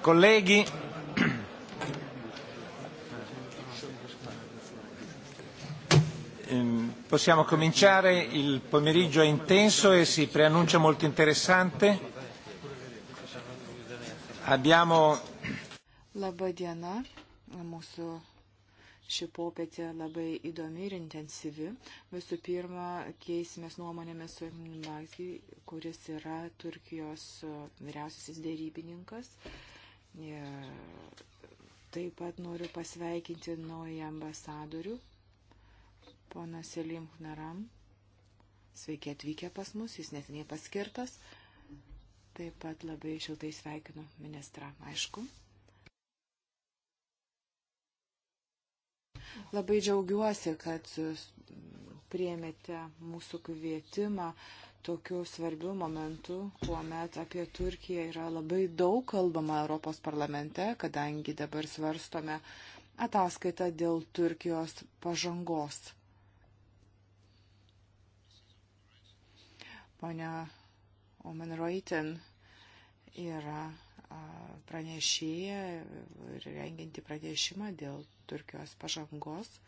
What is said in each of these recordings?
Colleghi, ehm, possiamo cominciare, il pomeriggio è intenso e si preannuncia molto interessante. Abbiamo. Labą dieną, mūsų ši popietė labai įdomi ir intensyvi. Visų pirma, keisimės nuomonėmis su Magdi, kuris yra Turkijos vyriausiasis dėrybininkas. Uh, Taip pat noriu pasveikinti naują ambasadorių, poną Selim Hnaram. Sveiki atvykę pas mus, jis neseniai paskirtas. Taip pat labai šiltai sveikinu ministrą, aišku. Labai džiaugiuosi, kad priėmėte mūsų kvietimą uh, tokiu svarbiu momentu, kuomet apie Turkiją yra labai daug kalbama Europos parlamente, kadangi dabar svarstome ataskaitą dėl Turkijos pažangos. Pone Omen Reuten yra pranešėja ir renginti pranešimą dėl Turkijos pažangos.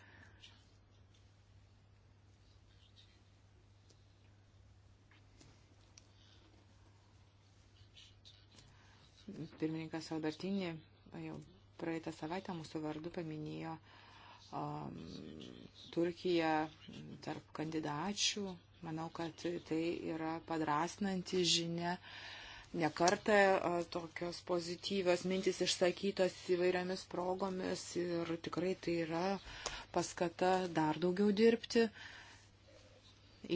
Pirmininkas Albertini jau praeitą savaitę mūsų vardu paminėjo um, Turkiją tarp kandidačių. Manau, kad tai yra padrasnanti žinia. Nekartą tokios pozityvios mintis išsakytos įvairiomis progomis ir tikrai tai yra paskata dar daugiau dirbti,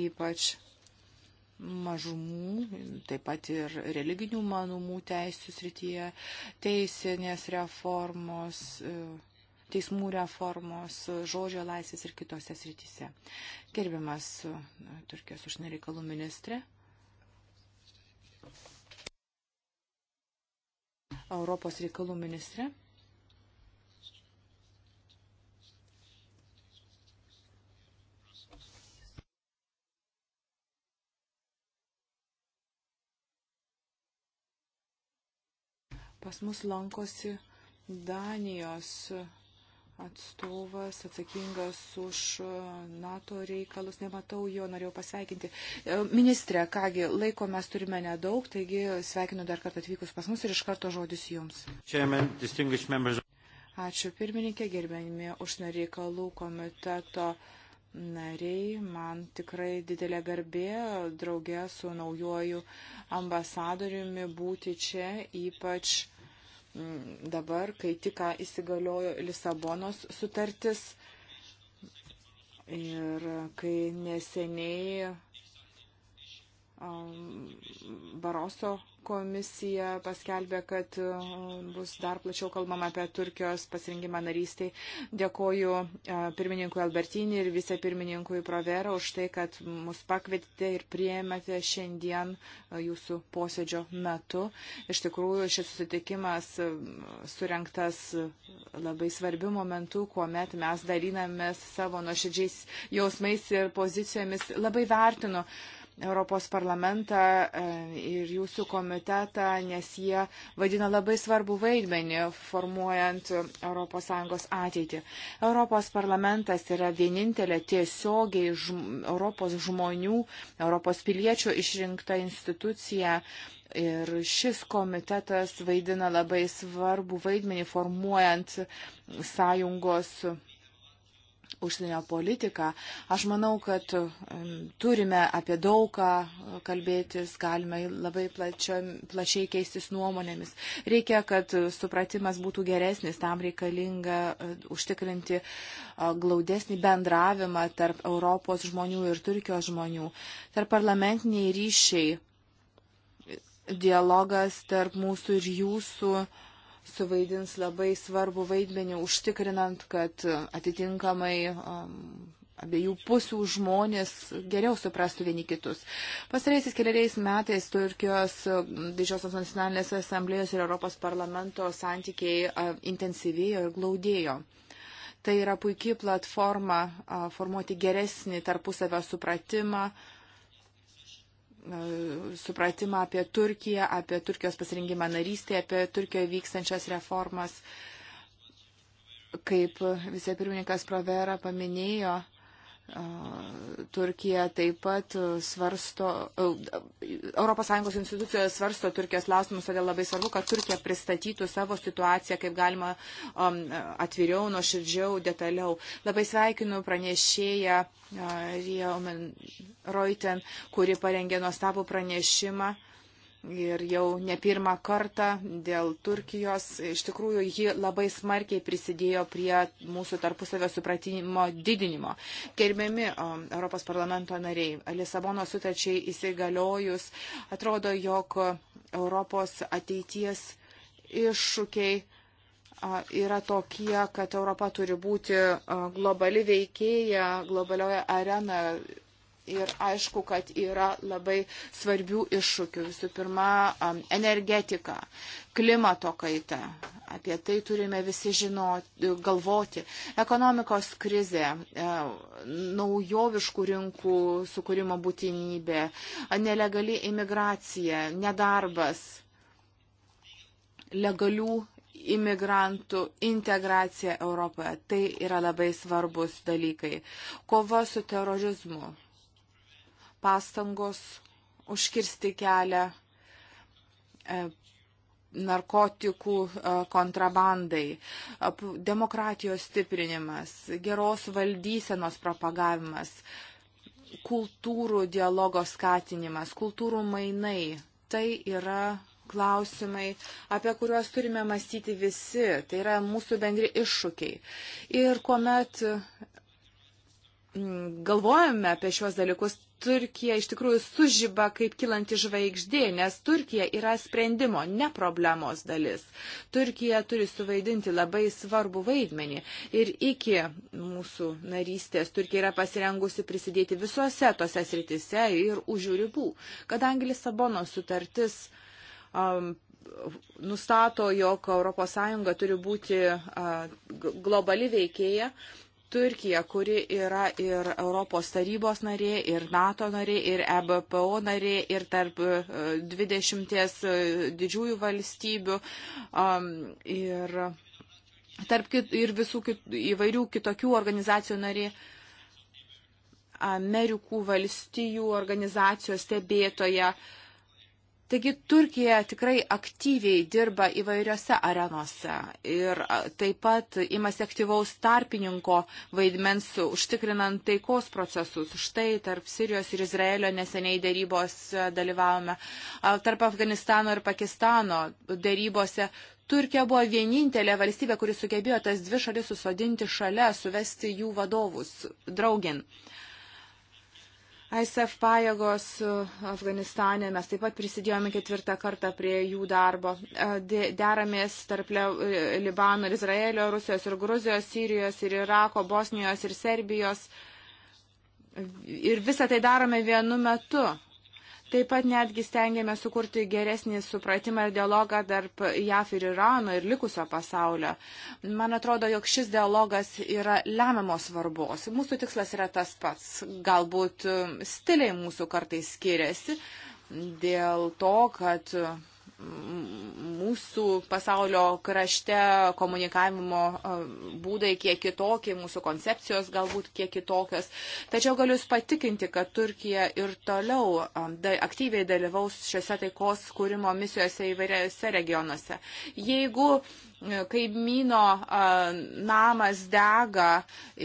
ypač mažumų, taip pat ir religinių manumų teisų srityje, teisinės reformos, e, teismų reformos, žodžio laisvės ir kitose srityse. Gerbiamas e, Turkijos užsienio reikalų ministrė. Europos reikalų ministrė. Pas mus lankosi Danijos atstovas atsakingas už e, NATO reikalus. Nematau jo, norėjau pasveikinti. E, ministrė, kągi, laiko mes turime nedaug, taigi sveikinu dar kartą atvykus pas mus ir iš karto žodis jums. Chairman, Ačiū pirmininkė, gerbėmi užsienio reikalų komiteto nariai. Man tikrai didelė garbė draugė su naujoju ambasadoriumi būti čia, ypač Mm, dabar, kai tik įsigaliojo Lisabonos sutartis ir kai neseniai Baroso komisija paskelbė, kad um, bus dar plačiau kalbama apie Turkijos pasirinkimą narystiai. Dėkoju pirmininkui Albertinį ir vicepirmininkui Provera už tai, kad mus pakvietėte ir prieėmėte šiandien jūsų posėdžio metu. Iš tikrųjų, šis susitikimas surinktas labai svarbiu momentu, kuomet mes dalinamės savo nuoširdžiais jausmais ir pozicijomis. Labai vertinu Europos parlamentą e, ir jūsų komitetą, nes jie vadina labai svarbu vaidmenį formuojant ES ateitį. Europos parlamentas yra vienintelė tiesiogiai žm Europos žmonių, Europos piliečių išrinkta institucija. Ir šis komitetas vaidina labai svarbu vaidmenį formuojant sąjungos užsienio politiką. Aš manau, kad turime apie daugą e, kalbėtis, galime labai plačio, plačiai keistis nuomonėmis. Reikia, kad supratimas būtų geresnis, tam reikalinga e, užtikrinti e, glaudesnį bendravimą tarp Europos žmonių ir Turkijos žmonių. Tarp parlamentiniai ryšiai, dialogas tarp mūsų ir jūsų suvaidins labai svarbu vaidmenį užtikrinant, kad atitinkamai um, abiejų pusių žmonės geriau suprastų vieni kitus. Pastaraisiais keliariais metais Turkijos um, didžiosios nacionalinės asamblėjos ir Europos parlamento santykiai uh, intensyvėjo ir glaudėjo. Tai yra puikiai platforma uh, formuoti geresnį tarpusavio supratimą, uh, E, supratimą apie Turkiją, apie Turkijos pasirinkimą narystėje, apie Turkijoje vykstančias reformas. Kaip vicepirmininkas Provera paminėjo, Turkija taip pat svarsto, ES institucijos svarsto Turkijos klausimus, todėl labai svarbu, kad Turkija pristatytų savo situaciją kaip galima um, atviriau, nuoširdžiau, detaliau. Labai sveikinu pranešėją Rieomen Reuten, kuri parengė nuostabų pranešimą ir jau ne pirmą kartą dėl Turkijos. Iš tikrųjų, ji labai smarkiai prisidėjo prie mūsų tarpusavio supratimo didinimo. Gerbiami um, Europos parlamento nariai, Lisabono sutarčiai įsigaliojus, atrodo, jog Europos ateities iššūkiai yra tokie, kad Europa turi būti globali veikėja, globalioje arenoje Ir aišku, kad yra labai svarbių iššūkių. Visų pirma, energetika, klimato kaita. Apie tai turime visi žinoti, galvoti. Ekonomikos krizė, e, naujoviškų rinkų sukūrimo būtinybė, nelegali imigracija, nedarbas, legalių imigrantų integracija Europoje. Tai yra labai svarbus dalykai. Kova su terorizmu pastangos užkirsti kelią e, narkotikų e, kontrabandai, demokratijos stiprinimas, geros valdysenos propagavimas, kultūrų dialogo skatinimas, kultūrų mainai. Tai yra klausimai, apie kuriuos turime mąstyti visi. Tai yra mūsų bendri iššūkiai. Ir kuomet mm, galvojame apie šios dalykus, Turkija iš tikrųjų sužyba kaip kilanti žvaigždė, nes Turkija yra sprendimo, ne problemos dalis. Turkija turi suvaidinti labai svarbų vaidmenį ir iki mūsų narystės Turkija yra pasirengusi prisidėti visuose tose sritise ir už jų ribų, kadangi Lisabono sutartis um, nustato, jog ES turi būti uh, globali veikėja, Turkija, kuri yra ir Europos tarybos narė, ir NATO narė, ir EBPO narė, ir tarp 20 e, e, didžiųjų valstybių. Ir tarp kit, ir visų kit, įvairių kitokių organizacijų narė. Amerikų valstijų organizacijos stebėtoja. Uh, Taigi Turkija tikrai aktyviai dirba įvairiose arenose ir taip pat imasi aktyvaus tarpininko vaidmens užtikrinant taikos procesus. Štai tarp Sirijos ir Izraelio neseniai dėrybos dalyvavome, tarp Afganistano ir Pakistano dėrybose. Turkija buvo vienintelė valstybė, kuri sugebėjo tas dvi šalis susodinti šalia, suvesti jų vadovus draugin. Uh, ISF pajėgos e, Afganistane, mes taip pat prisidėjome ketvirtą kartą prie jų darbo. E, deramės tarp e, Libano ir Izraelio, Rusijos ir Gruzijos, Sirijos ir Irako, Bosnijos ir Serbijos. Ir visą tai darome vienu metu. Taip pat netgi stengiame sukurti geresnį supratimą ir dialogą tarp JAF ir Irano ir likusio pasaulio. Man atrodo, jog šis dialogas yra lemiamos svarbos. Mūsų tikslas yra tas pats. Galbūt stiliai mūsų kartais skiriasi dėl to, kad mūsų pasaulio krašte komunikavimo e, būdai kiek kitokie, mūsų koncepcijos galbūt kiek kitokios. Tačiau galiu jūs patikinti, kad Turkija ir toliau e, da, aktyviai dalyvaus šiuose taikos kūrimo misijose įvairiose regionuose. Jeigu kaimyno namas dega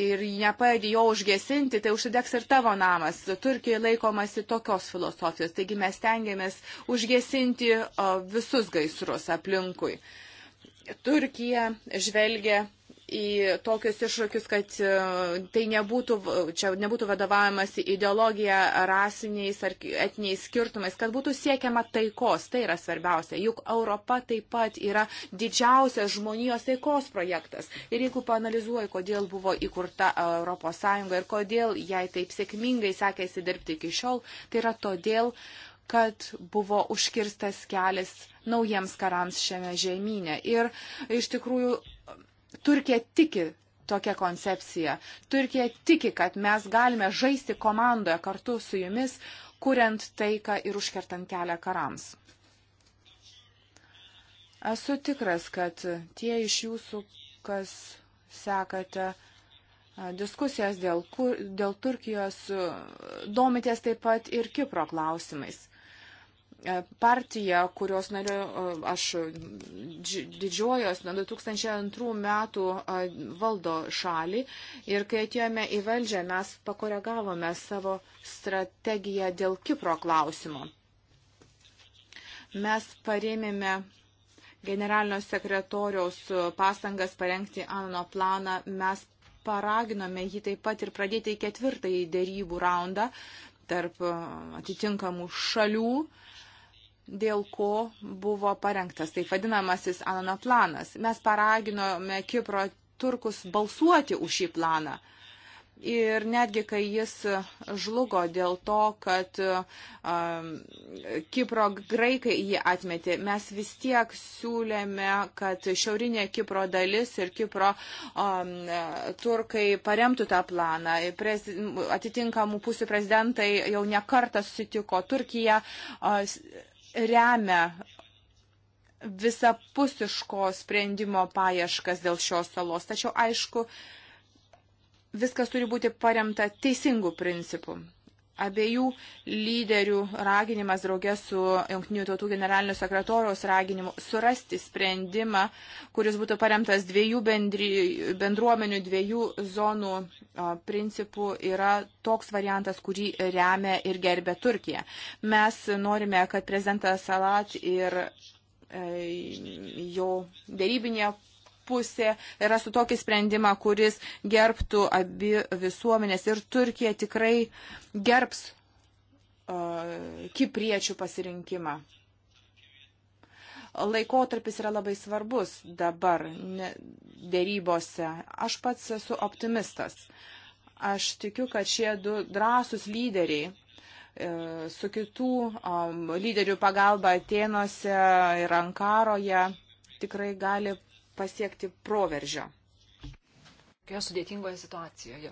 ir nepaėdė jo užgesinti, tai užsidegs ir tavo namas. Turkijoje laikomasi tokios filosofijos, taigi mes tengiamės užgesinti visus gaisrus aplinkui. Turkija žvelgia į tokius iššūkius, kad e, tai nebūtų, čia nebūtų vadovavimas ideologija rasiniais ar etiniais skirtumais, kad būtų siekiama taikos. Tai yra svarbiausia. Juk Europa taip pat yra didžiausias žmonijos taikos projektas. Ir jeigu panalizuoji, kodėl buvo įkurta ES ir kodėl jai taip sėkmingai sekėsi dirbti iki šiol, tai yra todėl, kad buvo užkirstas kelias naujiems karams šiame žemynė. Ir iš tikrųjų Turkija tiki tokia koncepcija. Turkija tiki, kad mes galime žaisti komandoje kartu su jumis, kuriant taiką ir užkertant kelią karams. Esu tikras, kad tie iš jūsų, kas sekate diskusijas dėl, dėl Turkijos, domitės taip pat ir Kipro klausimais. E, partija, kurios nariu e, aš didžiuojos nuo 2002 metų e, valdo šalį ir kai atėjome į valdžią, mes pakoregavome savo strategiją dėl Kipro klausimo. Mes parėmėme generalinio sekretoriaus pastangas parengti Anno planą. Mes paraginome jį taip pat ir pradėti ketvirtąjį dėrybų raundą tarp atitinkamų šalių. Uh, dėl ko buvo parengtas taip vadinamasis Anano planas. Mes paraginome Kipro turkus balsuoti už šį planą. Ir netgi kai jis žlugo dėl to, kad um, Kipro graikai jį atmetė, mes vis tiek siūlėme, kad šiaurinė Kipro dalis ir Kipro um, turkai paremtų tą planą. Prez, atitinkamų pusių prezidentai jau nekartą susitiko Turkija. Uh, remia visapusiško sprendimo paieškas dėl šios salos. Tačiau, aišku, viskas turi būti paremta teisingų principų abiejų lyderių raginimas draugės su Junktinių tautų generalinio sekretoriaus raginimu surasti sprendimą, kuris būtų paremtas dviejų bendri, bendruomenių, dviejų zonų principų, yra toks variantas, kurį remia ir gerbė Turkija. Mes norime, kad prezidentas Salat ir e, jo dėrybinė pusė yra su tokį sprendimą, kuris gerbtų abi visuomenės ir Turkija tikrai gerbs uh, kipriečių pasirinkimą. Laikotarpis yra labai svarbus dabar ne, dėrybose. Aš pats esu optimistas. Aš tikiu, kad šie du drąsūs lyderiai uh, su kitų um, lyderių pagalba Atenose ir Ankaroje tikrai gali pasiekti proveržio. Tokioje sudėtingoje situacijoje.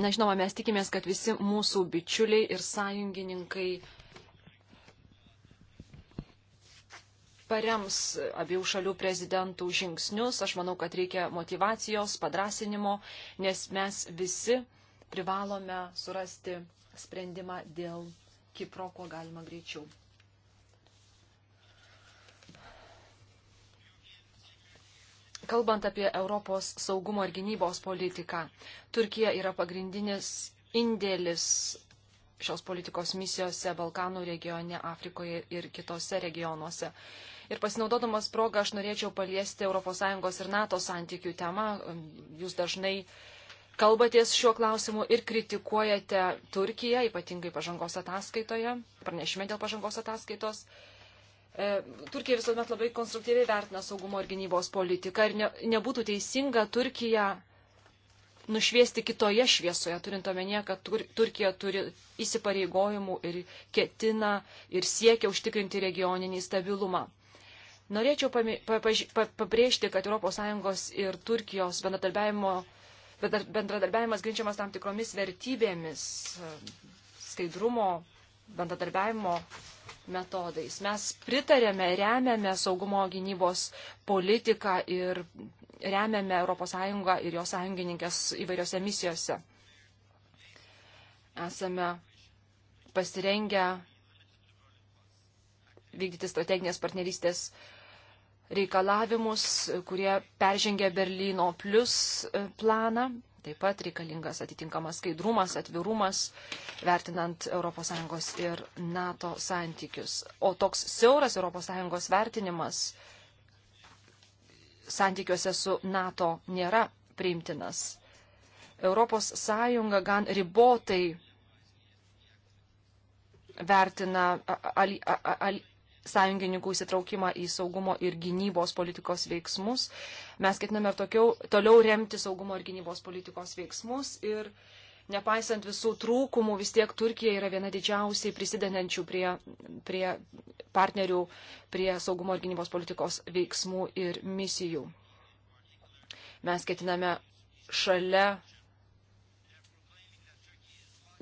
Na, žinoma, mes tikimės, kad visi mūsų bičiuliai ir sąjungininkai parems abiejų šalių prezidentų žingsnius. Aš manau, kad reikia motivacijos, padrasinimo, nes mes visi privalome surasti sprendimą dėl Kipro, kuo galima greičiau. Kalbant apie Europos saugumo ir gynybos politiką, Turkija yra pagrindinis indėlis šios politikos misijose Balkanų regione, Afrikoje ir kitose regionuose. Ir pasinaudodamas progą aš norėčiau paliesti ES ir NATO santykių temą. Jūs dažnai kalbatės šiuo klausimu ir kritikuojate Turkiją, ypatingai pažangos ataskaitoje, pranešime dėl pažangos ataskaitos. E, Turkija visuomet labai konstruktyviai vertina saugumo ir gynybos politiką ir ne, nebūtų teisinga Turkiją nušviesti kitoje šviesoje, turint omenyje, kad Tur Turkija turi įsipareigojimų ir ketina ir siekia užtikrinti regioninį stabilumą. Norėčiau pabrėžti, kad ES ir Turkijos bendradarbiavimas grindžiamas tam tikromis vertybėmis e, - skaidrumo, bendradarbiavimo metodais. Mes pritarėme, remiame saugumo gynybos politiką ir remiame ES ir jos sąjungininkės įvairiose misijose. Esame pasirengę vykdyti strateginės partnerystės reikalavimus, kurie peržengia Berlyno plus planą. Taip pat reikalingas atitinkamas skaidrumas, atvirumas, vertinant ES ir NATO santykius. O toks siauras ES vertinimas santykiuose su NATO nėra priimtinas. ES gan ribotai vertina ali, ali, sąjungininkų įsitraukimą į saugumo ir gynybos politikos veiksmus. Mes ketiname ir tokiau, toliau remti saugumo ir gynybos politikos veiksmus ir nepaisant visų trūkumų, vis tiek Turkija yra viena didžiausiai prisidedančių prie, prie partnerių, prie saugumo ir gynybos politikos veiksmų ir misijų. Mes ketiname šalia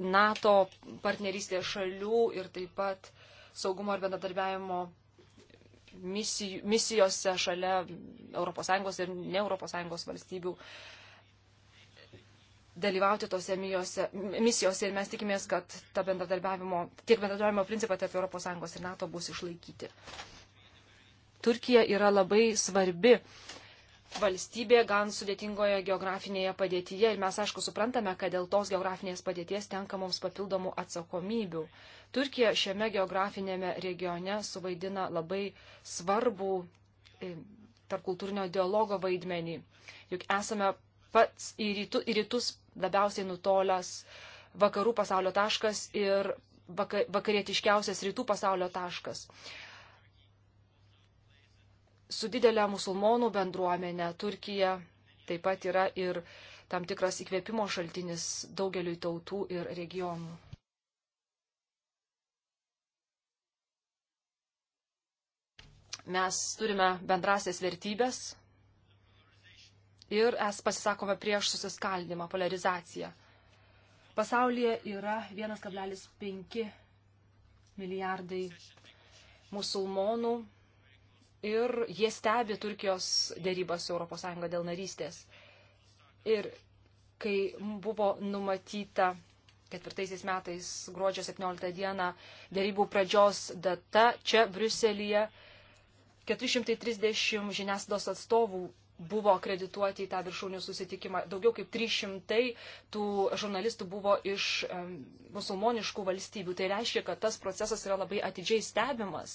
NATO partnerystės šalių ir taip pat saugumo ir bendradarbiavimo misijų, misijose šalia ES ir ne ES valstybių dalyvauti tose mijose, misijose ir mes tikimės, kad ta bendradarbiavimo, tiek bendradarbiavimo principai tarp ES ir NATO bus išlaikyti. Turkija yra labai svarbi valstybė gan sudėtingoje geografinėje padėtyje ir mes aišku suprantame, kad dėl tos geografinės padėties tenka mums papildomų atsakomybių. Uh, Turkija šiame geografinėme regione suvaidina labai svarbų e, tarpkultūrinio dialogo vaidmenį. Juk esame pats į, rytų, į rytus labiausiai nutolęs vakarų pasaulio taškas ir vakarietiškiausias rytų pasaulio taškas. Su didelė musulmonų bendruomenė Turkija taip pat yra ir tam tikras įkvėpimo šaltinis daugeliui tautų ir regionų. Mes turime bendrasias vertybės ir es pasisakome prieš susiskaldimą, polarizaciją. Pasaulyje yra 1,5 milijardai musulmonų ir jie stebi Turkijos dėrybas su ES dėl narystės. Ir kai buvo numatyta ketvirtaisiais metais gruodžio 17 dieną dėrybų pradžios data čia Briuselėje 430 žiniasklaidos atstovų buvo akredituoti į tą viršūnių susitikimą. Daugiau kaip 300 tų žurnalistų buvo iš um, musulmoniškų valstybių. Tai reiškia, kad tas procesas yra labai atidžiai stebimas.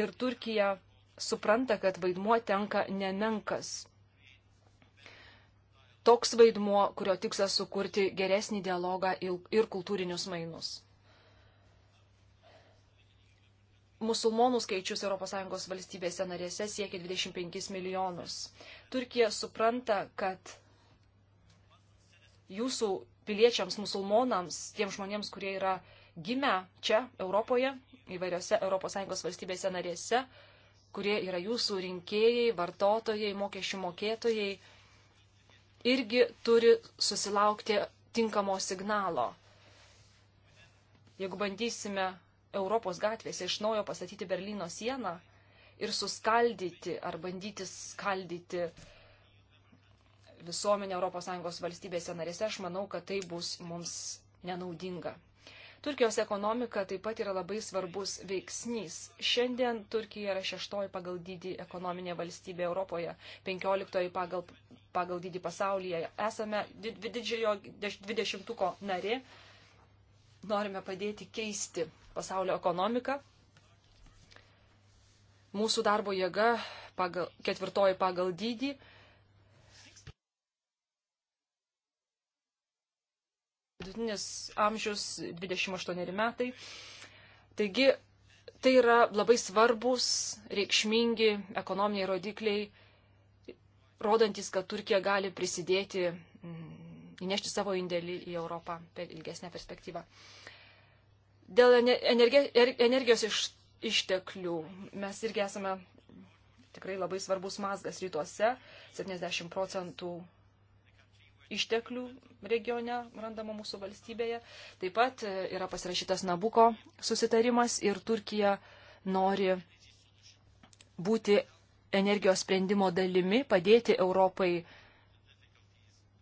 Ir Turkija supranta, kad vaidmuo tenka nemenkas. Toks vaidmuo, kurio tikslas sukurti geresnį dialogą ir kultūrinius mainus musulmonų skaičius ES valstybėse narėse siekia 25 milijonus. Turkija supranta, kad jūsų piliečiams, musulmonams, tiems žmonėms, kurie yra gimę čia, Europoje, įvairiose ES valstybėse narėse, kurie yra jūsų rinkėjai, vartotojai, mokesčių mokėtojai, irgi turi susilaukti tinkamo signalo. Jeigu bandysime Europos gatvėse iš naujo pastatyti Berlyno sieną ir suskaldyti ar bandyti skaldyti visuomenę ES valstybėse narėse, aš manau, kad tai bus mums nenaudinga. Turkijos ekonomika taip pat yra labai svarbus veiksnys. Šiandien Turkija yra šeštoji pagal dydį ekonominė valstybė Europoje, penkioliktoji pagal, pagal dydį pasaulyje. Esame didžiojo dvidešimtuko nari, norime padėti keisti pasaulio ekonomiką. Mūsų darbo jėga pagal, ketvirtoji pagal dydį. Vidutinis amžius 28 metai. Taigi tai yra labai svarbus, reikšmingi ekonominiai rodikliai, rodantis, kad Turkija gali prisidėti mm, įnešti savo indėlį į Europą per ilgesnę perspektyvą. Dėl er, energijos iš, išteklių mes irgi esame tikrai labai svarbus mazgas rytuose. 70 procentų išteklių regione randama mūsų valstybėje. Taip pat e, yra pasirašytas Nabuko susitarimas ir Turkija nori būti energijos sprendimo dalimi, padėti Europai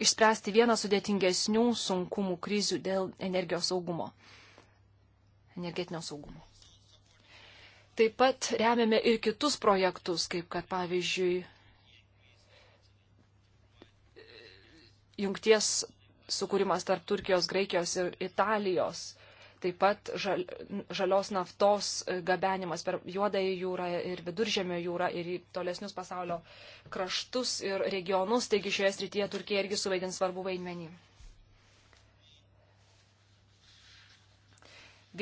išspręsti vieną sudėtingesnių sunkumų krizių dėl energijos saugumo, energetinio saugumo. Taip pat remiame ir kitus projektus, kaip kad pavyzdžiui jungties sukūrimas tarp Turkijos, Graikijos ir Italijos taip pat žal, žalios naftos gabenimas per Juodąją jūrą ir Viduržėmio jūrą ir į tolesnius pasaulio kraštus ir regionus, taigi šioje srityje Turkija irgi suvaidins svarbu vaidmenį.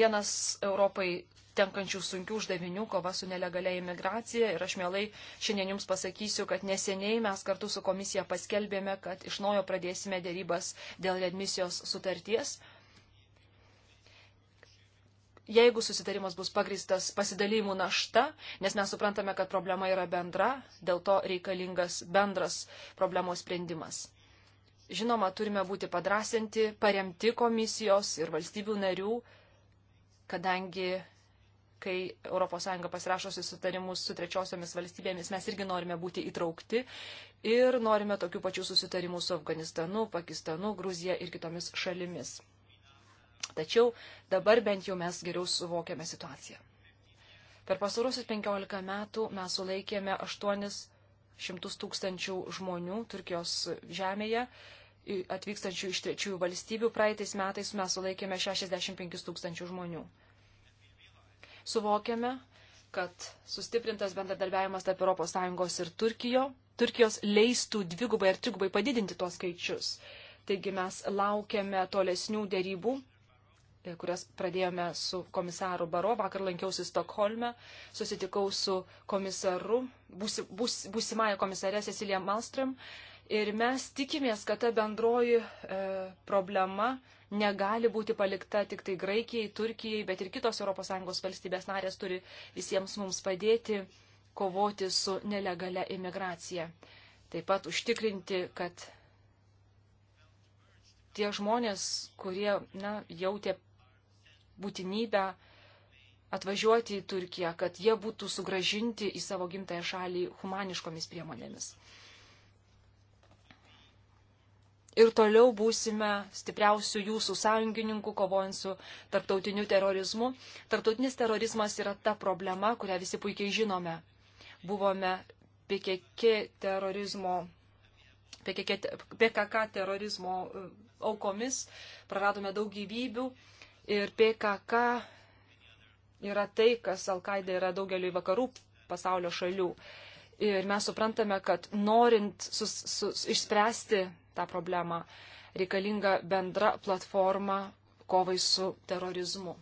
Vienas Europai tenkančių sunkių uždavinių kova su nelegalia imigracija ir aš mielai šiandien jums pasakysiu, kad neseniai mes kartu su komisija paskelbėme, kad iš naujo pradėsime dėrybas dėl admisijos sutarties jeigu susitarimas bus pagristas pasidalymų našta, nes mes suprantame, kad problema yra bendra, dėl to reikalingas bendras problemos sprendimas. Žinoma, turime būti padrasinti, paremti komisijos ir valstybių narių, kadangi kai ES pasirašo susitarimus su trečiosiomis valstybėmis, mes irgi norime būti įtraukti ir norime tokių pačių susitarimų su Afganistanu, Pakistanu, Gruzija ir kitomis šalimis. Tačiau dabar bent jau mes geriau suvokiame situaciją. Per pasarusius 15 metų mes sulaikėme 800 tūkstančių žmonių Turkijos žemėje, atvykstančių iš trečiųjų valstybių. Praeitais metais mes sulaikėme 65 tūkstančių žmonių. Suvokėme, kad sustiprintas bendradarbiavimas tarp ES ir Turkijo, Turkijos leistų dvigubai ar trigubai padidinti tuos skaičius. Taigi mes laukiame tolesnių dėrybų E, kurias pradėjome su komisaru Baro. Vakar lankiausi Stokholme, susitikau su komisaru, būs, būs, būsimąją komisarę Cecilija Malstrom. Ir mes tikimės, kad ta bendroji e, problema negali būti palikta tik tai Graikijai, Turkijai, bet ir kitos ES valstybės narės turi visiems mums padėti kovoti su nelegale imigracija. Taip pat užtikrinti, kad tie žmonės, kurie na, jautė būtinybę atvažiuoti į Turkiją, kad jie būtų sugražinti į savo gimtąją šalį humaniškomis priemonėmis. Ir toliau būsime stipriausių jūsų sąjungininkų, kovojant su tarptautiniu terorizmu. Tarptautinis terorizmas yra ta problema, kurią visi puikiai žinome. Buvome PKK terorizmo, PKK, PKK terorizmo e, aukomis, praradome daug gyvybių Ir PKK yra tai, kas Alkaida yra daugeliu vakarų pasaulio šalių. Ir mes suprantame, kad norint sus, sus, išspręsti tą problemą, reikalinga bendra platforma kovai su terorizmu.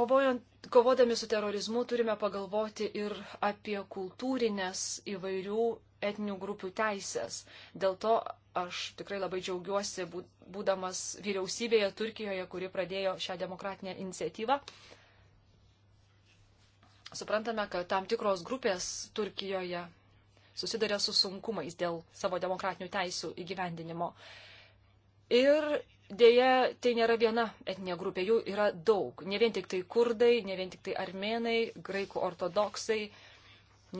Kovojant, kovodami su terorizmu turime pagalvoti ir apie kultūrinės įvairių etinių grupių teisės. Dėl to aš tikrai labai džiaugiuosi, būdamas vyriausybėje Turkijoje, kuri pradėjo šią demokratinę iniciatyvą. Suprantame, kad tam tikros grupės Turkijoje susiduria su sunkumais dėl savo demokratinių teisų įgyvendinimo. Ir dėja, tai nėra viena etinė grupė, jų yra daug. Ne vien tik tai kurdai, ne vien tik tai armenai, graikų ortodoksai,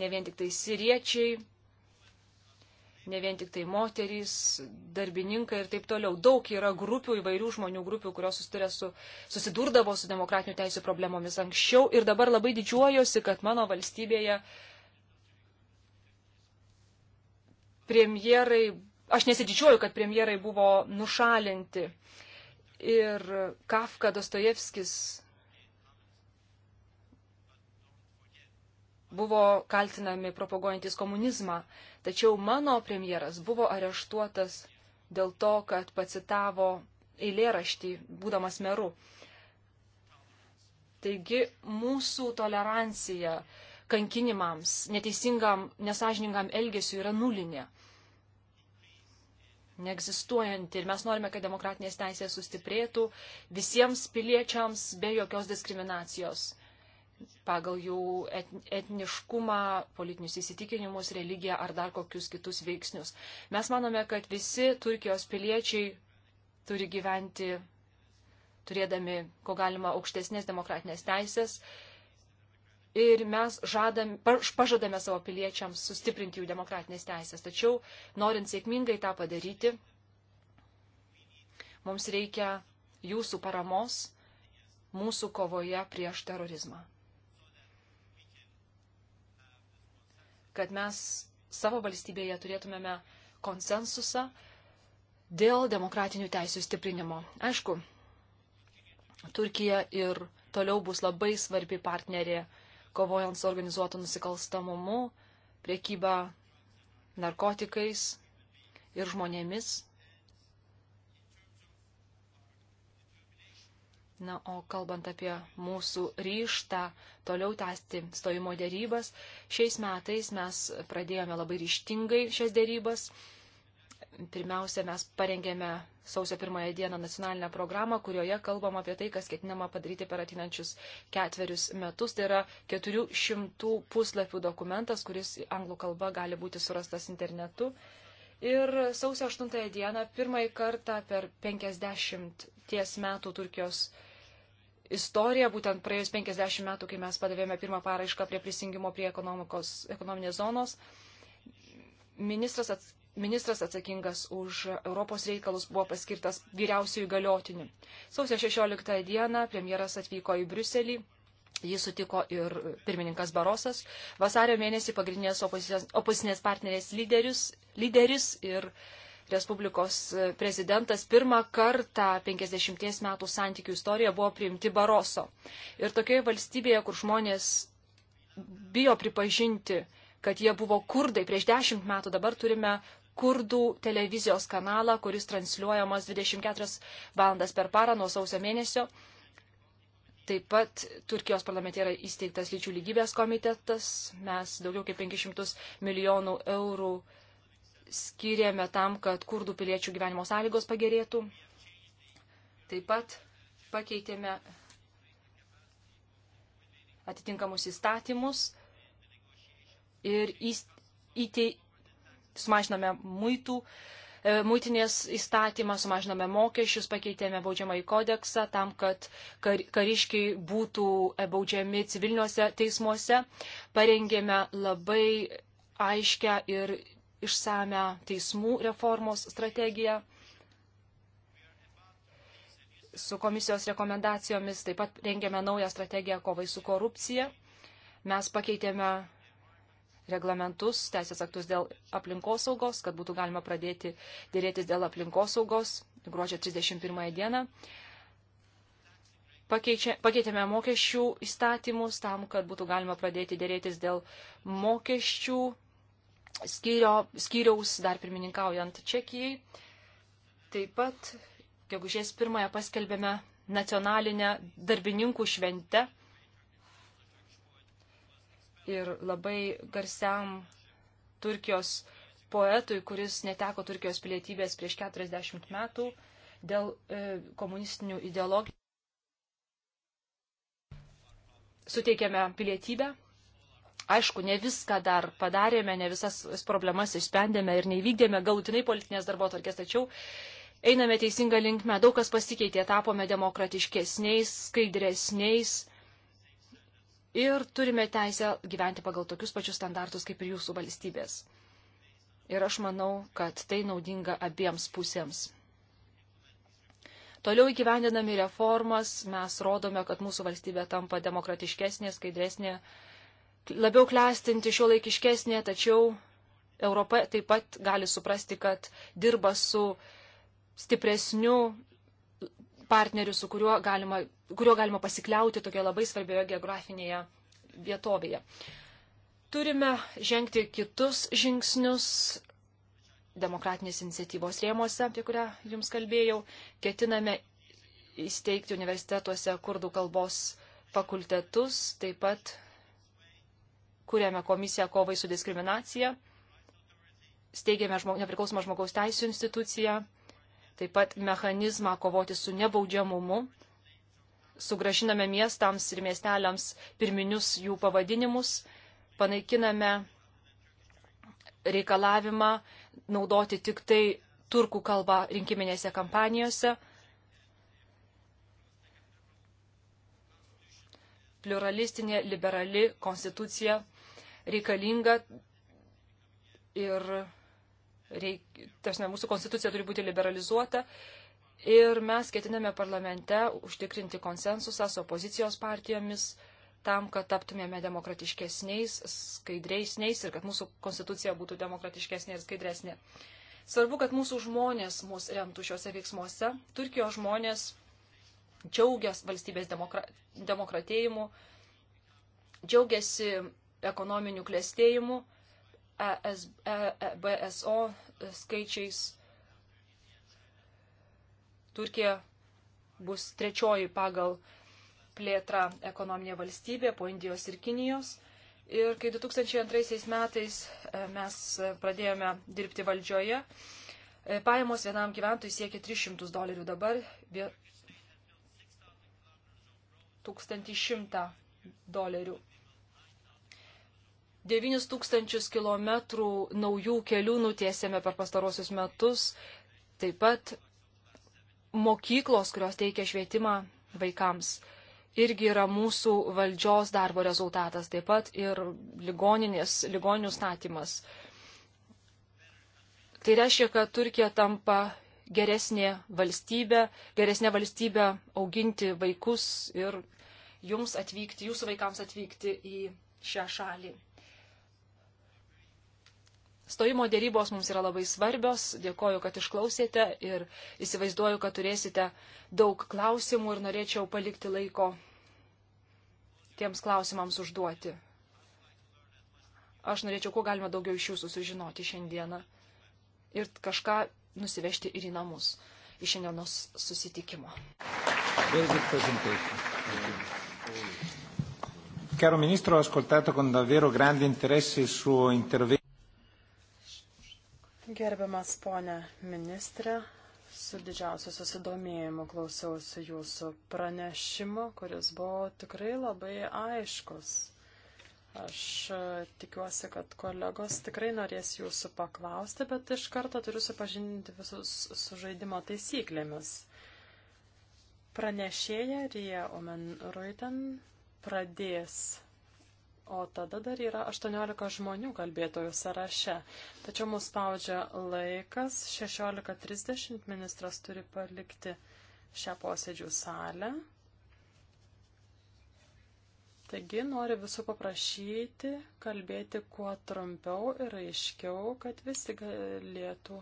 ne vien tik tai siriečiai, ne vien tik tai moterys, darbininkai ir taip toliau. Daug yra grupių, įvairių žmonių grupių, kurios su, susidurdavo su demokratinių teisų problemomis anksčiau ir dabar labai didžiuojosi, kad mano valstybėje premjerai, aš nesididžiuoju, kad premjerai buvo nušalinti. Ir Kafka Dostojevskis buvo kaltinami propaguojantis komunizmą. Tačiau mano premjeras buvo areštuotas dėl to, kad pacitavo eilėraštį, būdamas meru. Taigi mūsų tolerancija kankinimams, neteisingam, nesažiningam elgesiu yra nulinė. Neegzistuojanti ir mes norime, kad demokratinės teisės sustiprėtų visiems piliečiams be jokios diskriminacijos pagal jų etniškumą, politinius įsitikinimus, religiją ar dar kokius kitus veiksnius. Mes manome, kad visi Turkijos piliečiai turi gyventi turėdami, ko galima, aukštesnės demokratinės teisės. Ir mes žadam, pažadame savo piliečiams sustiprinti jų demokratinės teisės. Tačiau, norint sėkmingai tą padaryti, mums reikia jūsų paramos mūsų kovoje prieš terorizmą. kad mes savo valstybėje turėtumėme konsensusą dėl demokratinių teisų stiprinimo. Aišku, Turkija ir toliau bus labai svarbi partnerė, kovojant su organizuotu nusikalstamumu, priekyba narkotikais ir žmonėmis, Na, o kalbant apie mūsų ryštą toliau tęsti stojimo dėrybas, šiais metais mes pradėjome labai ryštingai šias dėrybas. Pirmiausia, mes parengėme sausio pirmąją dieną nacionalinę programą, kurioje kalbam apie tai, kas ketinama padaryti per atinančius ketverius metus. Tai yra 400 puslapių dokumentas, kuris anglų kalba gali būti surastas internetu. Ir sausio 8 dieną pirmąjį kartą per 50 ties metų Turkijos istoriją, būtent praėjus 50 metų, kai mes padavėme pirmą paraišką prie prisijungimo prie ekonominės zonos, ministras, ats, ministras atsakingas už Europos reikalus buvo paskirtas vyriausiųjų galiotinių. Sausio 16 dieną premjeras atvyko į Briuselį. Jį sutiko ir pirmininkas Barosas. Vasario mėnesį pagrindinės opozicinės partnerės lyderis, lyderis ir uh, Respublikos e, prezidentas pirmą kartą 50 metų santykių istorijoje buvo priimti Baroso. Ir tokioje valstybėje, kur žmonės bijo pripažinti, kad jie buvo kurdai prieš dešimt metų, dabar turime kurdų televizijos kanalą, kuris transliuojamas 24 valandas per parą nuo sausio mėnesio. Taip pat Turkijos parlamente yra įsteigtas lyčių lygybės komitetas. Mes daugiau kaip 500 milijonų eurų uh, skiriame tam, kad kurdų piliečių gyvenimo sąlygos pagerėtų. Taip pat pakeitėme atitinkamus įstatymus ir įtei, sumažiname muitų, e, muitinės įstatymą, sumažiname mokesčius, pakeitėme baudžiamą į kodeksą tam, kad kar, kariškiai būtų e, baudžiami civiliniuose teismuose. Parengėme labai aiškę ir išsame teismų reformos strategiją su komisijos rekomendacijomis taip pat rengėme naują strategiją kovai su korupcija. Mes pakeitėme reglamentus, teisės aktus dėl aplinkosaugos, kad būtų galima pradėti dėrėtis dėl aplinkosaugos gruodžio 31 dieną. Pakeičia, pakeitėme mokesčių įstatymus tam, kad būtų galima pradėti dėrėtis dėl mokesčių skyrio, skyriaus, dar pirmininkaujant Čekijai. Taip pat, gegužės pirmąją paskelbėme nacionalinę darbininkų šventę. Ir labai garsiam Turkijos poetui, kuris neteko Turkijos pilietybės prieš 40 metų dėl e, komunistinių ideologijų, suteikėme pilietybę Aišku, ne viską dar padarėme, ne visas problemas išsprendėme ir neįvykdėme galutinai politinės darbo tvarkės, tačiau einame teisinga linkme, daug kas pasikeitė, tapome demokratiškesniais, skaidresniais ir turime teisę gyventi pagal tokius pačius standartus kaip ir jūsų valstybės. Ir aš manau, kad tai naudinga abiems pusėms. Toliau įgyvendinami reformas mes rodome, kad mūsų valstybė tampa demokratiškesnė, skaidresnė, labiau klestinti šio laikiškesnė, tačiau Europa taip pat gali suprasti, kad dirba su stipresniu partneriu, su kuriuo galima, kuriuo galima pasikliauti tokioje labai svarbioje geografinėje vietovėje. Turime žengti kitus žingsnius demokratinės iniciatyvos rėmose, apie kurią jums kalbėjau. Ketiname įsteigti universitetuose kurdų kalbos fakultetus, taip pat kuriame komisiją kovai su diskriminacija, steigėme žmog, nepriklausomą žmogaus teisų instituciją, taip pat mechanizmą kovoti su nebaudžiamumu, sugražiname miestams ir miesteliams pirminius jų pavadinimus, panaikiname reikalavimą naudoti tik tai turkų kalbą rinkiminėse kampanijose. Pluralistinė liberali konstitucija reikalinga ir reik, tašne, mūsų konstitucija turi būti liberalizuota. Ir mes ketiname parlamente užtikrinti konsensusą su opozicijos partijomis tam, kad taptumėme demokratiškesniais, skaidreisniais ir kad mūsų konstitucija būtų demokratiškesnė ir skaidresnė. Svarbu, kad mūsų žmonės mus remtų šiuose veiksmuose. Turkijos žmonės džiaugiasi valstybės demokra demokratėjimu, džiaugiasi ekonominių klėstėjimų, ES, e, e, BSO skaičiais. Turkija bus trečioji pagal plėtrą ekonominė valstybė po Indijos ir Kinijos. Ir kai 2002 metais e, mes pradėjome dirbti valdžioje, pajamos vienam gyventojui siekia 300 dolerių, dabar 1100 dolerių. 9 tūkstančius kilometrų naujų kelių nutiesėme per pastarosius metus. Taip pat mokyklos, kurios teikia švietimą vaikams, irgi yra mūsų valdžios darbo rezultatas. Taip pat ir ligoninės, ligoninių statymas. Tai reiškia, kad Turkija tampa geresnė valstybė, geresnė valstybė auginti vaikus ir jums atvykti, jūsų vaikams atvykti į šią šalį. Stojimo dėrybos mums yra labai svarbios. Dėkoju, kad išklausėte ir įsivaizduoju, kad turėsite daug klausimų ir norėčiau palikti laiko tiems klausimams užduoti. Aš norėčiau, kuo galima daugiau iš jūsų sužinoti šiandieną ir kažką nusivežti ir į namus iš šiandienos susitikimo. Caro Ministro, ho ascoltato con davvero grande interesse il suo intervento. Gerbiamas ponė ministrė, su didžiausiu susidomėjimu klausiausi jūsų pranešimo, kuris buvo tikrai labai aiškus. Aš e, tikiuosi, kad kolegos tikrai norės jūsų paklausti, bet iš karto turiu supažinti visus su žaidimo taisyklėmis. Pranešėja Rija Omen Ruiten pradės O tada dar yra 18 žmonių kalbėtojų sąraše. Tačiau mus spaudžia laikas. 16.30 ministras turi palikti šią posėdžių salę. Taigi noriu visų paprašyti kalbėti kuo trumpiau ir aiškiau, kad visi galėtų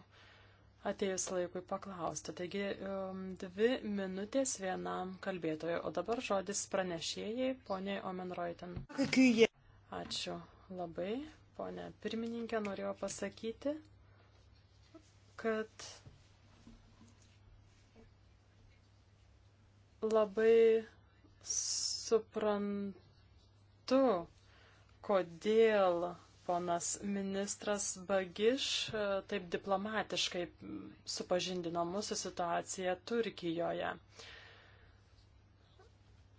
atėjus laikui paklausti. Taigi um, dvi minutės vienam kalbėtojui, o dabar žodis pranešėjai poniai Omenroitin. Ačiū labai, ponė pirmininkė, norėjau pasakyti, kad labai suprantu, kodėl ponas ministras Bagiš e, taip diplomatiškai supažindino mūsų situaciją Turkijoje.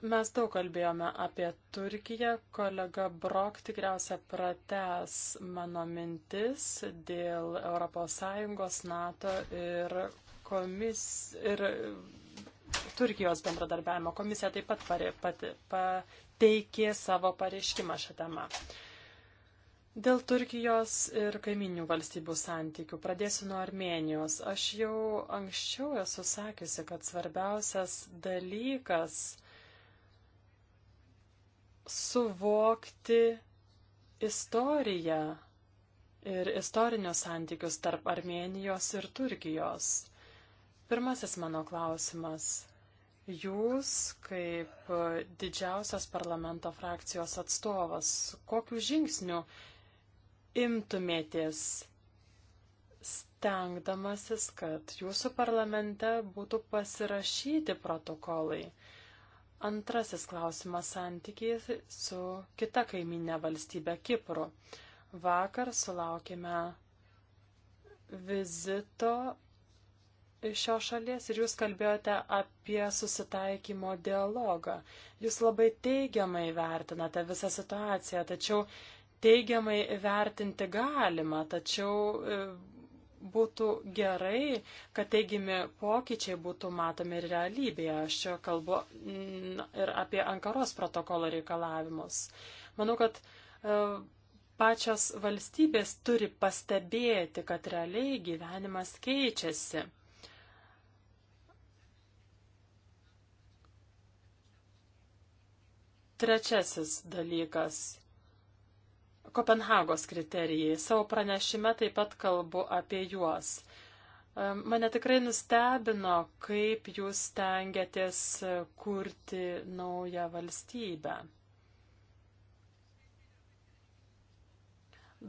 Mes daug kalbėjome apie Turkiją. Kolega Brok tikriausia prates mano mintis dėl ES, NATO ir, komis, ir Turkijos bendradarbiavimo. Komisija taip pat pare, pat, pateikė savo pareiškimą šią temą. Dėl Turkijos ir kaiminių valstybių santykių pradėsiu nuo Armenijos. Aš jau anksčiau esu sakiusi, kad svarbiausias dalykas suvokti istoriją ir istorinius santykius tarp Armenijos ir Turkijos. Pirmasis mano klausimas. Jūs, kaip didžiausias parlamento frakcijos atstovas, kokiu žingsniu imtumėtės stengdamasis, kad jūsų parlamente būtų pasirašyti protokolai? Antrasis klausimas santykiai su kita kaiminė valstybė Kipru. Vakar sulaukėme vizito iš šios šalies ir jūs kalbėjote apie susitaikymo dialogą. Jūs labai teigiamai vertinate visą situaciją, tačiau teigiamai vertinti galima, tačiau e, būtų gerai, kad teigiami pokyčiai būtų matomi ir realybėje. Aš čia kalbu ir apie Ankaros protokolo reikalavimus. Manau, kad e, pačios valstybės turi pastebėti, kad realiai gyvenimas keičiasi. Trečiasis dalykas Kopenhagos kriterijai. Savo pranešime taip pat kalbu apie juos. Mane tikrai nustebino, kaip jūs tengiatės kurti naują valstybę.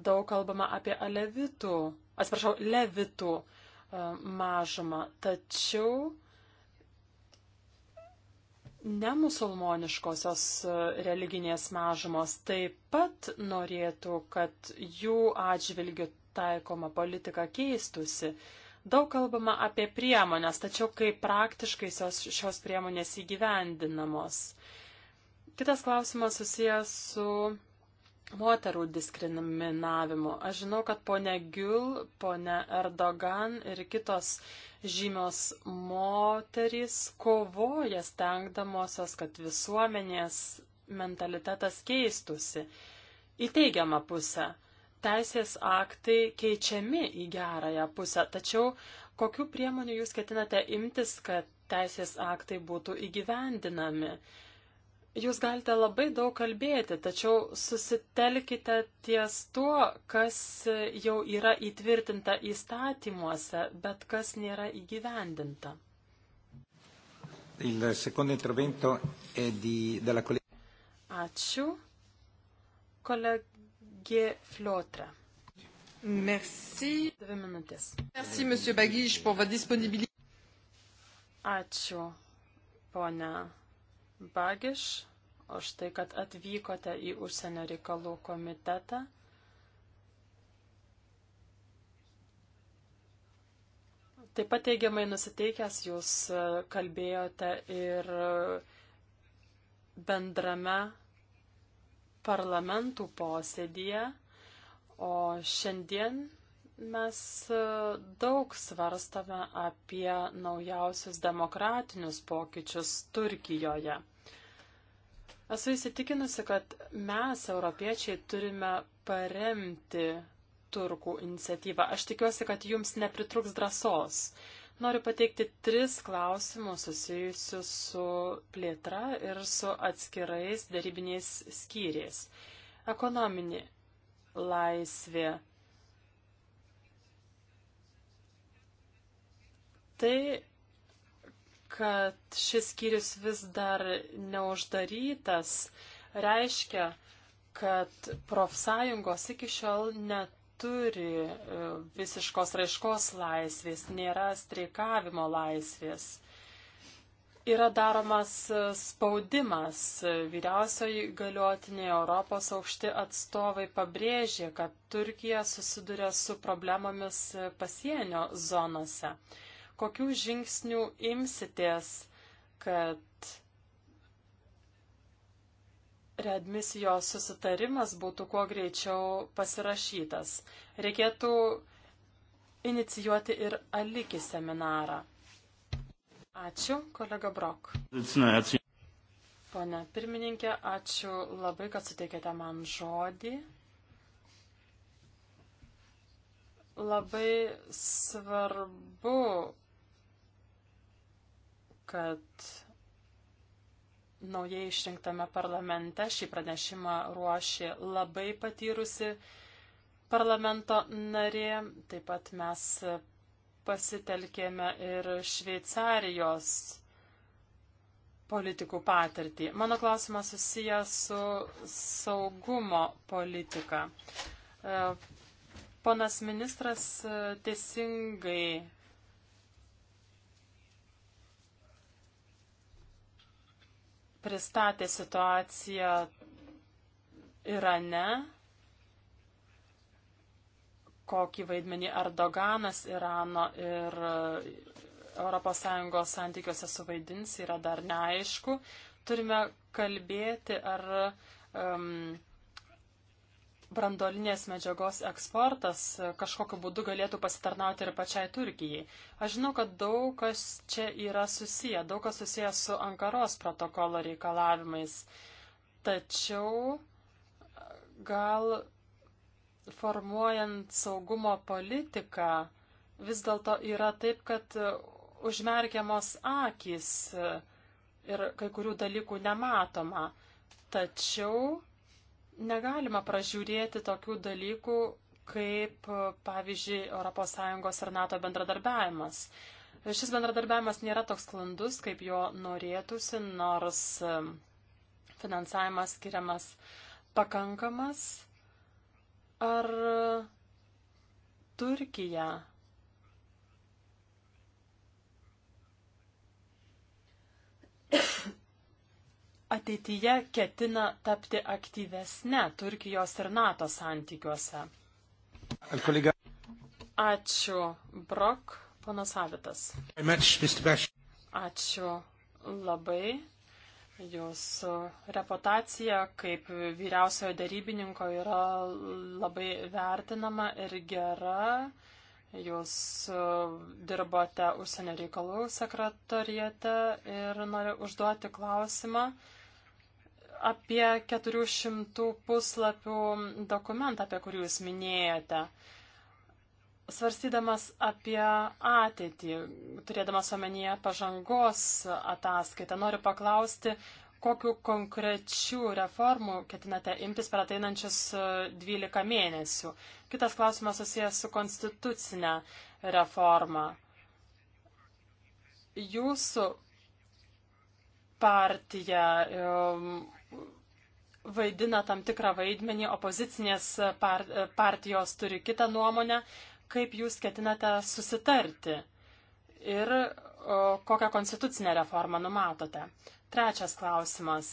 daug kalbama apie alevitų, atsiprašau, levitų mažumą, tačiau nemusulmoniškosios e, religinės mažumos taip pat norėtų, kad jų atžvilgių taikoma politika keistusi. Daug kalbama apie priemonės, tačiau kaip praktiškai šios, šios priemonės įgyvendinamos. Kitas klausimas susijęs su moterų diskriminavimu. Aš žinau, kad ponia Gül, ponia Erdogan ir kitos žymios moterys kovoja stengdamosios, kad visuomenės mentalitetas keistusi į teigiamą pusę. Teisės aktai keičiami į gerąją pusę, tačiau kokiu priemoniu jūs ketinate imtis, kad teisės aktai būtų įgyvendinami? Jūs galite labai daug kalbėti, tačiau susitelkite ties tuo, kas jau yra įtvirtinta įstatymuose, bet kas nėra įgyvendinta. Ačiū. Kolegė Fliotra. Merci. Dvi minutės. Merci, monsieur Bagiš, pour votre disponibilité. Ačiū, ponia Bagiš už tai, kad atvykote į užsienio reikalų komitetą. Taip pat teigiamai nusiteikęs jūs e, kalbėjote ir bendrame parlamentų posėdėje, o šiandien Mes e, daug svarstame apie naujausius demokratinius pokyčius Turkijoje. Esu įsitikinusi, kad mes, europiečiai, turime paremti turkų iniciatyvą. Aš tikiuosi, kad jums nepritruks drąsos. Noriu pateikti tris klausimus susijusius su plėtra ir su atskirais darybiniais skyriais. Ekonominė laisvė, tai, kad šis skyrius vis dar neuždarytas, reiškia, kad profsąjungos iki šiol neturi e, visiškos raiškos laisvės, nėra streikavimo laisvės yra daromas e, spaudimas. Vyriausioji galiotinė Europos aukšti atstovai pabrėžė, kad Turkija susiduria su problemomis e, pasienio zonose. Kokių žingsnių imsitės, kad readmisijos susitarimas būtų kuo greičiau pasirašytas? Reikėtų inicijuoti ir alikį seminarą. Ačiū, kolega Brok. Pone pirmininkė, ačiū labai, kad suteikėte man žodį. Labai svarbu kad naujai išrinktame parlamente šį pranešimą ruošė labai patyrusi parlamento narė. Taip pat mes pasitelkėme ir Šveicarijos politikų patirtį. Mano klausimas susijęs su saugumo politika. Ponas ministras teisingai pristatė situaciją Irane, kokį vaidmenį Erdoganas Irano ir ES santykiuose suvaidins, yra dar neaišku. Turime kalbėti, ar um, brandolinės medžiagos eksportas kažkokiu būdu galėtų pasitarnauti ir pačiai Turkijai. Aš žinau, kad daug kas čia yra susiję, daug kas susiję su Ankaros protokolo reikalavimais. Tačiau gal formuojant saugumo politiką vis dėlto yra taip, kad užmerkiamos akis ir kai kurių dalykų nematoma. Tačiau Negalima pražiūrėti tokių dalykų, kaip, pavyzdžiui, ES ir NATO bendradarbiavimas. Šis bendradarbiavimas nėra toks sklandus, kaip jo norėtųsi, nors finansavimas skiriamas pakankamas. Ar Turkija ateityje ketina tapti aktyvesnė Turkijos ir NATO santykiuose? Ačiū, Brok, ponas Avitas. Ačiū labai. Jūsų reputacija kaip vyriausiojo darybininko yra labai vertinama ir gera. Jūs dirbote užsienio reikalų sekretorijate ir noriu užduoti klausimą apie 400 puslapių dokumentą, apie kurį jūs minėjote. Svarstydamas apie ateitį, turėdamas omenyje pažangos ataskaitą, noriu paklausti, kokiu konkrečių reformų ketinate imtis per ateinančius 12 mėnesių. Kitas klausimas susijęs su konstitucinė reforma. Jūsų partija um, vaidina tam tikrą vaidmenį, opozicinės partijos turi kitą nuomonę, kaip jūs ketinate susitarti ir kokią konstitucinę reformą numatote. Trečias klausimas.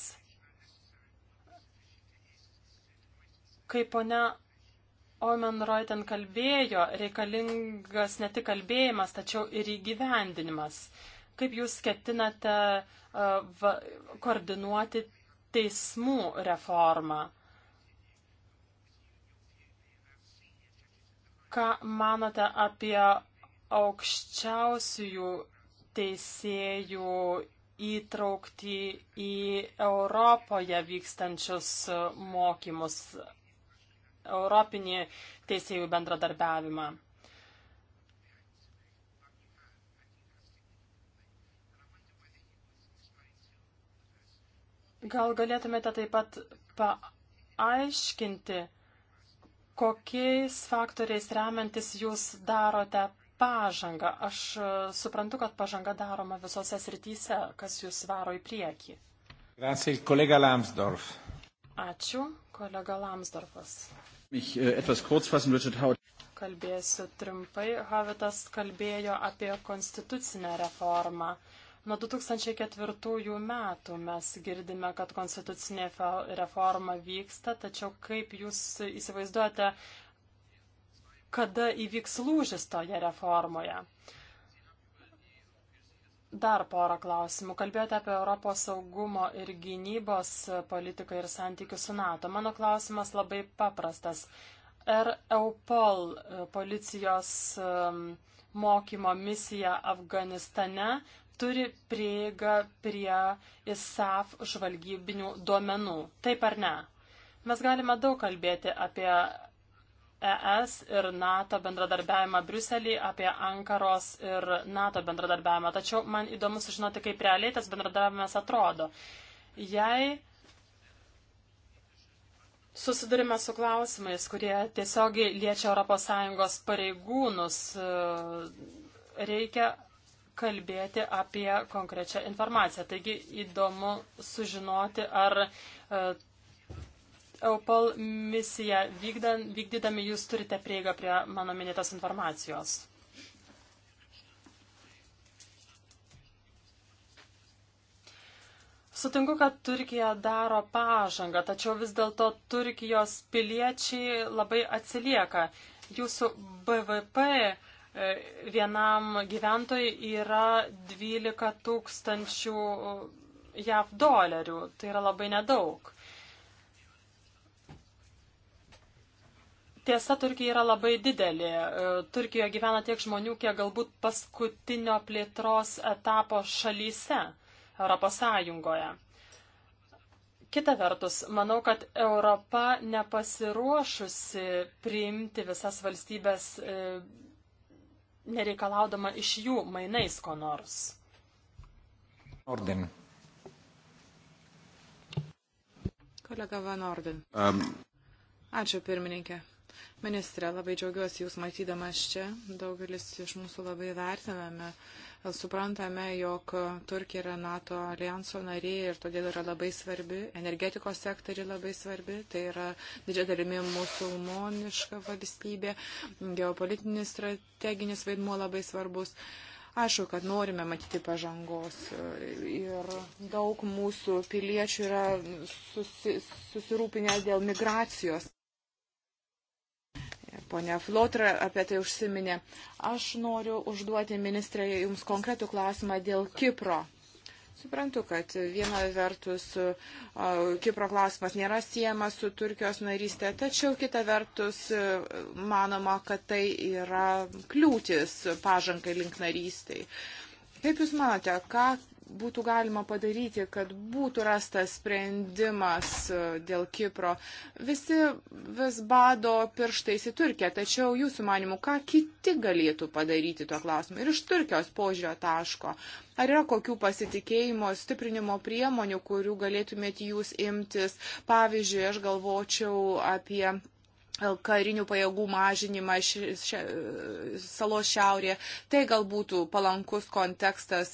Kaip ponia Omen Reuten kalbėjo, reikalingas ne tik kalbėjimas, tačiau ir įgyvendinimas. Kaip jūs ketinate uh, va, koordinuoti teismų reformą. Ką manote apie aukščiausiųjų teisėjų įtraukti į Europoje vykstančius mokymus, europinį teisėjų bendradarbiavimą? Gal galėtumėte taip pat paaiškinti, kokiais faktoriais remiantis jūs darote pažangą? Aš e, suprantu, kad pažanga daroma visose srityse, kas jūs varo į priekį. Grazie, kolega Lamsdorf. Ačiū, kolega Lamsdorfas. Mich e, etwas kurz fassen, Richard Howard kalbėsiu trumpai. Havitas kalbėjo apie konstitucinę reformą. Nuo 2004 metų mes girdime, kad konstitucinė reforma vyksta, tačiau kaip jūs įsivaizduojate, kada įvyks lūžis toje reformoje? Dar porą klausimų. Kalbėjote apie Europos saugumo ir gynybos politiką ir santykių su NATO. Mano klausimas labai paprastas. Ar EUPOL e, policijos mokymo misija Afganistane turi prieigą prie ISAF žvalgybinių duomenų. Taip ar ne? Mes galime daug kalbėti apie ES ir NATO bendradarbiavimą Briuselį, apie Ankaros ir NATO bendradarbiavimą. Tačiau man įdomu sužinoti, kaip realiai tas bendradarbiavimas atrodo. Jei susidurime su klausimais, kurie tiesiogiai liečia ES pareigūnus, reikia kalbėti apie konkrečią informaciją. Taigi įdomu sužinoti, ar e, EUPOL misiją vykdydami jūs turite prieigą prie mano minėtos informacijos. Sutinku, kad Turkija daro pažangą, tačiau vis dėlto Turkijos piliečiai labai atsilieka. Jūsų BVP uh, E, vienam gyventojui yra 12 tūkstančių e, JAV dolerių. Tai yra labai nedaug. Tiesa, Turkija yra labai didelė. E, Turkijoje gyvena tiek žmonių, kiek galbūt paskutinio plėtros etapo šalyse Europos Sąjungoje. Kita vertus, manau, kad Europa nepasiruošusi priimti visas valstybės nereikalaudama iš jų mainais ko nors. Orden. Kolega Van Orden. Um. Ačiū pirmininkė. Ministrė, labai džiaugiuosi Jūs matydamas čia. Daugelis iš mūsų labai vertiname uh, Suprantame, jog Turkija yra NATO alijanso narė ir todėl yra labai svarbi, energetikos sektoriai labai svarbi, tai yra didžia dalimi musulmoniška valstybė, geopolitinis strateginis vaidmuo labai svarbus. Aišku, kad norime matyti pažangos ir daug mūsų piliečių yra susi, susirūpinę dėl migracijos. Pone Flotra apie tai užsiminė. Aš noriu užduoti ministrė Jums konkretų klausimą dėl Kipro. Suprantu, kad viena vertus Kipro klausimas nėra siejamas su Turkijos narystė, tačiau kita vertus manoma, kad tai yra kliūtis pažangai link narystiai. Kaip Jūs manote, ką būtų galima padaryti, kad būtų rastas sprendimas e, dėl Kipro. Visi vis bado pirštais į Turkiją, tačiau jūsų manimu, ką kiti galėtų padaryti tuo klausimu ir iš Turkijos požiūrio taško? Ar yra kokių pasitikėjimo stiprinimo priemonių, kurių galėtumėte jūs imtis? Pavyzdžiui, aš galvočiau apie karinių pajėgų mažinimą š, š, salos šiaurėje. Tai gal būtų palankus kontekstas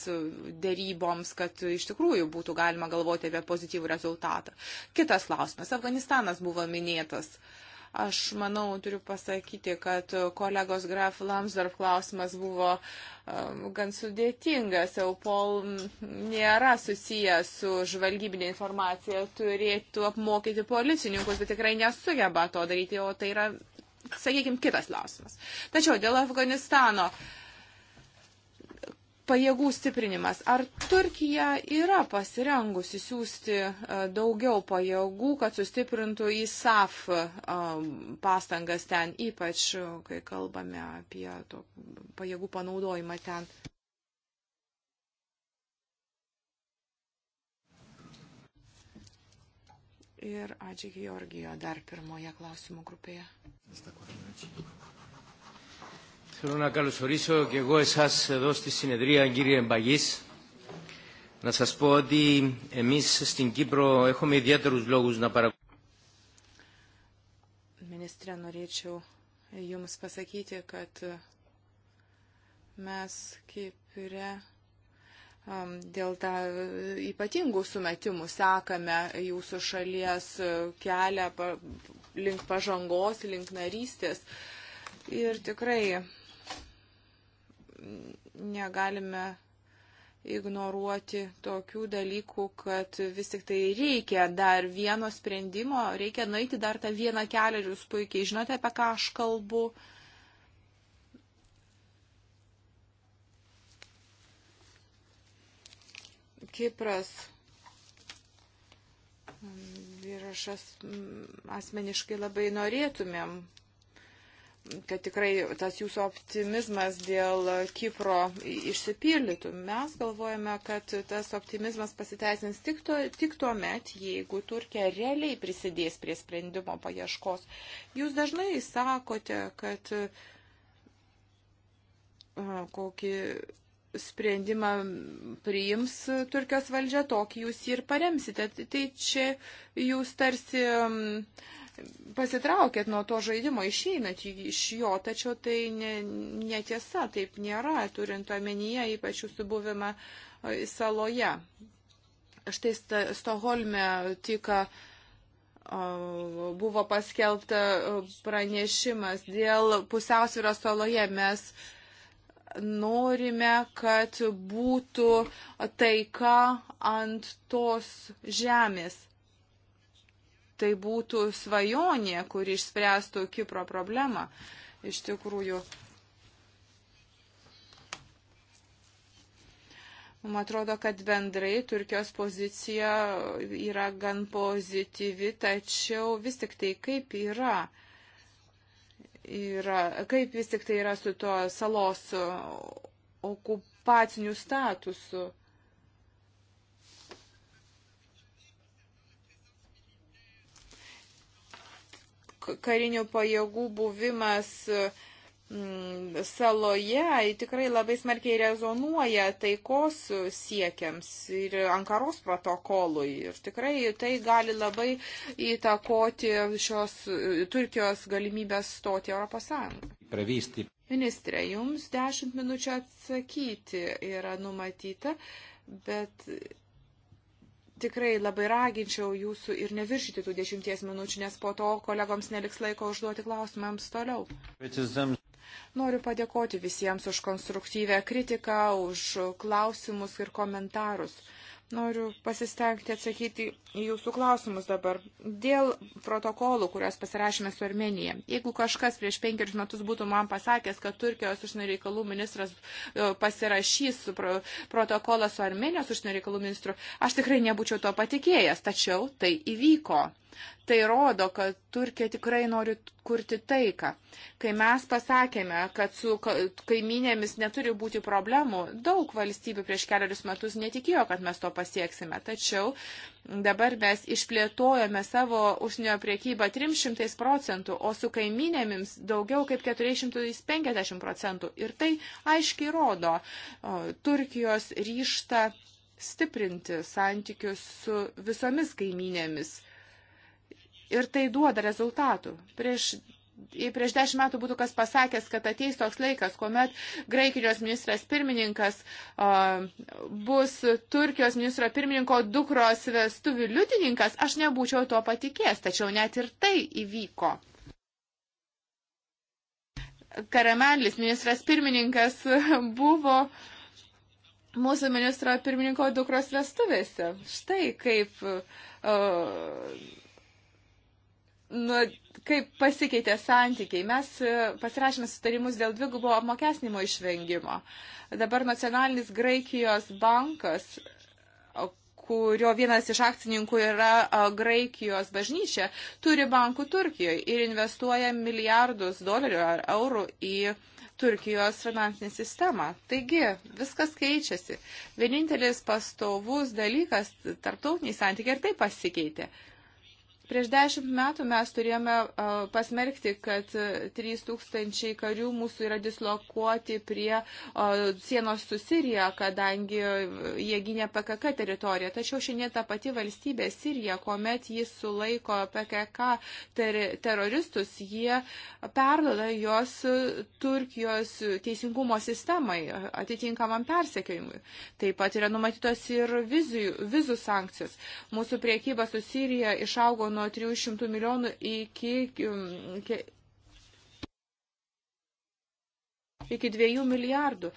dėryboms, kad iš tikrųjų būtų galima galvoti apie pozityvų rezultatą. Kitas klausimas. Afganistanas buvo minėtas. Uh, Aš manau, turiu pasakyti, kad kolegos Graf Lamsdorf klausimas buvo um, gan sudėtingas. EUPOL nėra susijęs su žvalgybinė informacija, turėtų apmokyti policininkus, bet tikrai nesugeba to daryti, o tai yra, sakykime, kitas klausimas. Tačiau dėl Afganistano. Uh, pajėgų stiprinimas. Ar Turkija yra pasirengusi siūsti e, daugiau pajėgų, kad sustiprintų į SAF e, pastangas ten, ypač e, kai kalbame apie to pajėgų panaudojimą ten? Ir Adži Georgijo dar pirmoje klausimų grupėje. Vis tą klausimą ačiū. Θέλω να καλωσορίσω και εγώ εσάς εδώ στη συνεδρία, κύριε Μπαγής. Να σας πω ότι εμείς στην Κύπρο έχουμε ιδιαίτερους λόγους να παρακολουθήσουμε. Ministre, norėčiau Jums pasakyti, kad mes Kipre dėl tą ypatingų sumetimų sekame jūsų šalies kelią link pažangos, link narystės. Ir tikrai negalime ignoruoti tokių dalykų, kad vis tik tai reikia dar vieno sprendimo, reikia nueiti dar tą vieną kelią ir jūs puikiai žinote, apie ką aš kalbu. Kipras ir mm, aš mm, asmeniškai labai norėtumėm kad tikrai tas jūsų optimizmas dėl Kipro išsipildytų. Mes galvojame, kad tas optimizmas pasiteisins tik, to, tik tuo met, jeigu Turkija realiai prisidės prie sprendimo paieškos. Jūs dažnai sakote, kad kokį sprendimą priims Turkijos valdžia, tokį jūs jį ir paremsite. Tai čia jūs tarsi pasitraukėt nuo to žaidimo, išeinat iš jo, tačiau tai netiesa, ne taip nėra, turint omenyje ypač jūsų buvimą e, saloje. Štai Stoholme tik e, buvo paskelbta e, pranešimas dėl pusiausvyros saloje. Mes norime, kad būtų taika ant tos žemės tai būtų svajonė, kuri išspręstų Kipro problemą. Iš tikrųjų, Man atrodo, kad bendrai Turkijos pozicija yra gan pozityvi, tačiau vis tik tai kaip yra yra, kaip vis tik tai yra su tuo salos okupaciniu statusu. karinių pajėgų buvimas mm, saloje tikrai labai smarkiai rezonuoja taikos siekiams ir Ankaros protokolui. Ir tikrai tai gali labai įtakoti šios Turkijos galimybės stoti Europos Sąjungą. Pravysti. Ministrė, jums dešimt minučių atsakyti yra numatyta, bet tikrai labai raginčiau jūsų ir neviršyti tų dešimties minučių, nes po to kolegoms neliks laiko užduoti klausimams toliau. Noriu padėkoti visiems už konstruktyvę kritiką, už klausimus ir komentarus. Noriu pasistengti atsakyti į jūsų klausimus dabar. Dėl protokolų, kuriuos pasirašėme su Armenija. Jeigu kažkas prieš penkerius metus būtų man pasakęs, kad Turkijos užsienio reikalų ministras e, pasirašys protokolą su Armenijos užsienio reikalų ministru, aš tikrai nebūčiau to patikėjęs. Tačiau tai įvyko. Tai rodo, kad Turkija tikrai nori kurti taiką. Kai mes pasakėme, kad su kaiminėmis neturi būti problemų, daug valstybių prieš keliarius metus netikėjo, kad mes to pasieksime. Tačiau dabar mes išplėtojame savo užsienio priekybą 300 procentų, o su kaiminėmis daugiau kaip 450 procentų. Ir tai aiškiai rodo Turkijos ryštą stiprinti santykius su visomis kaiminėmis Ir tai duoda rezultatų. Prieš prieš dešimt metų būtų kas pasakęs, kad ateis toks laikas, kuomet Graikijos ministras pirmininkas a, bus Turkijos ministro pirmininko dukros vestuvių liudininkas, aš nebūčiau tuo patikėjęs, tačiau net ir tai įvyko. Karamelis, ministras pirmininkas, buvo mūsų ministro pirmininko dukros vestuvėse. Štai kaip uh, nu, kaip pasikeitė santykiai. Mes e, pasirašėme sutarimus dėl dvigubo apmokesnimo išvengimo. Dabar nacionalinis Graikijos bankas, kurio vienas iš akcininkų yra e, Graikijos bažnyčia, turi bankų Turkijoje ir investuoja milijardus dolerių ar eurų į Turkijos finansinę sistemą. Taigi, viskas keičiasi. Vienintelis pastovus dalykas tarptautiniai santykiai ir tai pasikeitė. Uh, Prieš dešimt metų mes turėjome pasmerkti, kad 3000 e, karių mūsų yra dislokuoti prie sienos su Sirija, kadangi e, jie gynė PKK teritoriją. Tačiau šiandien ta pati valstybė Sirija, kuomet jis sulaiko PKK ter teroristus, jie perdoda jos e, Turkijos teisingumo sistemai, atitinkamam persekiojimui. Taip pat yra numatytos ir vizų, vizų sankcijos. Mūsų priekyba su Sirija išaugo nuo nuo 300 milijonų iki, um, iki iki 2 milijardų.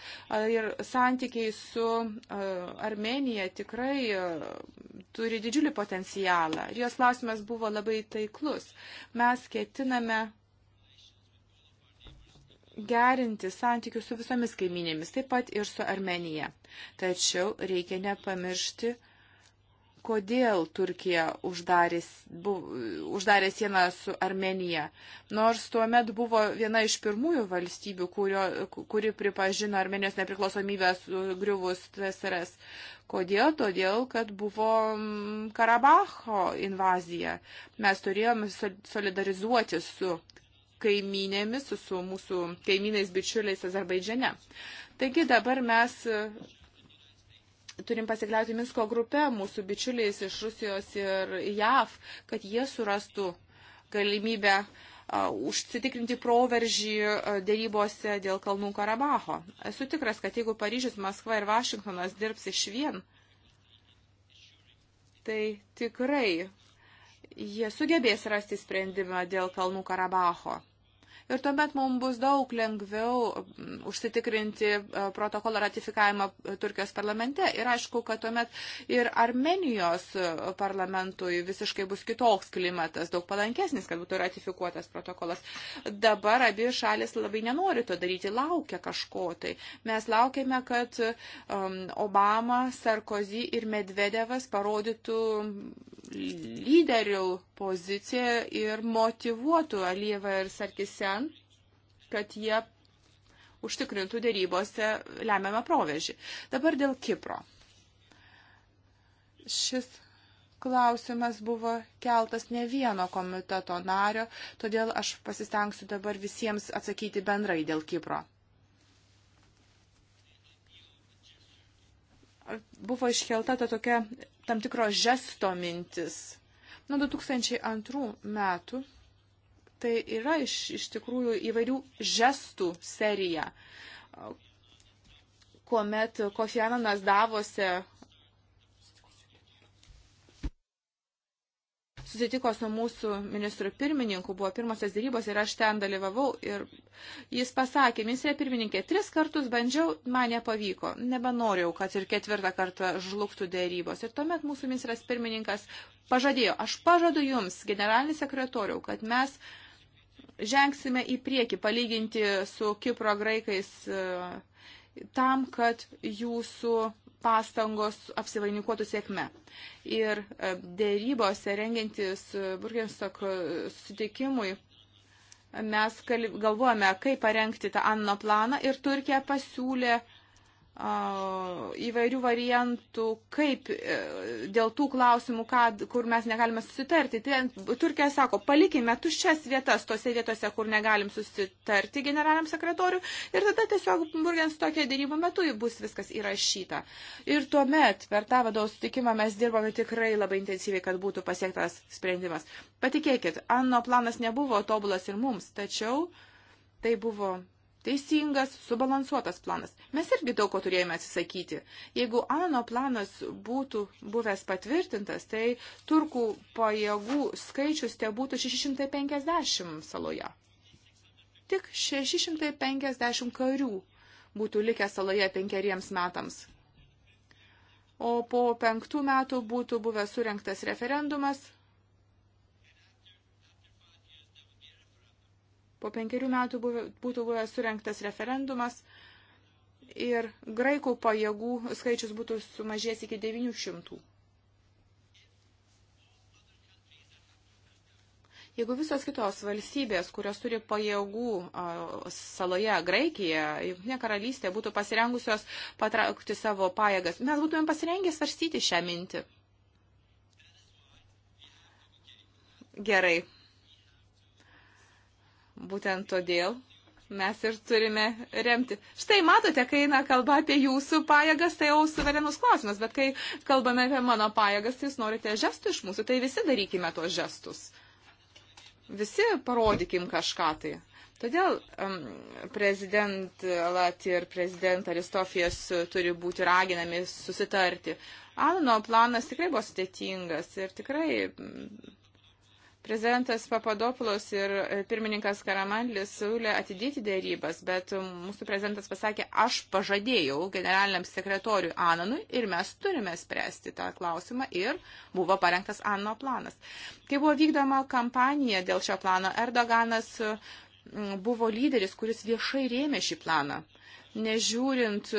Ir santykiai su Armenija tikrai turi didžiulį potencialą. Ir jos klausimas buvo labai taiklus. Mes ketiname gerinti santykius su visomis kaiminėmis, taip pat ir su Armenija. Tačiau reikia nepamiršti, kodėl Turkija uždarė, bu, uždarė sieną su Armenija. Nors tuo metu buvo viena iš pirmųjų valstybių, kurio, kuri pripažino Armenijos nepriklausomybę griuvus TSRS. Kodėl? Todėl, kad buvo mm, Karabacho invazija. Mes turėjome solidarizuoti su kaiminėmis, su mūsų kaimynais bičiuliais Azerbaidžiane. Taigi dabar mes turim pasikliauti Minsko grupe, mūsų bičiuliais iš Rusijos ir JAV, kad jie surastų galimybę užsitikrinti proveržį dėrybose dėl Kalnų Karabaho. Esu tikras, kad jeigu Paryžius, Maskva ir Vašingtonas dirbs iš vien, tai tikrai jie sugebės rasti sprendimą dėl Kalnų Karabaho. Ir tuomet mums bus daug lengviau užsitikrinti e, protokolo ratifikavimą Turkijos parlamente. Ir aišku, kad tuomet ir Armenijos e, parlamentui visiškai bus kitoks klimatas, daug palankesnis, kad būtų ratifikuotas protokolas. Dabar abi šalis labai nenori to daryti, laukia kažko. Tai mes laukiame, kad um, Obama, Sarkozy ir Medvedevas parodytų lyderių poziciją ir motivuotų Alievą ir Sarkisen kad jie užtikrintų dėrybose lemiamą provežį. Dabar dėl Kipro. Šis klausimas buvo keltas ne vieno komiteto nario, todėl aš pasistengsiu dabar visiems atsakyti bendrai dėl Kipro. Buvo iškelta ta tokia tam tikro žesto mintis. Nuo 2002 metų tai yra iš, iš tikrųjų įvairių žestų serija, kuomet Kofiananas davose susitiko su mūsų ministru pirmininku, buvo pirmosios dėrybos ir aš ten dalyvavau ir jis pasakė, ministrė pirmininkė, tris kartus bandžiau, man nepavyko, nebenorėjau, kad ir ketvirtą kartą žlugtų dėrybos. Ir tuomet mūsų ministras pirmininkas pažadėjo, aš pažadu jums, generalinis sekretoriau, kad mes uh, Žengsime į priekį, palyginti su Kipro graikais, e, tam, kad jūsų pastangos apsivainikuotų sėkme. Ir e, dėrybose rengiantis Burgenstok susitikimui mes galvojame, kaip parengti tą Anno planą ir Turkija pasiūlė uh, įvairių variantų, kaip e, dėl tų klausimų, ką, kur mes negalime susitarti. Tai Turkija sako, palikime tuščias vietas tose vietose, kur negalim susitarti generaliniam sekretoriu ir tada tiesiog Burgens tokia dėrybų metu bus viskas įrašyta. Ir tuomet per tą vadovų sutikimą mes dirbome tikrai labai intensyviai, kad būtų pasiektas sprendimas. Patikėkit, Anno planas nebuvo tobulas ir mums, tačiau tai buvo teisingas, subalansuotas planas. Mes irgi daug ko turėjome atsisakyti. Jeigu Ano planas būtų buvęs patvirtintas, tai turkų pajėgų skaičius te būtų 650 saloje. Tik 650 karių būtų likę saloje penkeriems metams. O po penktų metų būtų buvęs surinktas referendumas, Po penkerių metų būtų buvęs surinktas referendumas ir graikų pajėgų skaičius būtų sumažėjęs iki 900. Jeigu visos kitos valstybės, kurios turi pajėgų saloje Graikija, Junktinė karalystė, būtų pasirengusios patraukti savo pajėgas, mes būtumėm pasirengę svarstyti šią mintį. Gerai, Būtent todėl mes ir turime remti. Štai matote, kai eina kalba apie jūsų pajėgas, tai jau suverenus klausimas, bet kai kalbame apie mano pajėgas, tai jūs norite žestų iš mūsų, tai visi darykime tos žestus. Visi parodykim kažką tai. Todėl um, prezident Lat ir prezident Aristofijas turi būti raginami susitarti. Anno planas tikrai buvo sudėtingas ir tikrai Prezidentas Papadopoulos ir e, pirmininkas Karamanlis siūlė atidėti dėrybas, bet e, mūsų prezidentas pasakė, aš pažadėjau generaliniam sekretoriui Ananui ir mes turime spręsti tą klausimą ir buvo parengtas Anno planas. Kai buvo vykdoma kampanija dėl šio plano, Erdoganas e, buvo lyderis, kuris viešai rėmė šį planą. Nežiūrint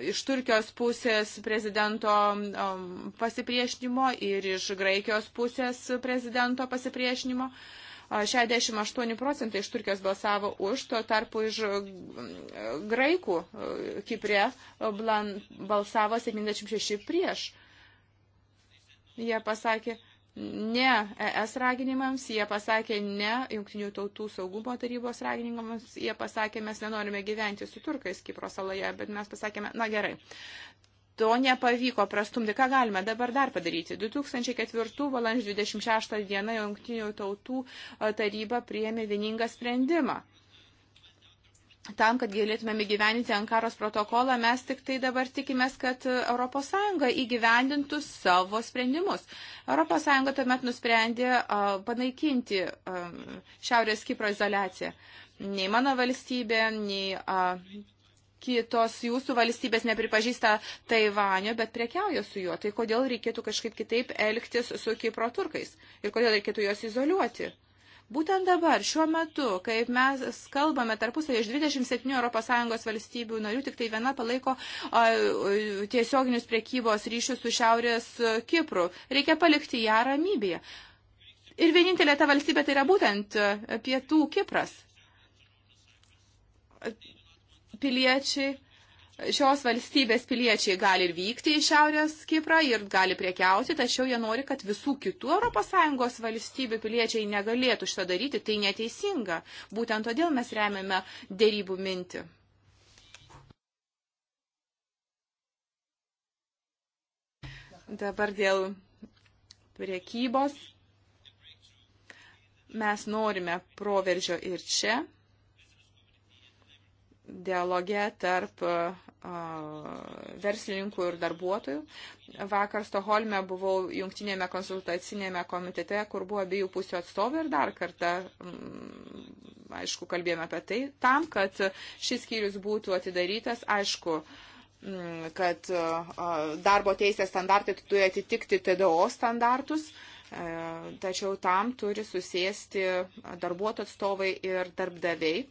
iš Turkijos pusės prezidento pasipriešinimo ir iš Graikijos pusės prezidento pasipriešinimo. 68 procentai iš Turkijos balsavo už, tuo tarpu iš Graikų Kiprė balsavo 76 prieš. Jie pasakė, ne ES raginimams, jie pasakė ne Junktinių tautų saugumo tarybos raginimams, jie pasakė, mes nenorime gyventi su turkais Kipro saloje, bet mes pasakėme, na gerai. To nepavyko prastumti. Ką galime dabar dar padaryti? 2004 valandžio 26 dieną Junktinių tautų taryba priėmė vieningą sprendimą tam, kad galėtumėm įgyveninti Ankaros protokolą, mes tik tai dabar tikimės, kad ES įgyvendintų savo sprendimus. ES tuomet nusprendė panaikinti Šiaurės Kipro izolaciją. Nei mano valstybė, nei kitos jūsų valstybės nepripažįsta Taivanio, bet prekiauja su juo. Tai kodėl reikėtų kažkaip kitaip elgtis su Kipro turkais? Ir kodėl reikėtų juos izoliuoti? Būtent dabar, šiuo metu, kaip mes kalbame tarpusavį iš 27 ES valstybių narių, tik tai viena palaiko a, tiesioginius priekybos ryšius su Šiaurės Kipru. Reikia palikti ją ramybėje. Ir vienintelė ta valstybė tai yra būtent pietų Kipras. Piliečiai šios valstybės piliečiai gali ir vykti į Šiaurės Kiprą ir gali priekiauti, tačiau jie nori, kad visų kitų ES valstybių piliečiai negalėtų šitą daryti. Tai neteisinga. Būtent todėl mes remiame dėrybų mintį. Dabar dėl priekybos. Mes norime proveržio ir čia dialoge tarp verslininkų ir darbuotojų. Vakar Stoholme buvau jungtinėme konsultacinėme komitete, kur buvo abiejų pusių atstovai ir dar kartą, mm, aišku, kalbėjome apie tai, tam, kad šis skyrius būtų atidarytas, aišku, mm, kad darbo teisės standartai turi atitikti TDO standartus. E, tačiau tam turi susėsti darbuotojų atstovai ir darbdaviai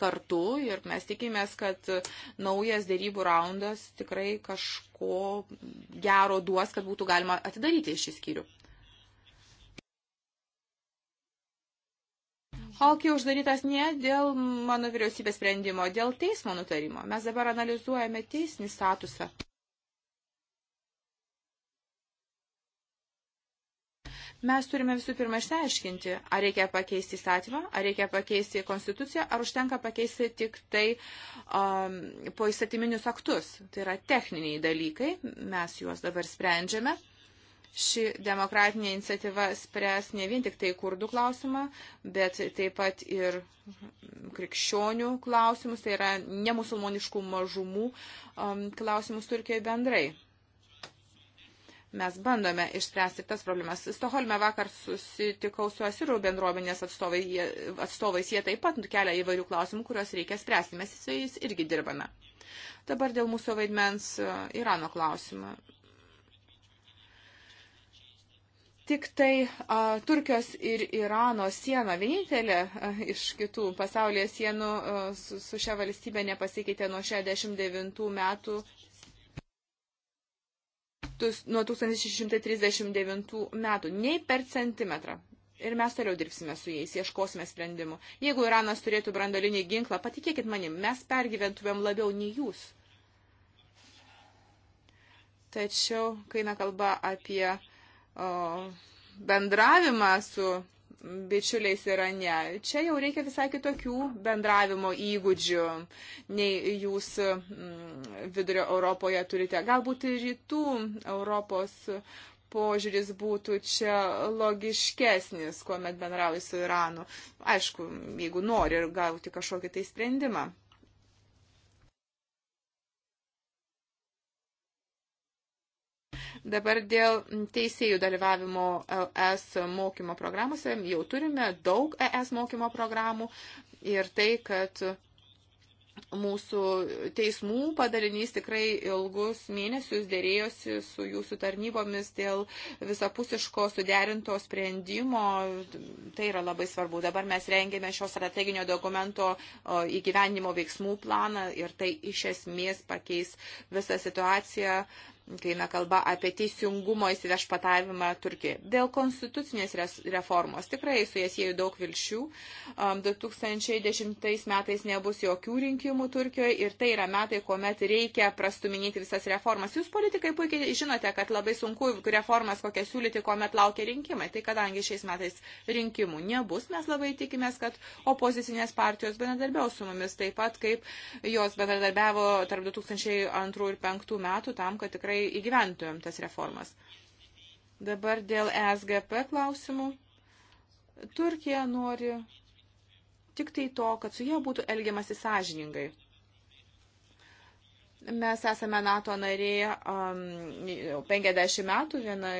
kartu ir mes tikimės, kad naujas dėrybų raundas tikrai kažko gero duos, kad būtų galima atidaryti šį skyrių. Halkiai uždarytas ne dėl mano vyriausybės sprendimo, dėl teismo nutarimo. Mes dabar analizuojame teisinį statusą. mes turime visų pirma išsiaiškinti, ar reikia pakeisti įstatymą, ar reikia pakeisti konstituciją, ar užtenka pakeisti tik tai um, po įstatyminius aktus. Tai yra techniniai dalykai, mes juos dabar sprendžiame. Ši demokratinė iniciatyva spręs ne vien tik tai kurdų klausimą, bet taip pat ir krikščionių klausimus, tai yra nemusulmoniškų mažumų um, klausimus Turkijoje bendrai mes bandome išspręsti tas problemas. Stoholme vakar susitikau su Asirų bendruomenės atstovai, jie, atstovais, jie taip pat kelia įvairių klausimų, kuriuos reikia spręsti, mes su jais irgi dirbame. Dabar dėl mūsų vaidmens e, Irano klausimą. Tik tai a, e, Turkijos ir Irano siena, vienintelė a, e, iš kitų pasaulyje sienų a, su, su šia valstybė nepasikeitė nuo 69 metų nuo 1639 metų, nei per centimetrą. Ir mes toliau dirbsime su jais, ieškosime sprendimų. Jeigu Iranas turėtų brandolinį ginklą, patikėkit manim, mes pergyventumėm labiau nei jūs. Tačiau, kai nekalba apie o, bendravimą su bičiuliais Irane. Čia jau reikia visai kitokių bendravimo įgūdžių, nei jūs mm, vidurio Europoje turite. Galbūt rytų Europos požiūris būtų čia logiškesnis, kuomet bendrauji su Iranu. Aišku, jeigu nori gauti kažkokį tai sprendimą. Dabar dėl teisėjų dalyvavimo ES mokymo programuose jau turime daug ES mokymo programų ir tai, kad mūsų teismų padalinys tikrai ilgus mėnesius dėrėjosi su jūsų tarnybomis dėl visapusiško suderinto sprendimo. Tai yra labai svarbu. Dabar mes rengėme šio strateginio dokumento įgyvenimo veiksmų planą ir tai iš esmės pakeis visą situaciją kai eina kalba apie teisingumo įsivešpatavimą Turkijoje. Dėl konstitucinės reformos tikrai su jas jėjau daug vilčių. 2010 metais nebus jokių rinkimų Turkijoje ir tai yra metai, kuomet reikia prastuminėti visas reformas. Jūs politikai puikiai žinote, kad labai sunku reformas kokią siūlyti, kuomet laukia rinkimai. Tai kadangi šiais metais rinkimų nebus, mes labai tikimės, kad opozicinės partijos bendradarbiaus su mumis taip pat, kaip jos bendradarbiavo tarp 2002 ir 2005 metų tam, kad tikrai tikrai įgyventumėm tas reformas. Dabar dėl e SGP klausimų. Turkija nori tik tai to, kad su jie būtų elgiamasi sąžiningai. Mes esame NATO narė um, 50 metų, viena,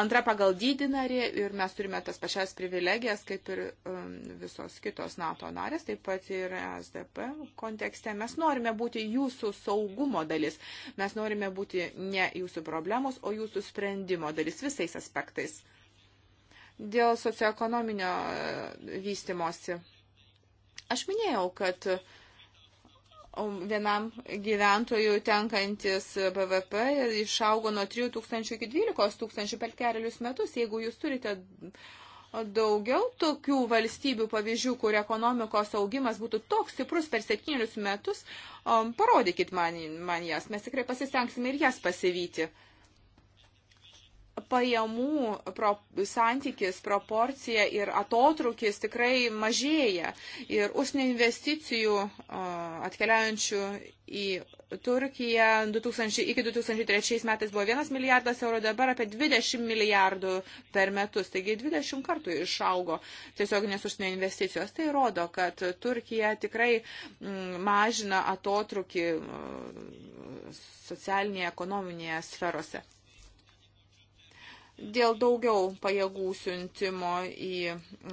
antra pagal dydį narė ir mes turime tas pačias privilegijas kaip ir um, visos kitos NATO narės, taip pat ir SDP kontekste. Mes norime būti jūsų saugumo dalis, mes norime būti ne jūsų problemos, o jūsų sprendimo dalis visais aspektais. Dėl socioekonominio e, vystimosi. Aš minėjau, kad uh, vienam gyventojų tenkantis BVP išaugo nuo 3 tūkstančių iki 12 tūkstančių per kelius metus. Jeigu jūs turite daugiau tokių valstybių pavyzdžių, kur ekonomikos augimas būtų toks stiprus per septynius metus, um, parodykit man, man jas. Mes tikrai pasistengsime ir jas pasivyti pajamų pro, santykis, proporcija ir atotrukis tikrai mažėja. Ir užsienio investicijų atkeliaujančių į Turkiją 2000, iki 2003 metais buvo 1 milijardas eurų, dabar apie 20 milijardų per metus. Taigi 20 kartų išaugo tiesioginės užsienio investicijos. Tai rodo, kad Turkija tikrai mm, mažina atotrukį mm, socialinėje, ekonominėje sferose dėl daugiau pajėgų siuntimo į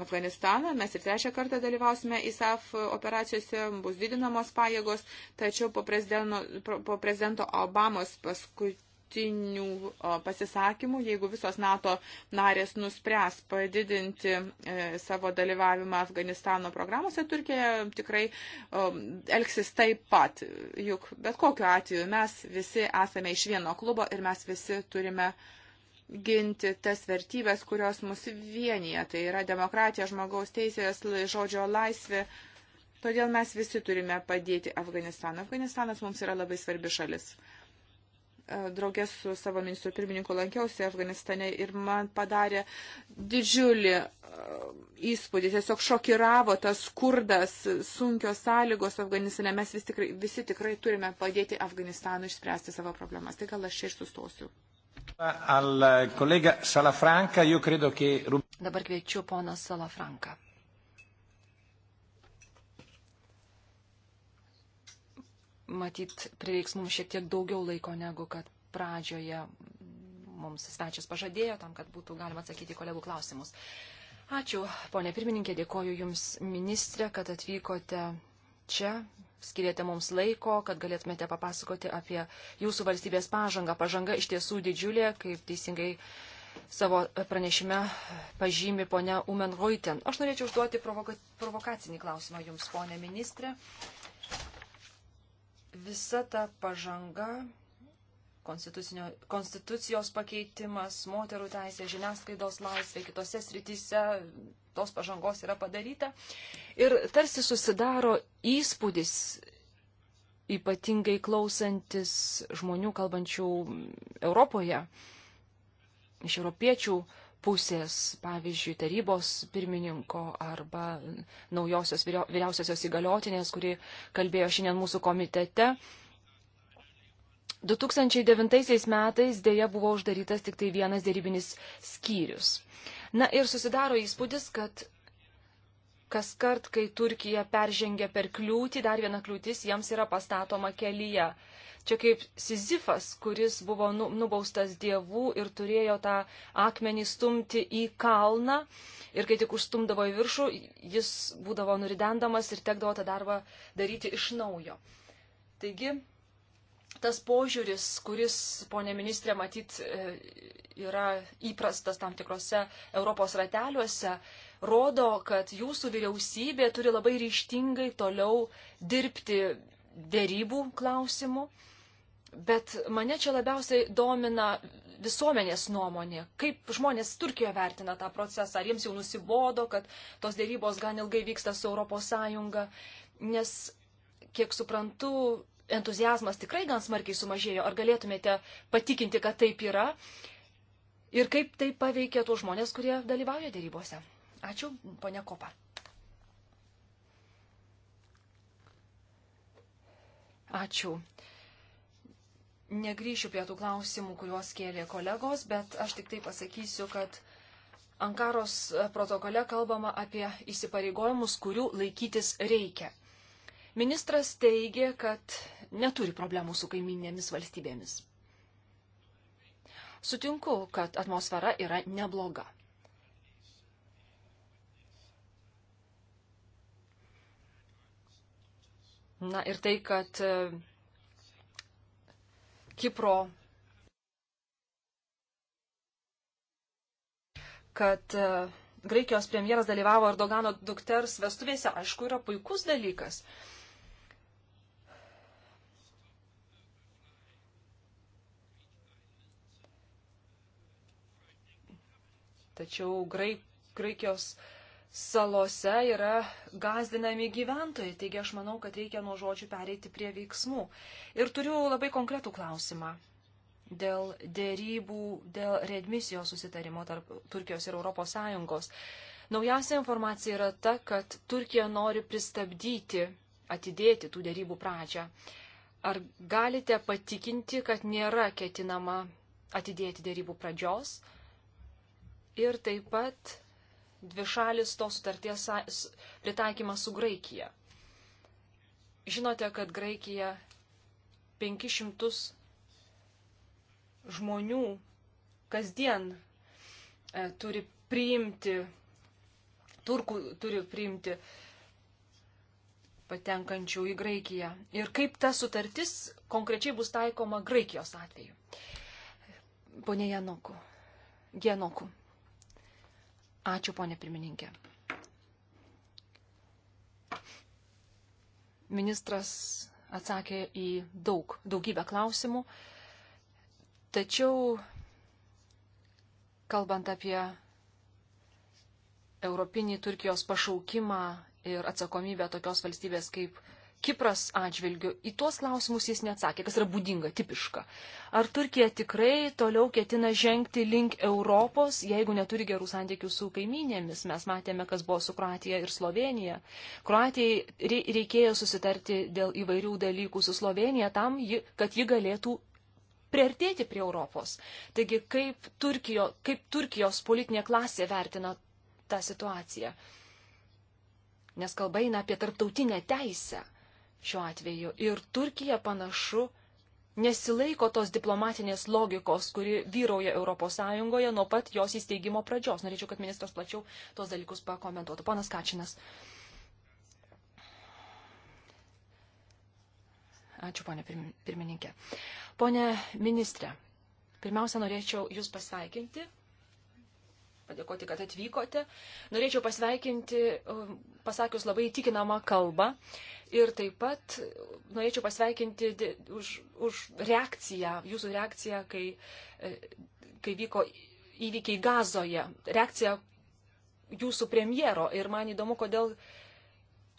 Afganistaną. Mes ir trečią kartą dalyvausime ISAF operacijose, bus didinamos pajėgos, tačiau po prezidento, po prezidento Obamos paskutinių pasisakymų, jeigu visos NATO narės nuspręs padidinti e, savo dalyvavimą Afganistano programuose, Turkija tikrai elgsis taip pat. Juk bet kokiu atveju mes visi esame iš vieno klubo ir mes visi turime uh, ginti tas vertybės, kurios mus vienyje. Tai yra demokratija, žmogaus teisės, žodžio laisvė. Todėl mes visi turime padėti Afganistaną. Afganistanas mums yra labai svarbi šalis. E, Draugės su savo ministru pirmininku lankiausi Afganistane ir man padarė didžiulį e, įspūdį, tiesiog šokiravo tas skurdas, sunkios sąlygos Afganistane. Mes vis tikrai, visi tikrai turime padėti Afganistanui išspręsti savo problemas. Tai gal aš čia ir sustosiu. Eh, Dabar kviečiu poną Salafranką. Matyt, prireiks mums šiek tiek daugiau laiko, negu kad pradžioje mums svečias pažadėjo, tam, kad būtų galima atsakyti kolegų klausimus. Ačiū, ponė pirmininkė, dėkoju Jums, ministrė, kad atvykote čia, skiriate mums laiko, kad galėtumėte papasakoti apie jūsų valstybės pažangą. Pažanga iš tiesų didžiulė, kaip teisingai savo pranešime pažymi ponia Umen Reuten. Aš norėčiau užduoti provoka provokacinį klausimą jums, ponė ministrė. Visa ta pažanga konstitucijos pakeitimas, moterų teisė, žiniasklaidos laisvė, kitose srityse tos pažangos yra padaryta. Ir tarsi susidaro įspūdis, ypatingai klausantis žmonių kalbančių Europoje, iš europiečių pusės, pavyzdžiui, tarybos pirmininko arba naujosios vyriausiosios įgaliotinės, kuri kalbėjo šiandien mūsų komitete, 2009 metais dėja buvo uždarytas tik tai vienas dėrybinis skyrius. Na ir susidaro įspūdis, kad kas kart, kai Turkija peržengia per kliūtį, dar viena kliūtis jiems yra pastatoma kelyje. Čia kaip Sizifas, kuris buvo nu, nubaustas dievų ir turėjo tą akmenį stumti į kalną ir kai tik užstumdavo į viršų, jis būdavo nuridendamas ir tekdavo tą darbą daryti iš naujo. Taigi, tas požiūris, kuris, ponė ministrė, matyt, e, yra įprastas tam tikrose Europos rateliuose, rodo, kad jūsų vyriausybė turi labai ryštingai toliau dirbti dėrybų klausimų. Bet mane čia labiausiai domina visuomenės nuomonė, kaip žmonės Turkijoje vertina tą procesą, ar jiems jau nusibodo, kad tos dėrybos gan ilgai vyksta su ES, nes, kiek suprantu, entuzijazmas tikrai gan smarkiai sumažėjo. Ar galėtumėte patikinti, kad taip yra? Ir kaip tai paveikė tuos žmonės, kurie dalyvauja dėrybose? Ačiū, ponia Kopa. Ačiū. Negryšiu prie tų klausimų, kuriuos kėlė kolegos, bet aš tik tai pasakysiu, kad Ankaros protokole kalbama apie įsipareigojimus, kurių laikytis reikia. Ministras teigė, kad neturi problemų su kaiminėmis valstybėmis. Sutinku, kad atmosfera yra nebloga. Na ir tai, kad e, Kipro, kad e, Graikijos premjeras dalyvavo Erdogano dukters vestuvėse, aišku, yra puikus dalykas. Tačiau graik, Graikijos salose yra gazdinami gyventojai, taigi aš manau, kad reikia nuo žodžių pereiti prie veiksmų. Ir turiu labai konkretų klausimą dėl dėrybų, dėl redmisijos susitarimo tarp Turkijos ir ES. Naujausia informacija yra ta, kad Turkija nori pristabdyti, atidėti tų dėrybų pradžią. Ar galite patikinti, kad nėra ketinama atidėti dėrybų pradžios? ir taip pat dvišalis tos sutarties pritaikymas su Graikija. Žinote, kad Graikija 500 žmonių kasdien e, turi priimti, turkų turi priimti patenkančių į Graikiją. Ir kaip ta sutartis konkrečiai bus taikoma Graikijos atveju. Pone Janoku. Genoku. Ačiū, ponė pirmininkė. Ministras atsakė į daug, daugybę klausimų, tačiau kalbant apie europinį Turkijos pašaukimą ir atsakomybę tokios valstybės kaip Kipras atžvilgiu, į tuos klausimus jis neatsakė, kas yra būdinga, tipiška. Ar Turkija tikrai toliau ketina žengti link Europos, jeigu neturi gerų santykių su kaiminėmis? Mes matėme, kas buvo su Kroatija ir Slovenija. Kroatijai reikėjo susitarti dėl įvairių dalykų su Slovenija tam, kad ji galėtų priartėti prie Europos. Taigi, kaip, Turkijo, kaip Turkijos politinė klasė vertina tą situaciją? Nes kalba eina apie tarptautinę teisę šiuo atveju. Ir Turkija panašu nesilaiko tos diplomatinės logikos, kuri vyrauja ES nuo pat jos įsteigimo pradžios. Norėčiau, kad ministras plačiau tos dalykus pakomentuotų. Ponas Kačinas. Ačiū, ponė pirmininkė. Pone ministrė, pirmiausia, norėčiau Jūs pasveikinti. Padėkoti, kad atvykote. Norėčiau pasveikinti, um, pasakius labai įtikinamą kalbą. Ir taip pat norėčiau pasveikinti už, už reakciją, jūsų reakciją, kai, e, kai vyko įvykiai gazoje. Reakcija jūsų premjero. Ir man įdomu, kodėl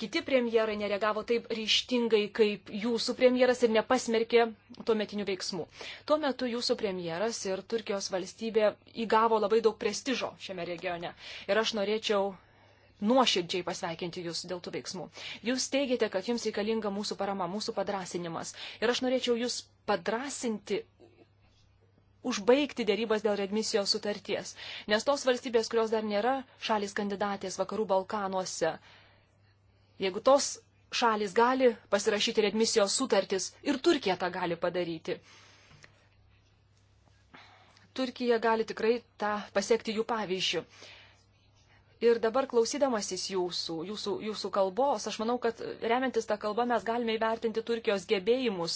kiti premjerai nereagavo taip ryštingai kaip jūsų premjeras ir nepasmerkė tuometinių veiksmų. Tuo metu jūsų premjeras ir Turkijos valstybė įgavo labai daug prestižo šiame regione. Ir aš norėčiau nuoširdžiai pasveikinti Jūs dėl tų veiksmų. Jūs teigiate, kad Jums reikalinga mūsų parama, mūsų padrasinimas. Ir aš norėčiau Jūs padrasinti užbaigti dėrybas dėl redmisijos sutarties, nes tos valstybės, kurios dar nėra šalis kandidatės vakarų Balkanuose, jeigu tos šalis gali pasirašyti redmisijos sutartis ir Turkija tą gali padaryti. Turkija gali tikrai tą pasiekti jų pavyzdžių. Ir dabar klausydamasis jūsų, jūsų, jūsų kalbos, aš manau, kad remiantis tą kalbą mes galime įvertinti Turkijos gebėjimus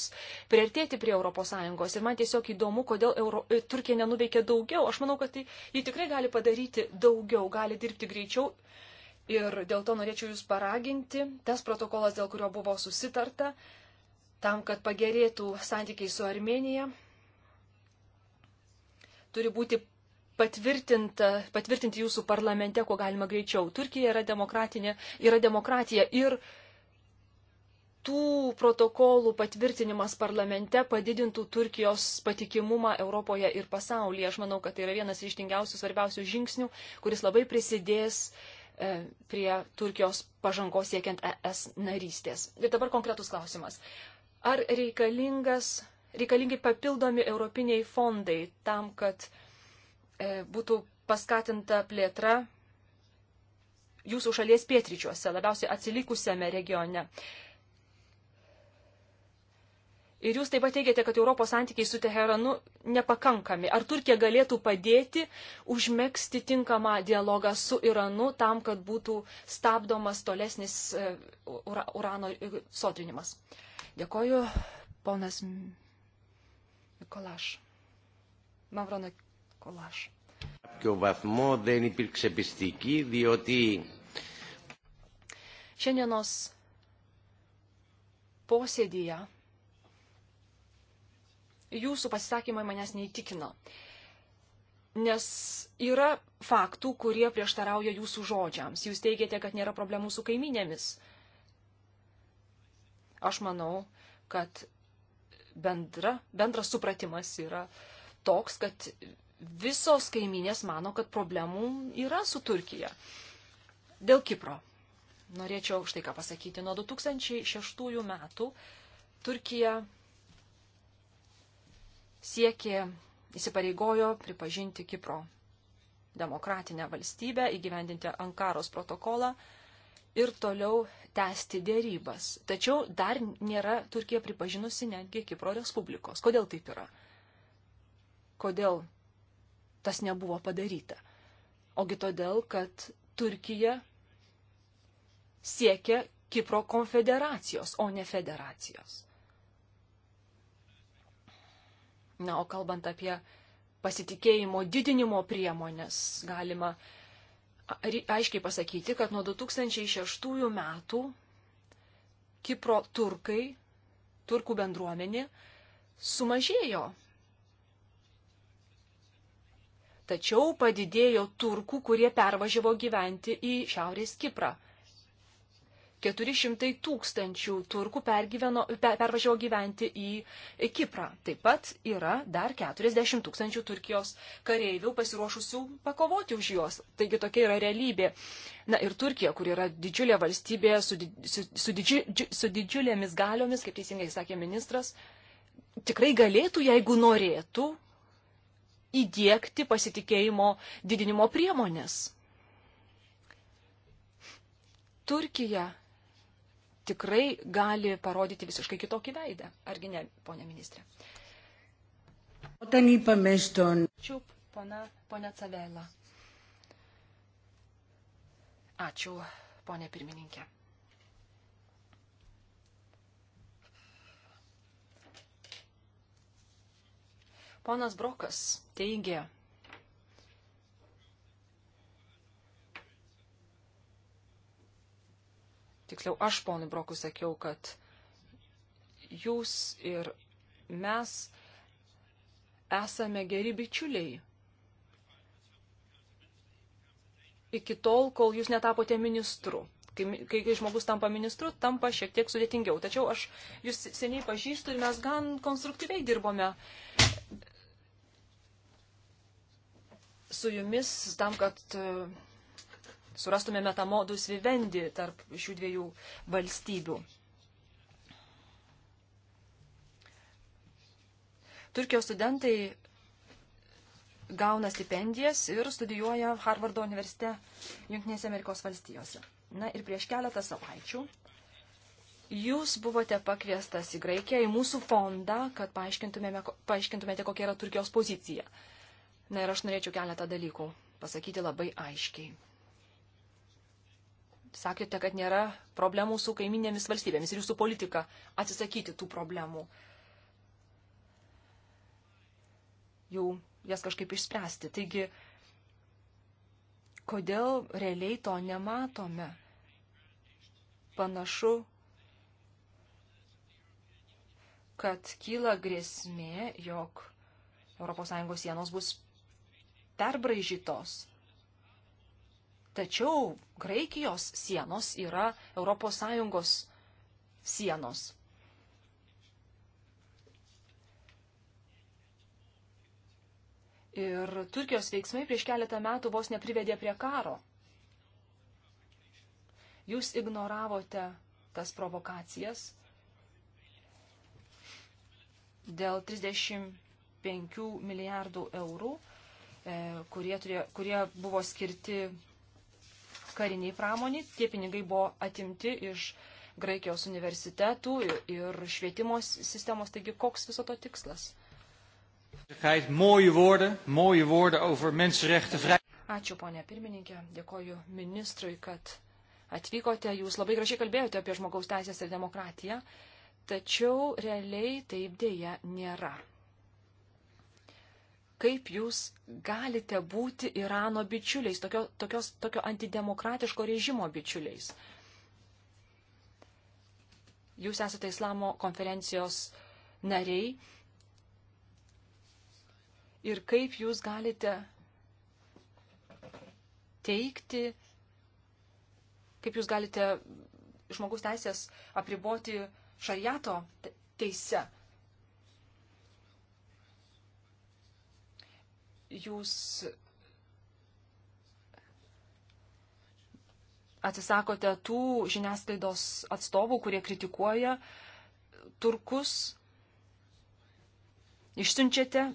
priartėti prie ES. Ir man tiesiog įdomu, kodėl Euro... E, Turkija nenuveikia daugiau. Aš manau, kad tai, ji tikrai gali padaryti daugiau, gali dirbti greičiau. Ir dėl to norėčiau Jūs paraginti, tas protokolas, dėl kurio buvo susitarta, tam, kad pagerėtų santykiai su Armenija, turi būti patvirtinti jūsų parlamente, kuo galima greičiau. Turkija yra, yra demokratija ir tų protokolų patvirtinimas parlamente padidintų Turkijos patikimumą Europoje ir pasaulyje. Aš manau, kad tai yra vienas ryštingiausių, svarbiausių žingsnių, kuris labai prisidės e, prie Turkijos pažangos siekiant ES narystės. Ir dabar konkretus klausimas. Ar reikalingas, reikalingi papildomi europiniai fondai tam, kad E, būtų paskatinta plėtra jūsų šalies pietryčiuose, labiausiai atsilikusiame regione. Ir jūs taip pat teigiate, kad Europos santykiai su Teheranu nepakankami. Ar Turkija galėtų padėti užmėgsti tinkamą dialogą su Iranu tam, kad būtų stabdomas tolesnis e, ura, urano sodrinimas? Dėkoju, ponas Mikolaš. Mavronak Μικολάς. Šiandienos posėdėje jūsų pasisakymai manęs neįtikino, nes yra faktų, kurie prieštarauja jūsų žodžiams. Jūs teigiate, kad nėra problemų su kaiminėmis. Aš manau, kad bendra, bendras supratimas yra toks, kad visos kaiminės mano, kad problemų yra su Turkija. Dėl Kipro. Norėčiau štai ką pasakyti. Nuo 2006 metų Turkija siekė, įsipareigojo pripažinti Kipro demokratinę valstybę, įgyvendinti Ankaros protokolą ir toliau tęsti dėrybas. Tačiau dar nėra Turkija pripažinusi netgi Kipro Respublikos. Kodėl taip yra? Kodėl tas nebuvo padaryta. Ogi todėl, kad Turkija siekia Kipro konfederacijos, o ne federacijos. Na, o kalbant apie pasitikėjimo didinimo priemonės, galima aiškiai pasakyti, kad nuo 2006 metų Kipro turkai, turkų bendruomenė sumažėjo Tačiau padidėjo turkų, kurie pervažiavo gyventi į Šiaurės Kiprą. 400 tūkstančių turkų pergyveno, per, pervažiavo gyventi į Kiprą. Taip pat yra dar 40 tūkstančių Turkijos kareivių pasiruošusių pakovoti už juos. Taigi tokia yra realybė. Na ir Turkija, kur yra didžiulė valstybė su, su, su, didži, su didžiulėmis galiomis, kaip teisingai sakė ministras, tikrai galėtų, jeigu norėtų, įdėkti pasitikėjimo didinimo priemonės. Turkija tikrai gali parodyti visiškai kitokį veidą. Argi ne, ponė ministrė? Όταν είπαμε στον... Čiup, ponia, ponia Cavela. Ačiū, ponia pirmininkė. Ponas Brokas teigia, tiksliau aš ponui Brokui sakiau, kad jūs ir mes esame geri bičiuliai. Iki tol, kol jūs netapote ministru. Kai, kai, kai žmogus tampa ministru, tampa šiek tiek sudėtingiau. Tačiau aš jūs seniai pažįstu ir mes gan konstruktyviai dirbome uh, su jumis tam, kad e, surastumėme tą modus vivendi tarp šių dviejų valstybių. Turkijos studentai gauna stipendijas ir studijuoja Harvardo universitete Junktinėse Amerikos valstijose. Na ir prieš keletą savaičių Jūs buvote pakviestas į Graikiją, į mūsų fondą, kad paaiškintumėte, kokia yra Turkijos pozicija Na ir aš norėčiau keletą dalykų pasakyti labai aiškiai. Sakėte, kad nėra problemų su kaiminėmis valstybėmis ir jūsų politika atsisakyti tų problemų. Jau jas kažkaip išspręsti. Taigi, kodėl realiai to nematome? Panašu, kad kyla grėsmė, jog ES sienos bus perbraižytos. Tačiau Graikijos sienos yra ES sienos. Ir Turkijos veiksmai prieš keletą metų vos neprivedė prie karo. Jūs ignoravote tas provokacijas dėl 35 milijardų eurų E, kurie, turėjo, kurie buvo skirti kariniai pramoniai. Tie pinigai buvo atimti iš Graikijos universitetų ir švietimo sistemos. Taigi, koks viso to tikslas? Ačiū, ponė pirmininkė. Dėkoju ministrui, kad atvykote. Jūs labai gražiai kalbėjote apie žmogaus teisės ir demokratiją. Tačiau realiai taip dėja nėra kaip jūs galite būti Irano bičiuliais, tokio, tokios, tokio antidemokratiško režimo bičiuliais. Jūs esate islamo konferencijos nariai ir kaip jūs galite teikti, kaip jūs galite žmogus teisės apriboti šariato teise. jūs atsisakote tų žiniasklaidos atstovų, kurie kritikuoja turkus, išsiunčiate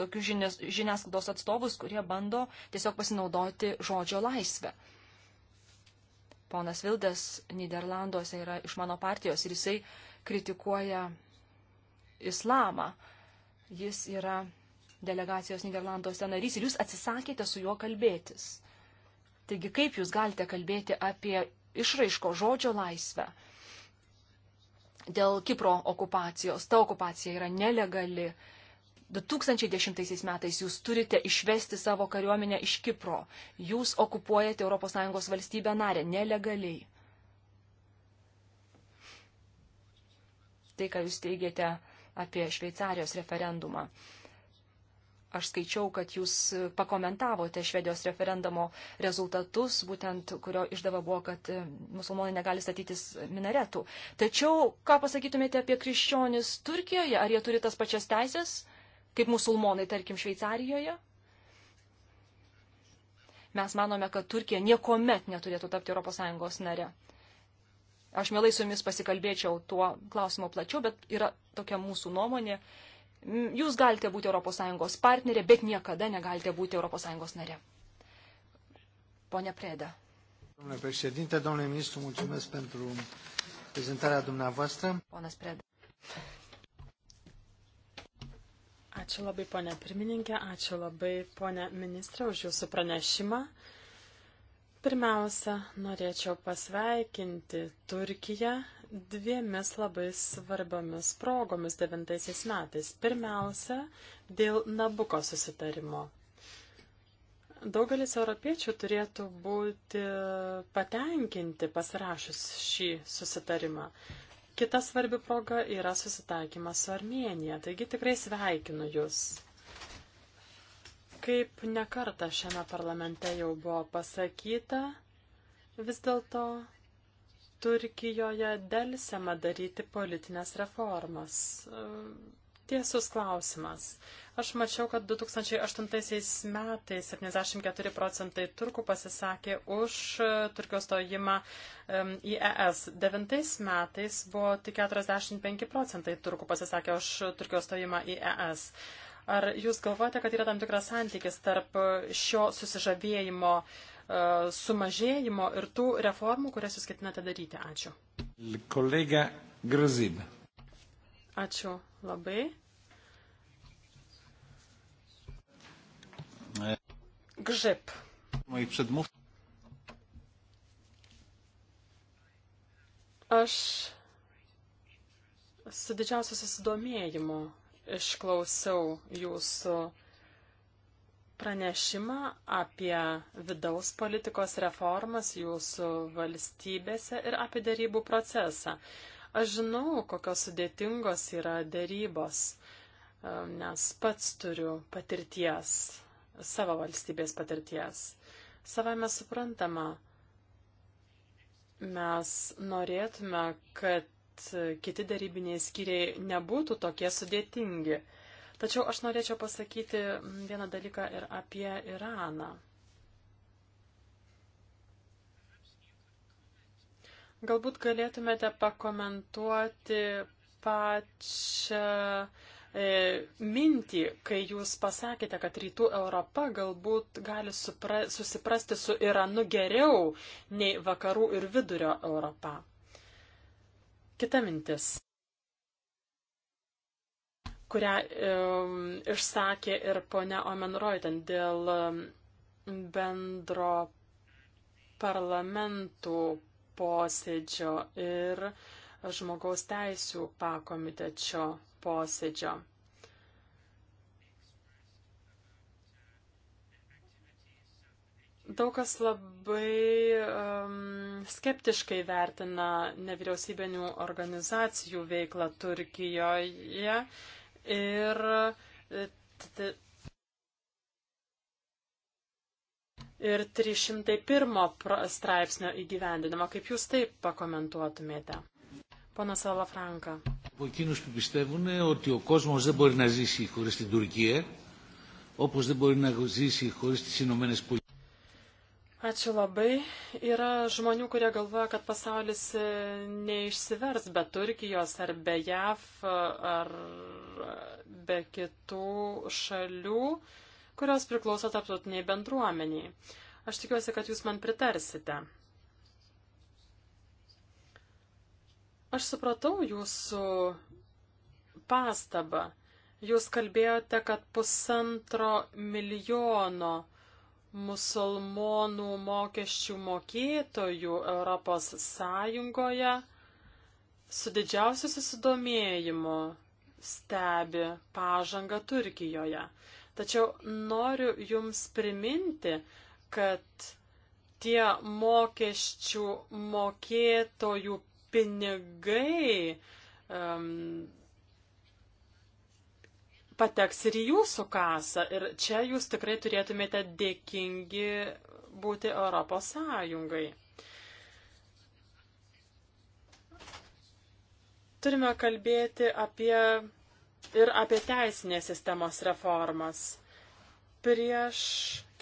tokius žinias, žiniasklaidos atstovus, kurie bando tiesiog pasinaudoti žodžio laisvę. Ponas Vildas Niderlanduose yra iš mano partijos ir jisai kritikuoja islamą. Jis yra delegacijos Niderlanduose narys ir jūs atsisakėte su juo kalbėtis. Taigi kaip jūs galite kalbėti apie išraiško žodžio laisvę dėl Kipro okupacijos? Ta okupacija yra nelegali. 2010 metais jūs turite išvesti savo kariuomenę iš Kipro. Jūs okupuojate ES valstybę narę nelegaliai. Tai, ką jūs teigiate apie Šveicarijos referendumą. Aš skaičiau, kad jūs pakomentavote Švedijos referendumo rezultatus, būtent kurio išdava buvo, kad e, musulmonai negali statytis minaretų. Tačiau, ką pasakytumėte apie krikščionis Turkijoje? Ar jie turi tas pačias teisės, kaip musulmonai, tarkim, Šveicarijoje? Mes manome, kad Turkija niekuomet neturėtų tapti ES nare. Aš mielai su jumis pasikalbėčiau tuo klausimu plačiau, bet yra tokia mūsų nuomonė. Uh, Jūs galite būti ES partnerė, bet niekada negalite būti ES nare. Pone Preda. Domnule președinte, domnule ministru, mulțumesc pentru prezentarea dumneavoastră. Ponas Preda. Ačiū labai, ponė pirmininkė, ačiū labai, ponė ministrė, už jūsų pranešimą. Pirmiausia, norėčiau pasveikinti Turkiją dviemis labai svarbiomis progomis devintaisiais metais. Pirmiausia, dėl Nabuko susitarimo. Daugelis europiečių turėtų būti patenkinti pasirašus šį susitarimą. Kita svarbi proga yra susitaikymas su Armenija, taigi tikrai sveikinu Jūs kaip nekarta šiame parlamente jau buvo pasakyta, vis dėlto Turkijoje dėlsiama daryti politinės reformas. Tiesus klausimas. Aš mačiau, kad 2008 metais 74 e procentai turkų pasisakė už Turkijos stojimą į ES. 9 metais buvo tik 45 procentai turkų pasisakė už Turkijos stojimą į ES. Ar jūs galvojate, kad yra tam tikras santykis tarp šio susižavėjimo uh, E, sumažėjimo ir tų reformų, kurias jūs ketinate daryti. Ačiū. Kolega Grazib. Ačiū labai. Grzyb. Moi przedmów... Aš su didžiausiu susidomėjimu išklausiau jūsų pranešimą apie vidaus politikos reformas jūsų valstybėse ir apie dėrybų procesą. Aš žinau, kokios sudėtingos yra dėrybos, um, nes pats turiu patirties, savo valstybės patirties. Savame suprantama, mes norėtume, kad kiti darybiniai skyriai nebūtų tokie sudėtingi. Tačiau aš norėčiau pasakyti mm, vieną dalyką ir apie Iraną. Galbūt galėtumėte pakomentuoti pačią e, mintį, kai jūs pasakėte, kad rytų Europa galbūt gali supra, susiprasti su Iranu geriau nei vakarų ir vidurio Europa. Kita mintis kurią um, išsakė ir ponia Omenroitan dėl bendro parlamentų posėdžio ir žmogaus teisų pakomitečio posėdžio. daug kas labai um, skeptiškai vertina nevyriausybinių organizacijų veiklą Turkijoje ir e, ir 301 straipsnio įgyvendinimo. Kaip jūs tai pakomentuotumėte? Pana Salafranka. Από εκείνους που πιστεύουν ότι ο κόσμος δεν μπορεί να ζήσει χωρίς την Τουρκία, όπως δεν μπορεί να ζήσει χωρίς τις Ηνωμένες Πολιτείες. Ačiū labai. Yra žmonių, kurie galvoja, kad pasaulis e, neišsivers be Turkijos ar be JAV ar e, be kitų šalių, kurios priklauso tarptautiniai bendruomeniai. Aš tikiuosi, kad jūs man pritarsite. Aš supratau jūsų pastabą. Jūs kalbėjote, kad pusantro milijono musulmonų mokesčių mokėtojų Europos Sąjungoje su didžiausiu susidomėjimu stebi pažangą Turkijoje. Tačiau noriu Jums priminti, kad tie mokesčių mokėtojų pinigai um, pateks ir į jūsų kasą. Ir čia jūs tikrai turėtumėte dėkingi būti Europos Sąjungai. Turime kalbėti apie ir apie teisinės sistemos reformas. Prieš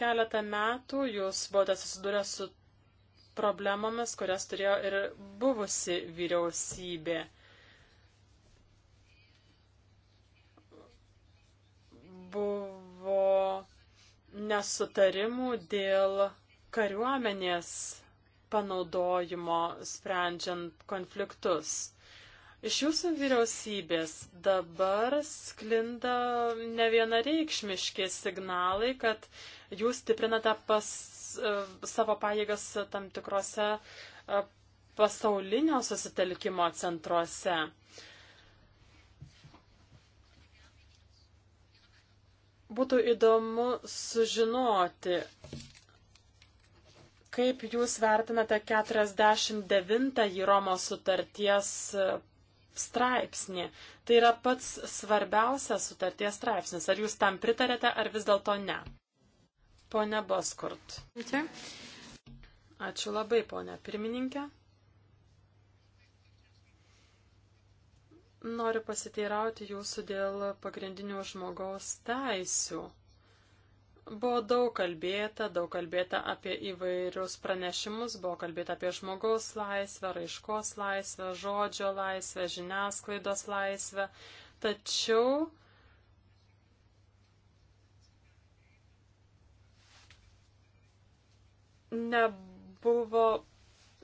keletą metų jūs buvote susidūrę su problemomis, kurias turėjo ir buvusi vyriausybė. buvo nesutarimų dėl kariuomenės panaudojimo sprendžiant konfliktus. Iš jūsų vyriausybės dabar sklinda ne vienareikšmiški signalai, kad jūs stiprinate pas, e, savo pajėgas tam tikrose e, pasaulinio susitelkimo centruose. Būtų įdomu sužinoti, kaip jūs vertinate 49-ąjį Romos sutarties straipsnį. Tai yra pats svarbiausias sutarties straipsnis. Ar jūs tam pritarėte, ar vis dėlto ne? Pone Boskurt. Ačiū labai, ponė pirmininkė. Noriu pasiteirauti jūsų dėl pagrindinių žmogaus teisių. Buvo daug kalbėta, daug kalbėta apie įvairius pranešimus, buvo kalbėta apie žmogaus laisvę, raiškos laisvę, žodžio laisvę, žiniasklaidos laisvę. Tačiau nebuvo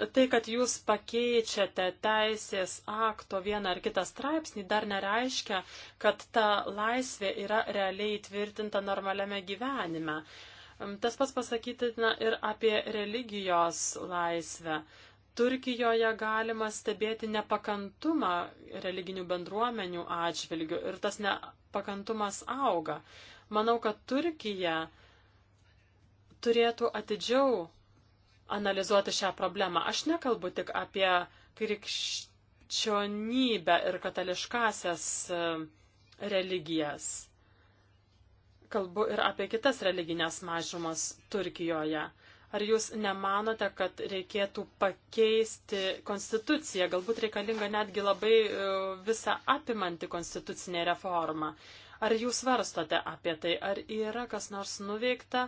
tai, kad jūs pakeičiate teisės akto vieną ar kitą straipsnį, dar nereiškia, kad ta laisvė yra realiai tvirtinta normaliame gyvenime. Tas pats pasakytina ir apie religijos laisvę. Turkijoje galima stebėti nepakantumą religinių bendruomenių atžvilgių ir tas nepakantumas auga. Manau, kad Turkija turėtų atidžiau analizuoti šią problemą. Aš nekalbu tik apie krikščionybę ir katališkasias e, religijas. Kalbu ir apie kitas religinės mažumas Turkijoje. Ar jūs nemanote, kad reikėtų pakeisti konstituciją, galbūt reikalinga netgi labai e, visą apimanti konstitucinė reforma? Ar jūs svarstote apie tai, ar yra kas nors nuveikta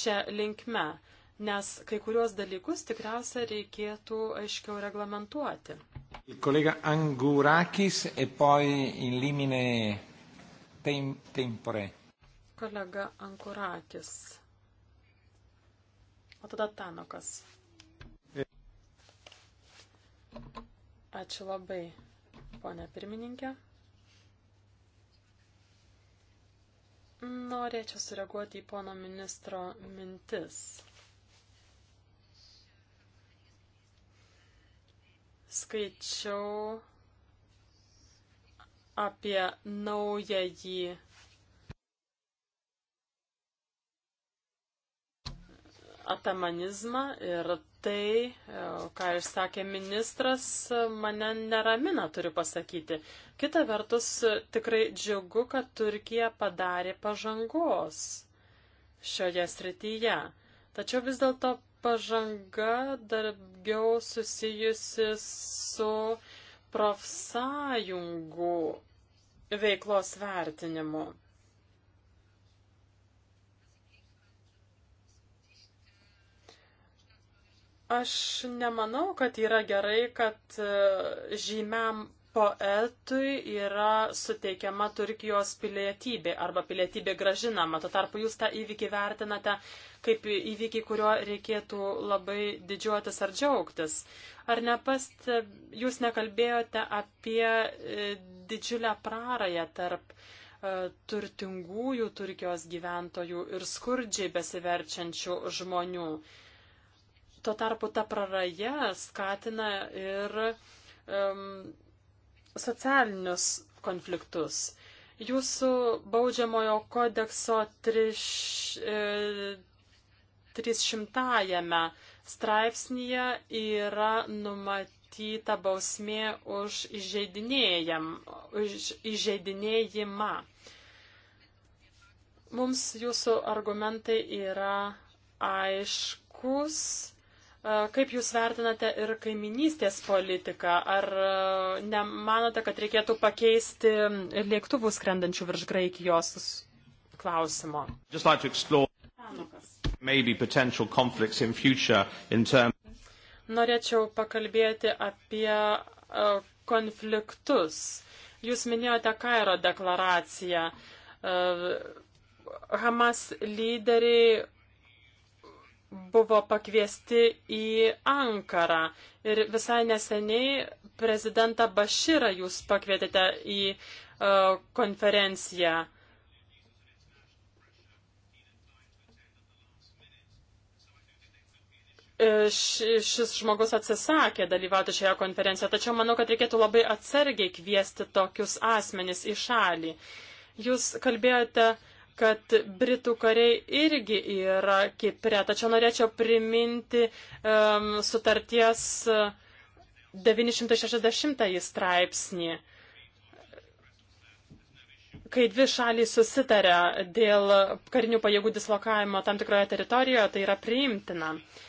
šią linkme? nes kai kuriuos dalykus tikriausia reikėtų aiškiau reglamentuoti. Kolega Angurakis e poi in limine tem tempore. Kolega Angurakis. O tada Tanokas. E- Ačiū labai, ponė pirmininkė. Norėčiau sureaguoti į pono ministro mintis. skaičiau apie naująjį atamanizmą ir tai, e, ką išsakė ministras, mane neramina, turiu pasakyti. Kita vertus, tikrai džiugu, kad Turkija padarė pažangos šioje srityje. Tačiau vis dėlto pažanga dargiau susijusi su profsąjungų veiklos vertinimu. Aš nemanau, kad yra gerai, kad žymiam poetui yra suteikiama Turkijos pilietybė arba pilietybė gražinama. Tuo tarpu jūs tą įvykį vertinate kaip įvykį, kuriuo reikėtų labai didžiuotis ar džiaugtis. Ar nepasteb... jūs nekalbėjote apie e, didžiulę prarąją tarp e, turtingųjų Turkijos gyventojų ir skurdžiai besiverčiančių žmonių? Tuo tarpu ta praraja skatina ir um, socialinius konfliktus. Jūsų baudžiamojo kodekso 300 e, straipsnėje yra numatyta bausmė už, už įžeidinėjimą. Mums jūsų argumentai yra aiškus Kaip Jūs vertinate ir kaiminystės politiką? Ar nemanote, kad reikėtų pakeisti lėktuvų skrendančių virš Graikijos klausimo? Norėčiau pakalbėti apie konfliktus. Jūs minėjote Kairo deklaraciją. Hamas lyderiai buvo pakviesti į Ankarą. Ir visai neseniai prezidentą Baširą jūs pakvietėte į uh, konferenciją. E, šis žmogus atsisakė dalyvauti šioje konferencijoje, tačiau manau, kad reikėtų labai atsargiai kviesti tokius asmenis į šalį. Jūs kalbėjote kad Britų kariai irgi yra Kipre. Tačiau norėčiau priminti um, sutarties 960 e, straipsnį. Kai dvi šaliai susitaria dėl karinių pajėgų dislokavimo tam tikroje teritorijoje, tai yra priimtina. Uh,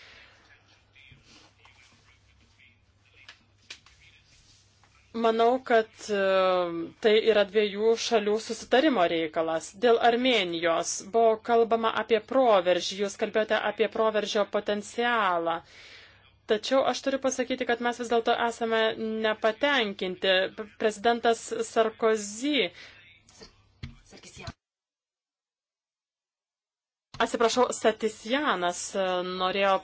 Manau, kad e, tai yra dviejų šalių susitarimo reikalas. Dėl Armenijos buvo kalbama apie proveržį, jūs kalbėjote apie proveržio potencialą. Tačiau aš turiu pasakyti, kad mes vis dėlto esame nepatenkinti. Prezidentas Sarkozy Atsiprašau, Satisjanas norėjo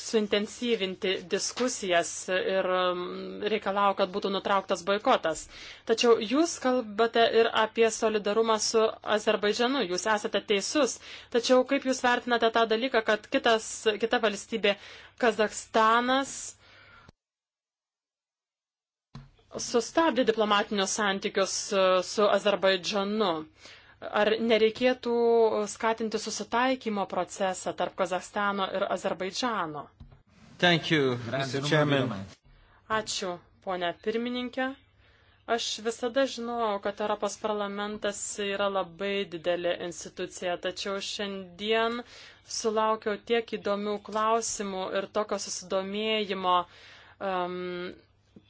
suintensyvinti diskusijas ir um, reikalau, kad būtų nutrauktas boikotas. Tačiau jūs kalbate ir apie solidarumą su Azerbaidžanu, jūs esate teisus. Tačiau kaip jūs vertinate tą dalyką, kad kitas, kita valstybė Kazakstanas sustabdė diplomatinius santykius uh, su Azerbaidžanu? Uh, Ar nereikėtų skatinti susitaikymo procesą tarp Kazakstano ir Azerbaidžano? Thank you, Mr. Chairman. Ačiū, ponia pirmininkė. Aš visada žinojau, kad Europos parlamentas yra labai didelė institucija, tačiau šiandien sulaukiau tiek įdomių klausimų ir tokio susidomėjimo um,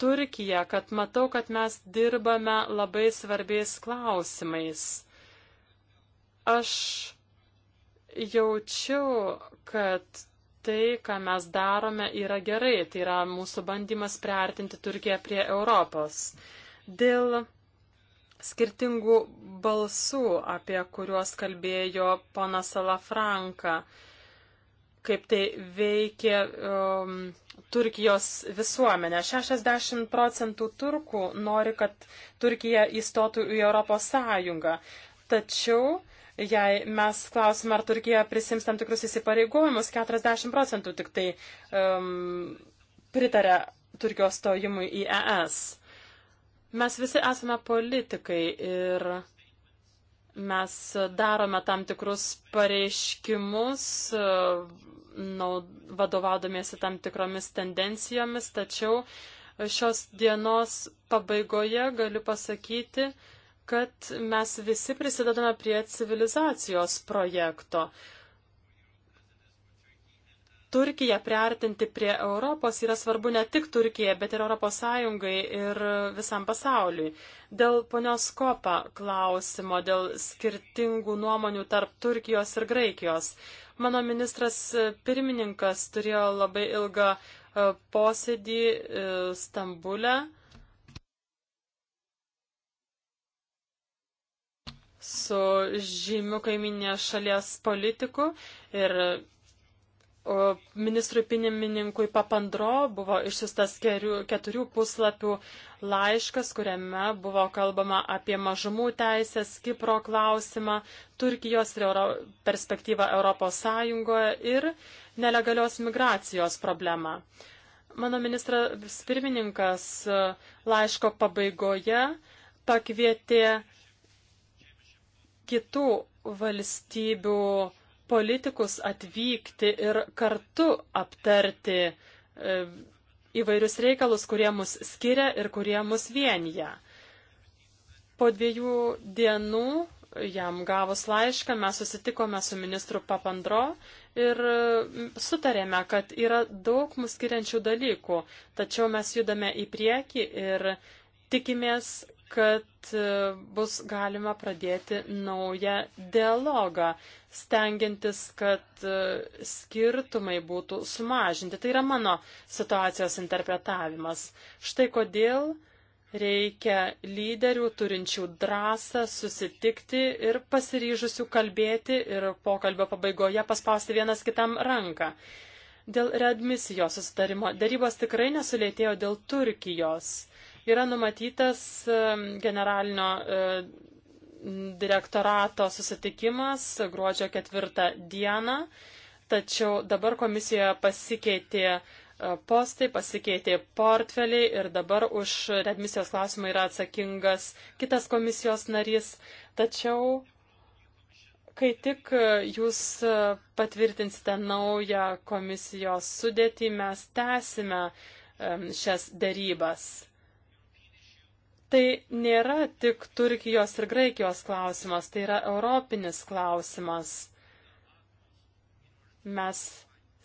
Turkija, kad matau, kad mes dirbame labai svarbiais klausimais. Aš jaučiu, kad tai, ką mes darome, yra gerai. Tai yra mūsų bandymas priartinti Turkiją prie Europos. Dėl skirtingų balsų, apie kuriuos kalbėjo pana Salafranka, kaip tai veikia um, Turkijos visuomenė. 60 procentų turkų nori, kad Turkija įstotų į Europos Sąjungą. Tačiau uh, jei mes klausime, ar Turkija prisims tam tikrus įsipareigojimus, 40 procentų tik tai um, pritarė Turkijos stojimui į ES. Mes visi esame politikai ir mes darome tam tikrus pareiškimus, vadovaudomėsi tam tikromis tendencijomis, tačiau šios dienos pabaigoje galiu pasakyti, kad mes visi prisidedame prie civilizacijos projekto. Turkiją priartinti prie Europos yra svarbu ne tik Turkija, bet ir Europos Sąjungai ir visam pasauliui. Dėl ponios Kopa klausimo, dėl skirtingų nuomonių tarp Turkijos ir Graikijos. Mano ministras pirmininkas turėjo labai ilgą e, posėdį e, Stambulę su žymiu kaiminės šalies politiku ir O ministrui pinimininkui Papandro buvo išsiustas keturių puslapių laiškas, kuriame buvo kalbama apie mažumų teisės, Kipro klausimą, Turkijos ir Euro perspektyvą Europos Sąjungoje ir nelegalios migracijos problemą. Mano ministras pirmininkas laiško pabaigoje pakvietė kitų valstybių politikus atvykti ir kartu aptarti e, įvairius reikalus, kurie mus skiria ir kurie mus vienyje. Po dviejų dienų jam gavus laišką mes susitikome su ministru Papandro ir e, sutarėme, kad yra daug mus skiriančių dalykų, tačiau mes judame į priekį ir tikimės, kad e, bus galima pradėti naują dialogą, stengiantis, kad e, skirtumai būtų sumažinti. Tai yra mano situacijos interpretavimas. Štai kodėl reikia lyderių turinčių drąsą susitikti ir pasiryžusių kalbėti ir pokalbio pabaigoje paspausti vienas kitam ranką. Dėl readmisijos susitarimo darybos tikrai nesulėtėjo dėl Turkijos yra numatytas generalinio e, direktorato susitikimas gruodžio ketvirtą dieną, tačiau dabar komisijoje pasikeitė e, postai, pasikeitė portfeliai ir dabar už redmisijos klausimą yra atsakingas kitas komisijos narys. Tačiau, kai tik e, jūs patvirtinsite naują komisijos sudėtį, mes tęsime šias dėrybas. Tai nėra tik Turkijos ir Graikijos klausimas, tai yra europinis klausimas. Mes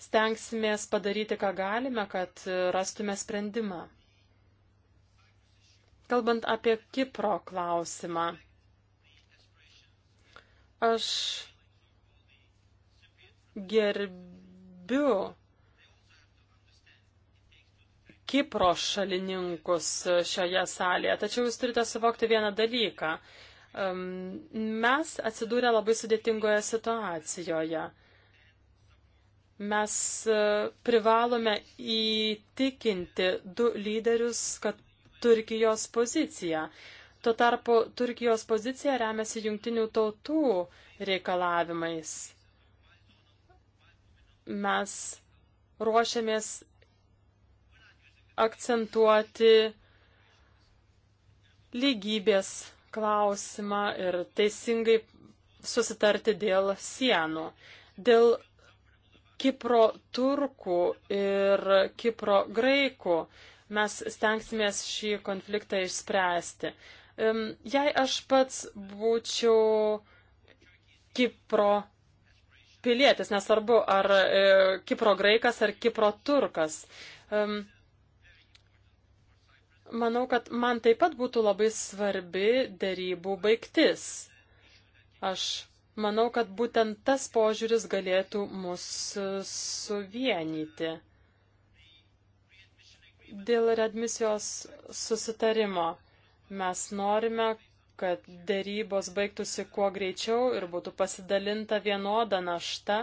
stengsimės padaryti, ką galime, kad rastume sprendimą. Kalbant apie Kipro klausimą, aš gerbiu Kipro šalininkus šioje salėje. Tačiau jūs turite suvokti vieną dalyką. Mes atsidūrė labai sudėtingoje situacijoje. Mes e, privalome įtikinti du lyderius, kad Turkijos pozicija. Tuo tarpu Turkijos pozicija remiasi jungtinių tautų reikalavimais. Mes ruošiamės akcentuoti lygybės klausimą ir teisingai susitarti dėl sienų. Dėl Kipro turkų ir Kipro graikų mes stengsimės šį konfliktą išspręsti. Jei aš pats būčiau Kipro pilietis, nesvarbu ar e, Kipro graikas ar Kipro turkas, manau, kad man taip pat būtų labai svarbi dėrybų baigtis. Aš manau, kad būtent tas požiūris galėtų mus suvienyti. Dėl readmisijos susitarimo mes norime, kad dėrybos baigtųsi kuo greičiau ir būtų pasidalinta vienoda našta.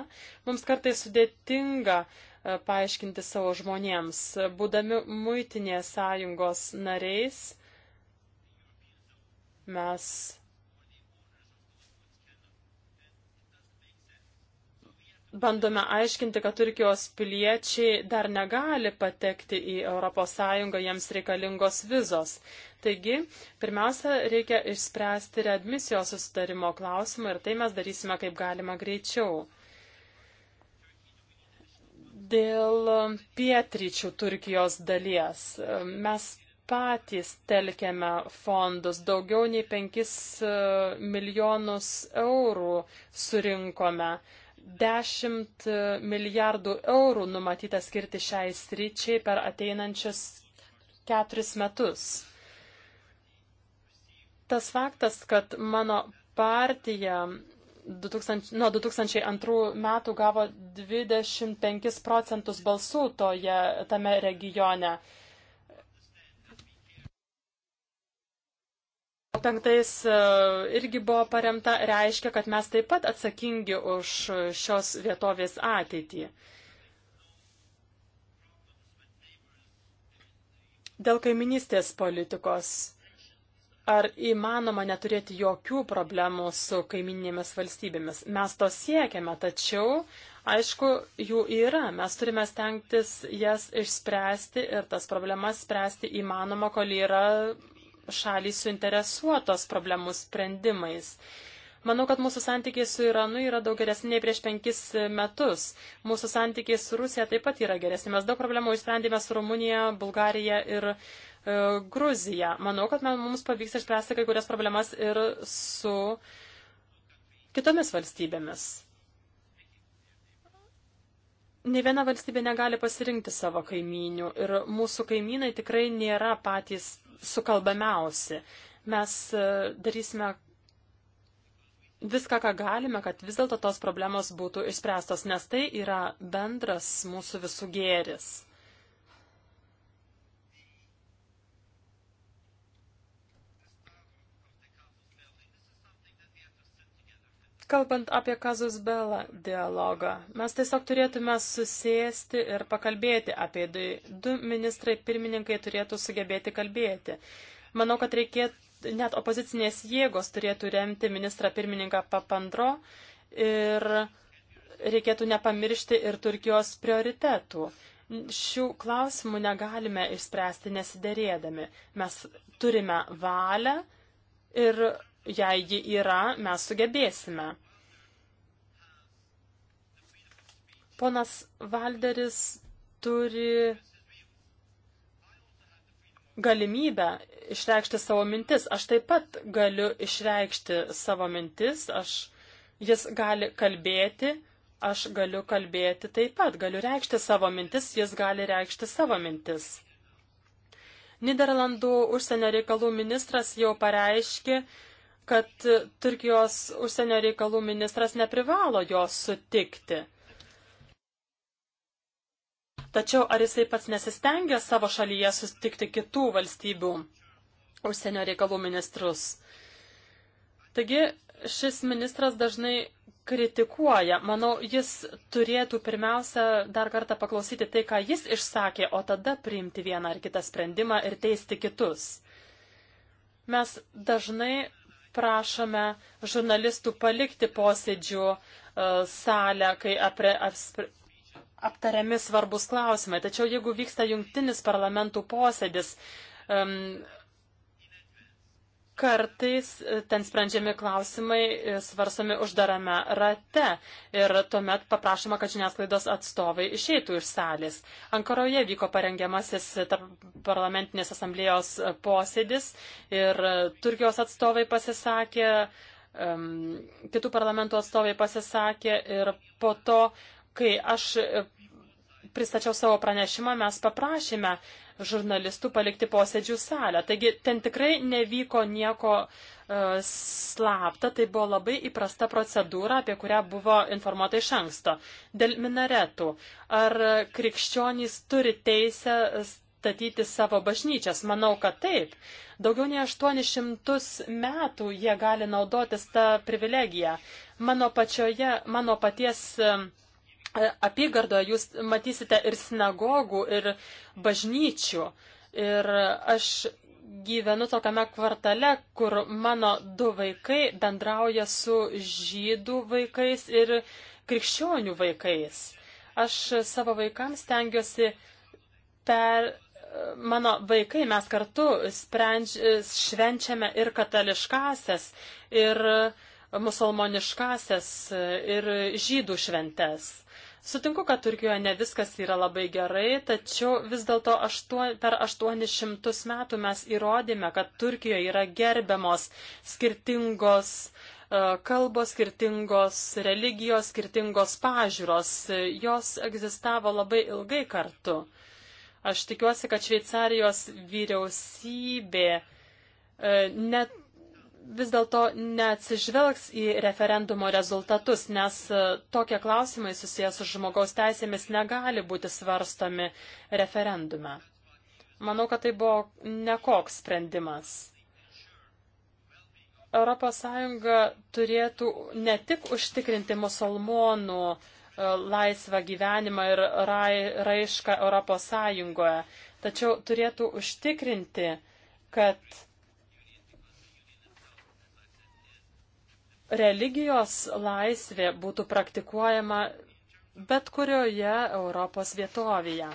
Mums kartai sudėtinga uh, paaiškinti savo žmonėms. Būdami muitinės sąjungos nariais, mes bandome aiškinti, kad Turkijos piliečiai dar negali patekti į ES, jiems reikalingos vizos. Taigi, pirmiausia, reikia išspręsti readmisijos susitarimo klausimą ir tai mes darysime kaip galima greičiau. Dėl um, pietryčių Turkijos dalies um, mes patys telkėme fondus, daugiau nei 5 uh, milijonus eurų surinkome. 10 uh, milijardų eurų numatyta skirti šiai sričiai per ateinančius keturis metus. Tas faktas, kad mano partija 2000, nuo 2002 metų gavo 25 procentus balsų toje, tame regione. penktais e, irgi buvo paremta, reiškia, kad mes taip pat atsakingi už šios vietovės ateitį. Dėl kaiminystės politikos ar įmanoma neturėti jokių problemų su kaiminėmis valstybėmis. Mes to siekiame, tačiau, aišku, jų yra. Mes turime stengtis jas išspręsti ir tas problemas spręsti įmanoma, kol yra šalys suinteresuotos problemų sprendimais. Manau, kad mūsų santykiai su Iranu yra daug geresni nei prieš penkis metus. Mūsų santykiai su Rusija taip pat yra geresni. Mes daug problemų išsprendėme su Rumunija, Bulgarija ir E, Gruziją. Manau, kad mums pavyks išspręsti kai kurias problemas ir su kitomis valstybėmis. Ne viena valstybė negali pasirinkti savo kaimynių ir mūsų kaimynai tikrai nėra patys sukalbamiausi. Mes e, darysime viską, ką galime, kad vis dėlto tos problemos būtų išspręstos, nes tai yra bendras mūsų visų gėris. Kalbant apie kazus belą dialogą, mes tiesiog turėtume susėsti ir pakalbėti apie tai. Du ministrai pirmininkai turėtų sugebėti kalbėti. Manau, kad reikėtų, net opozicinės jėgos turėtų remti ministrą pirmininką Papandro ir reikėtų nepamiršti ir Turkijos prioritetų šių klausimų negalime išspręsti nesiderėdami. Mes turime valią ir jei ji yra, mes sugebėsime. Ponas Valderis turi galimybę išreikšti savo mintis. Aš taip pat galiu išreikšti savo mintis, aš, jis gali kalbėti, aš galiu kalbėti taip pat, galiu reikšti savo mintis, jis gali reikšti savo mintis. Niderlandų užsienio reikalų ministras jau pareiškė, kad Turkijos užsienio reikalų ministras neprivalo jos sutikti. Tačiau ar jisai pats nesistengia savo šalyje sutikti kitų valstybių užsienio reikalų ministrus? Taigi šis ministras dažnai kritikuoja. Manau, jis turėtų pirmiausia dar kartą paklausyti tai, ką jis išsakė, o tada priimti vieną ar kitą sprendimą ir teisti kitus. Mes dažnai prašome žurnalistų palikti posėdžių e, salę, kai apre, apspre, aptariami svarbus klausimai. Tačiau jeigu vyksta jungtinis parlamentų posėdis, um, kartais e, ten sprendžiami klausimai e, svarsomi uždarame rate ir tuomet paprašoma, kad žiniasklaidos atstovai išeitų iš salės. Ankaroje vyko parengiamasis parlamentinės asamblėjos e, posėdis ir Turkijos atstovai pasisakė, kitų parlamento atstovai pasisakė ir po to, kai aš pristačiau savo pranešimą, mes paprašėme žurnalistų palikti posėdžių salę. Taigi ten tikrai nevyko nieko uh, slapta, tai buvo labai įprasta procedūra, apie kurią buvo informuota iš anksto. Dėl minaretų. Ar krikščionys turi teisę statyti savo bažnyčias? Manau, kad taip. Daugiau nei 800 metų jie gali naudotis tą privilegiją. Mano, pačioje, mano paties uh, E, apygardoje jūs matysite ir sinagogų, ir bažnyčių. Ir aš gyvenu tokiame kvartale, kur mano du vaikai bendrauja su žydų vaikais ir krikščionių vaikais. Aš savo vaikams tengiuosi per. Mano vaikai mes kartu sprendž, švenčiame ir katališkasias, ir musulmoniškasias, ir žydų šventes. Sutinku, kad Turkijoje ne viskas yra labai gerai, tačiau vis dėlto aštuon, per 800 metų mes įrodėme, kad Turkijoje yra gerbiamos skirtingos uh, kalbos, skirtingos religijos, skirtingos pažiūros. Jos egzistavo labai ilgai kartu. Aš tikiuosi, kad Šveicarijos vyriausybė uh, net vis dėlto neatsižvelgs į referendumo rezultatus, nes e, tokie klausimai susijęs su žmogaus teisėmis negali būti svarstomi referendume. Manau, kad tai buvo nekoks sprendimas. ES turėtų ne tik užtikrinti musulmonų e, laisvą gyvenimą ir raišką ES, tačiau turėtų užtikrinti, kad religijos laisvė būtų praktikuojama bet kurioje Europos vietovėje.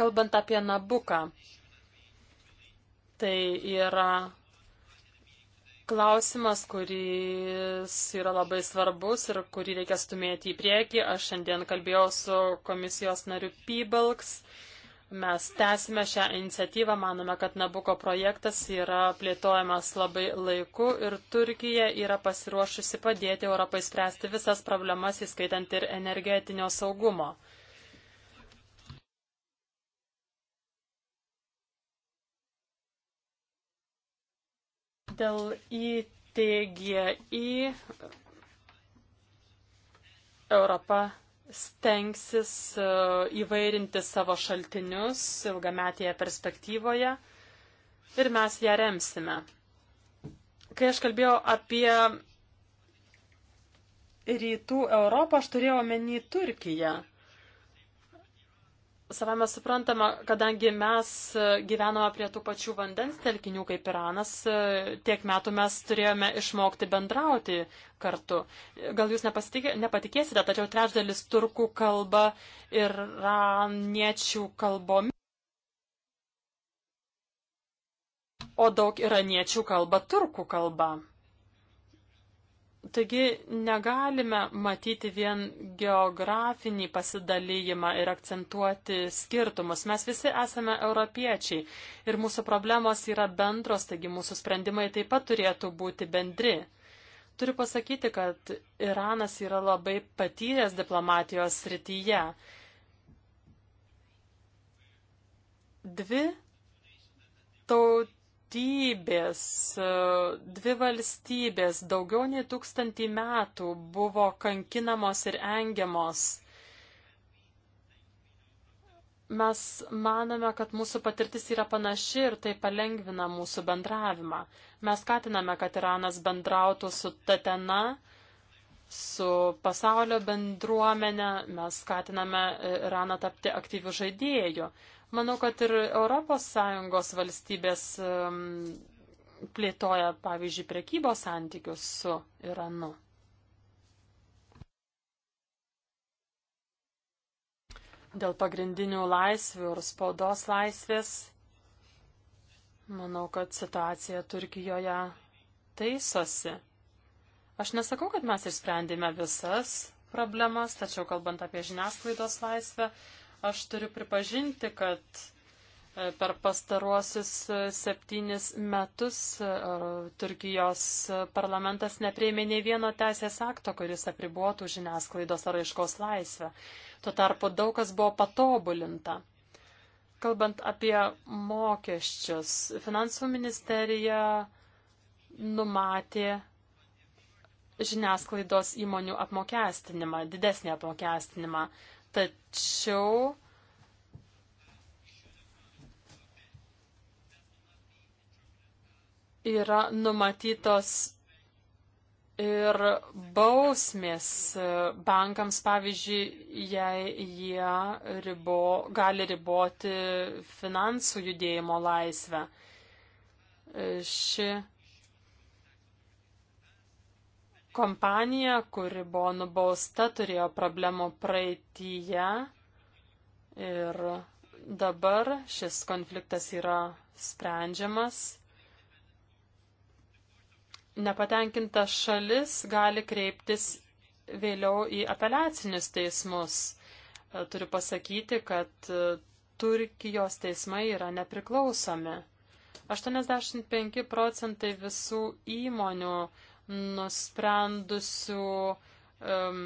Kalbant apie Nabuką, tai yra klausimas, kuris yra labai svarbus ir kurį reikia stumėti į priekį. Aš šiandien kalbėjau su komisijos nariu Pybalks. E, Mes tęsime šią iniciatyvą, manome, kad Nabuko projektas yra plėtojamas labai laiku ir Turkija yra pasiruošusi padėti Europai spręsti visas problemas, įskaitant ir energetinio saugumo. Dėl ITGI Europa stengsis e, įvairinti savo šaltinius ilgametėje perspektyvoje ir mes ją remsime. Kai aš kalbėjau apie rytų Europą, aš turėjau omeny Turkiją savame suprantama, kadangi mes e, gyvenome prie tų pačių vandens telkinių kaip Iranas, e, tiek metų mes turėjome išmokti bendrauti kartu. Gal jūs nepatikėsite, tačiau trečdalis turkų kalba iraniečių kalbomis. O daug iraniečių kalba turkų kalba. Taigi negalime matyti vien geografinį pasidalyjimą ir akcentuoti skirtumus. Mes visi esame europiečiai ir mūsų problemos yra bendros, taigi mūsų sprendimai taip pat turėtų būti bendri. Turiu pasakyti, kad Iranas yra labai patyręs diplomatijos srityje. Dvi tautos valstybės, e, dvi valstybės daugiau nei tūkstantį metų buvo kankinamos ir engiamos. Mes manome, kad mūsų patirtis yra panaši ir tai palengvina mūsų bendravimą. Mes skatiname, kad Iranas bendrautų su Tatena, su pasaulio bendruomenė, mes skatiname e, Iraną tapti aktyvių žaidėjų. Manau, kad ir ES valstybės plėtoja, pavyzdžiui, prekybos santykius su Iranu. Dėl pagrindinių laisvių ir spaudos laisvės, manau, kad situacija Turkijoje taisosi. Aš nesakau, kad mes išsprendėme visas problemas, tačiau kalbant apie žiniasklaidos laisvę, Aš turiu pripažinti, kad e, per pastaruosius e, septynis metus e, Turkijos parlamentas neprieimė nei vieno teisės akto, kuris apribuotų žiniasklaidos ar aiškos laisvę. Tuo tarpu daug kas buvo patobulinta. Kalbant apie mokesčius, finansų ministerija numatė žiniasklaidos įmonių apmokestinimą, didesnį apmokestinimą tačiau yra numatytos ir bausmės bankams, pavyzdžiui, jei jie ribo, gali riboti finansų judėjimo laisvę. Ši kompanija, kuri buvo nubausta, turėjo problemų praeitįje ir dabar šis konfliktas yra sprendžiamas. Nepatenkinta šalis gali kreiptis vėliau į apeliacinius teismus. Turiu pasakyti, kad e, Turkijos teismai yra nepriklausomi. 85 procentai visų įmonių nusprendusių um,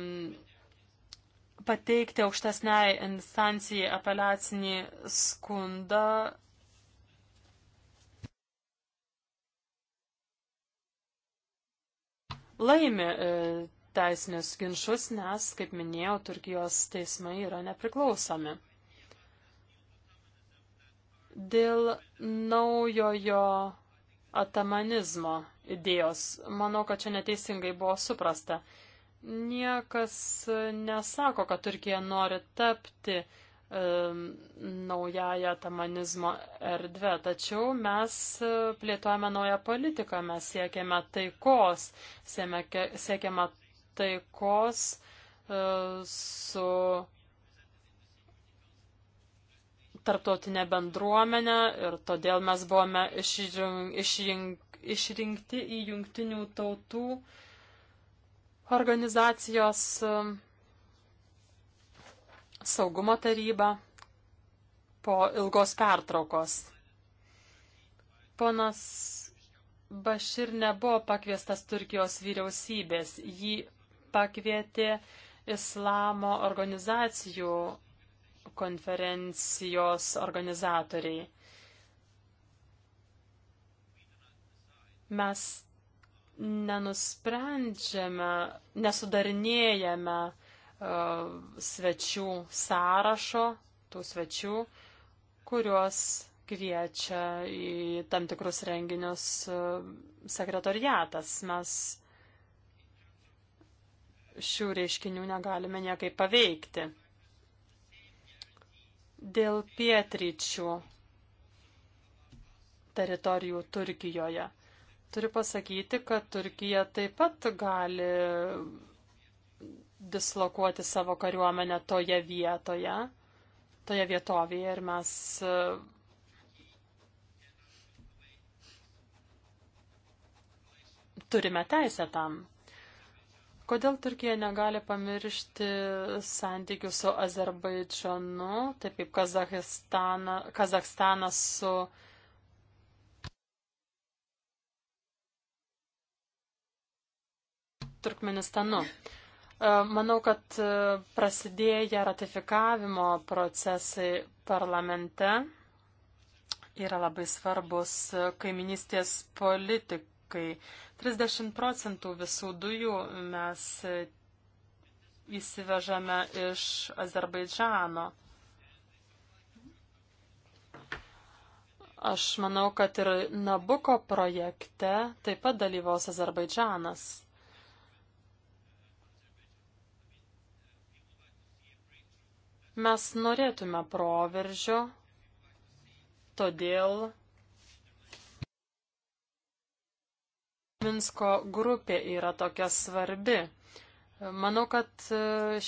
pateikti aukštesniai instancijai apeliacinį skundą. Laimi e, teisinius ginčius, nes, kaip minėjau, Turkijos teismai yra nepriklausomi. Dėl naujojo atamanizmo idėjos. Manau, kad čia neteisingai buvo suprasta. Niekas nesako, kad Turkija nori tapti naująją tamanizmo erdvę. Tačiau mes e, plėtojame naują politiką, mes siekiame taikos, siekiame taikos e, su tarptautinė bendruomenė ir todėl mes buvome išrinkti išrinkti į jungtinių tautų organizacijos um, saugumo tarybą po ilgos pertraukos. Ponas Bašir nebuvo pakviestas Turkijos vyriausybės, jį pakvietė islamo organizacijų konferencijos organizatoriai. mes nenusprendžiame, nesudarinėjame uh, svečių sąrašo, tų svečių, kuriuos kviečia į tam tikrus renginius uh, sekretoriatas. Mes šių reiškinių negalime niekaip paveikti. Dėl pietryčių teritorijų Turkijoje – Turiu pasakyti, kad Turkija taip pat gali dislokuoti savo kariuomenę toje vietoje, toje vietovėje ir mes e, turime teisę tam. Kodėl Turkija negali pamiršti santykių su Azerbaidžanu, taip kaip Kazakstanas su Turkmenistanu. E, manau, kad e, prasidėję ratifikavimo procesai parlamente yra labai svarbus kaiminystės politikai. 30 procentų visų dujų mes įsivežame iš Azerbaidžano. Aš manau, kad ir Nabuko projekte taip pat dalyvaus Azerbaidžanas. Mes norėtume proveržio, todėl Minsko grupė yra tokia svarbi. Manau, kad e,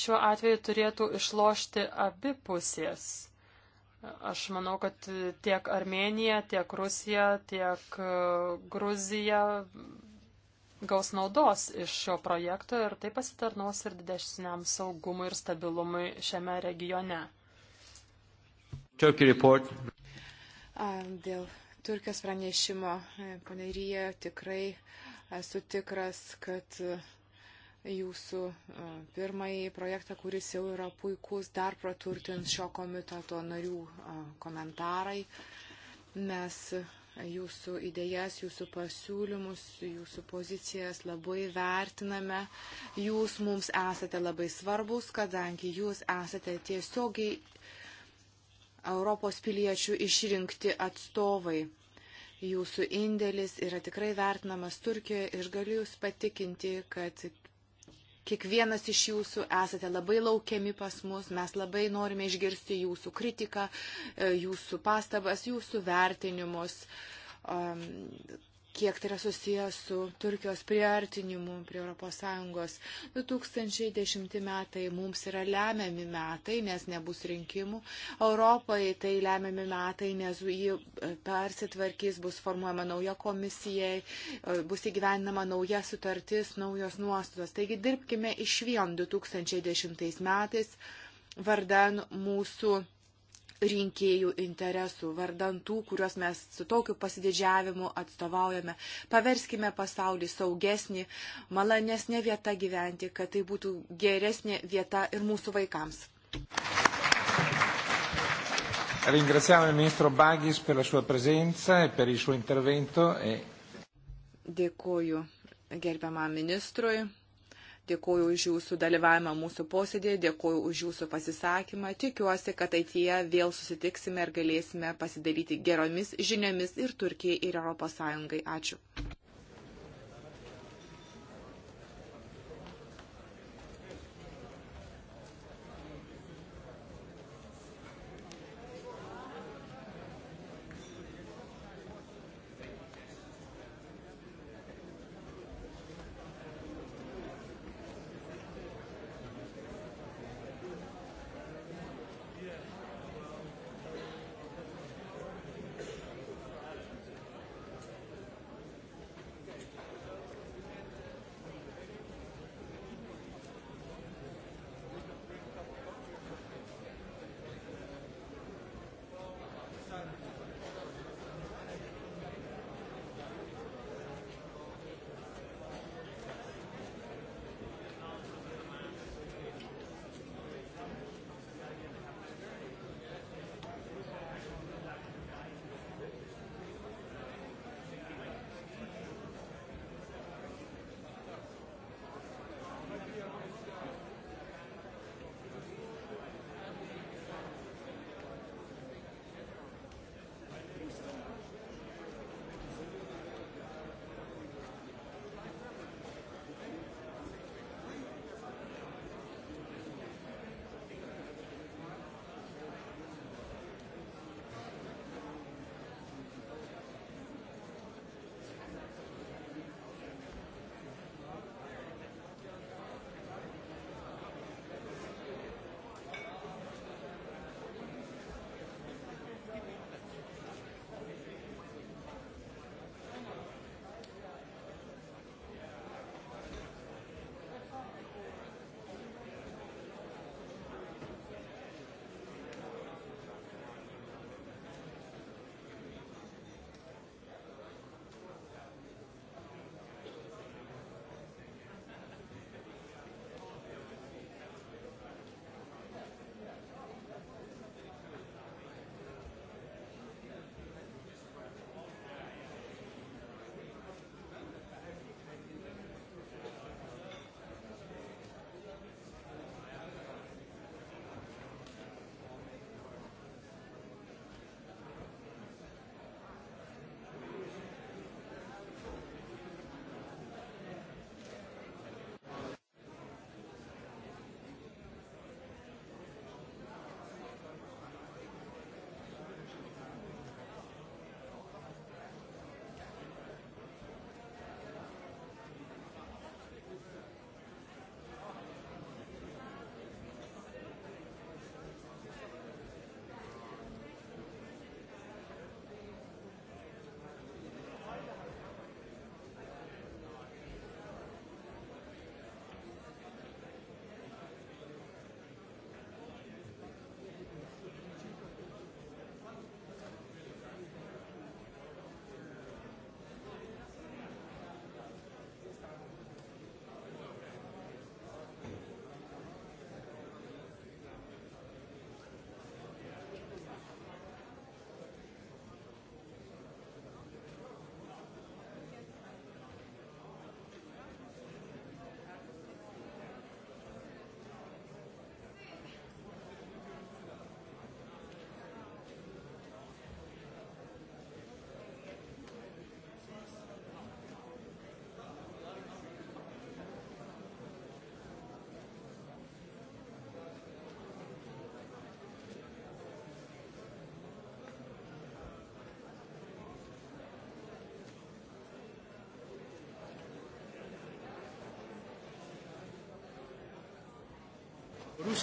šiuo atveju turėtų išlošti abi pusės. Aš manau, kad e, tiek Armenija, tiek Rusija, tiek e, Gruzija gaus naudos iš šio projekto ir tai pasitarnaus ir didesniam saugumui ir stabilumui šiame regione. Dėl Turkijos pranešimo, paneryje, tikrai esu tikras, kad jūsų e, pirmąjį projektą, kuris jau yra puikus, dar praturtins šio komiteto narių e, komentarai. Mes jūsų idėjas, jūsų pasiūlymus, jūsų pozicijas labai vertiname. Jūs mums esate labai svarbus, kadangi jūs esate tiesiogiai Europos piliečių išrinkti atstovai. Jūsų indėlis yra tikrai vertinamas Turkijoje ir galiu Jūs patikinti, kad Kiekvienas iš jūsų esate labai laukiami pas mus, mes labai norime išgirsti jūsų kritiką, e, jūsų pastabas, jūsų vertinimus kiek tai yra susijęs su Turkijos priartinimu prie ES. 2010 metai mums yra lemiami metai, nes nebus rinkimų. Europai tai lemiami metai, nes jį e, persitvarkys, bus formuojama nauja komisija, e, bus įgyvendinama nauja sutartis, naujos nuostatos. Taigi dirbkime iš vien 2010 metais vardan mūsų rinkėjų interesų, vardan tų, kuriuos mes su tokiu pasididžiavimu atstovaujame. Paverskime pasaulį saugesnį, malonesnė vieta gyventi, kad tai būtų geresnė vieta ir mūsų vaikams. Ringraziamo il ministro Baghis per la sua presenza e per il suo intervento. E... Dėkuoju gerbiamam ministrui Dėkuoju už jūsų dalyvavimą mūsų posėdėje, dėkuoju už jūsų pasisakymą. Tikiuosi, kad ateityje vėl susitiksime ir galėsime pasidaryti geromis žiniomis ir Turkijai, ir ES. Ačiū.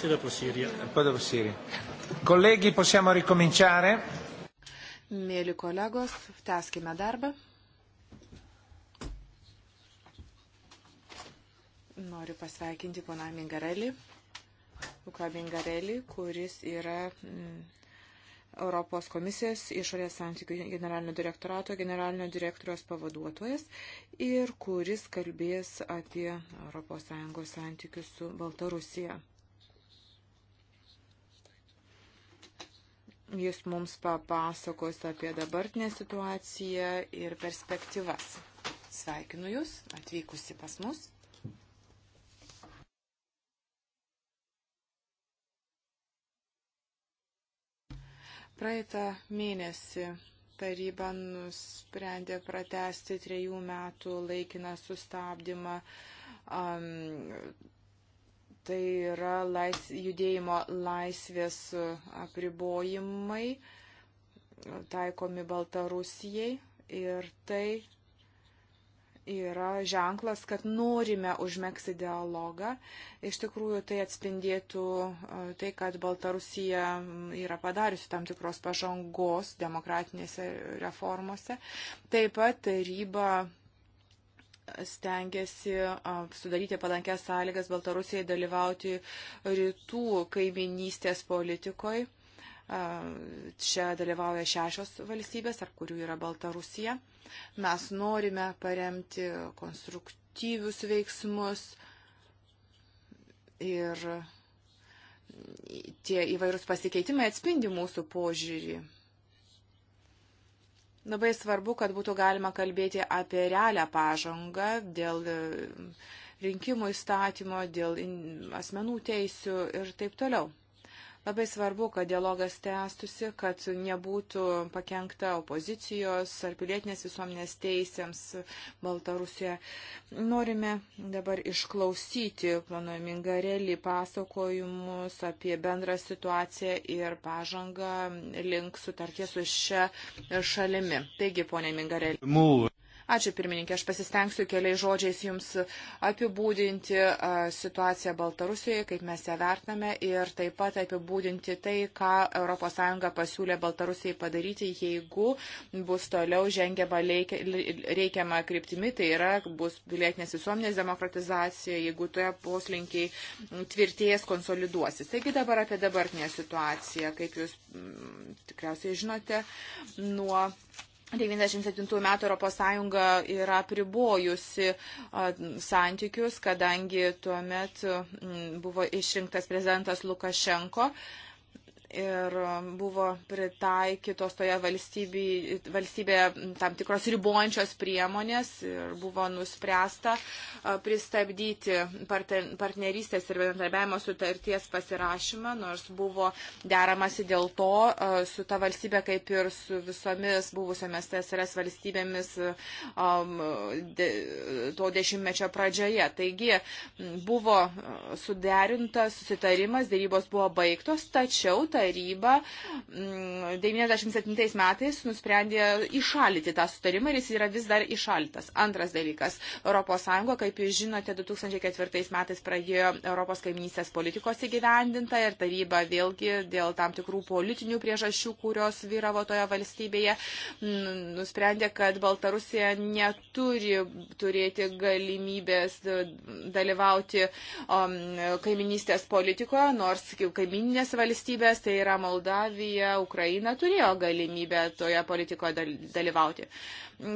e dopo Siria. E poi dopo Siria. Colleghi, possiamo ricominciare? Mėly kolegos, tęskime darbą. Noriu pasveikinti poną Mingarelį, Luką Mingarelį, kuris yra mm, Europos komisijos išorės santykių generalinio direktorato generalinio direktorios pavaduotojas ir kuris kalbės apie ES santykius su Baltarusija. Jis mums papasakos apie dabartinę situaciją ir perspektyvas. Sveikinu Jūs atvykusi pas mus. Praeitą mėnesį taryba nusprendė pratesti trejų metų laikiną sustabdymą um, Tai yra lais, judėjimo laisvės apribojimai taikomi Baltarusijai ir tai yra ženklas, kad norime užmėgsti dialogą. Iš tikrųjų, tai atspindėtų e, tai, kad Baltarusija yra padariusi tam tikros pažangos demokratinėse reformose. Taip pat taryba stengiasi sudaryti palankęs sąlygas Baltarusijai dalyvauti rytų kaiminystės politikoje. Čia dalyvauja šešios valstybės, ar kurių yra Baltarusija. Mes norime paremti konstruktyvius veiksmus ir tie įvairūs pasikeitimai atspindi mūsų požiūrį Labai svarbu, kad būtų galima kalbėti apie realią pažangą dėl e, rinkimų įstatymo, dėl asmenų teisių ir taip toliau. Labai svarbu, kad dialogas tęstusi, kad nebūtų pakengta opozicijos ar pilietinės visuomenės teisėms Baltarusijoje. Norime dabar išklausyti plano Mingarelį pasakojimus apie bendrą situaciją ir pažangą link sutarties su šia šalimi. Taigi, ponė Mingarelį. Ačiū pirmininkė, aš pasistengsiu keliais žodžiais Jums apibūdinti situaciją Baltarusijoje, kaip mes ją vertiname ir taip pat apibūdinti tai, ką ES pasiūlė Baltarusijai padaryti, jeigu bus toliau žengiama reikiama kryptimi, tai yra bus pilietinės visuomenės demokratizacija, jeigu toje poslinkiai tvirtėjas konsoliduosis. Taigi dabar apie dabartinę situaciją, kaip Jūs tikriausiai žinote, nuo 1997 metų ES yra pribojusi santykius, kadangi tuo metu buvo išrinktas prezidentas Lukašenko ir um, buvo pritaikytos toje valstybėje tam tikros ribojančios priemonės ir buvo nuspręsta pristabdyti partnerystės ir bendradarbiavimo sutarties pasirašymą, nors buvo deramasi dėl to su ta valstybė, kaip ir su visomis buvusiomis TSRS valstybėmis to dešimtmečio pradžioje. Taigi buvo suderintas susitarimas, dėrybos buvo baigtos, tačiau taryba 97 mm, metais nusprendė išalyti tą sutarimą ir jis yra vis dar išaltas. Antras dalykas. ES, kaip jūs žinote, 2004 metais pradėjo Europos kaiminystės politikos įgyvendinta ir taryba vėlgi dėl tam tikrų politinių priežasčių, kurios vyravo toje valstybėje, mm, nusprendė, kad Baltarusija neturi turėti galimybės dalyvauti um, kaiminystės politikoje, nors kaiminės valstybės tai yra Moldavija, Ukraina turėjo galimybę toje politikoje dalyvauti.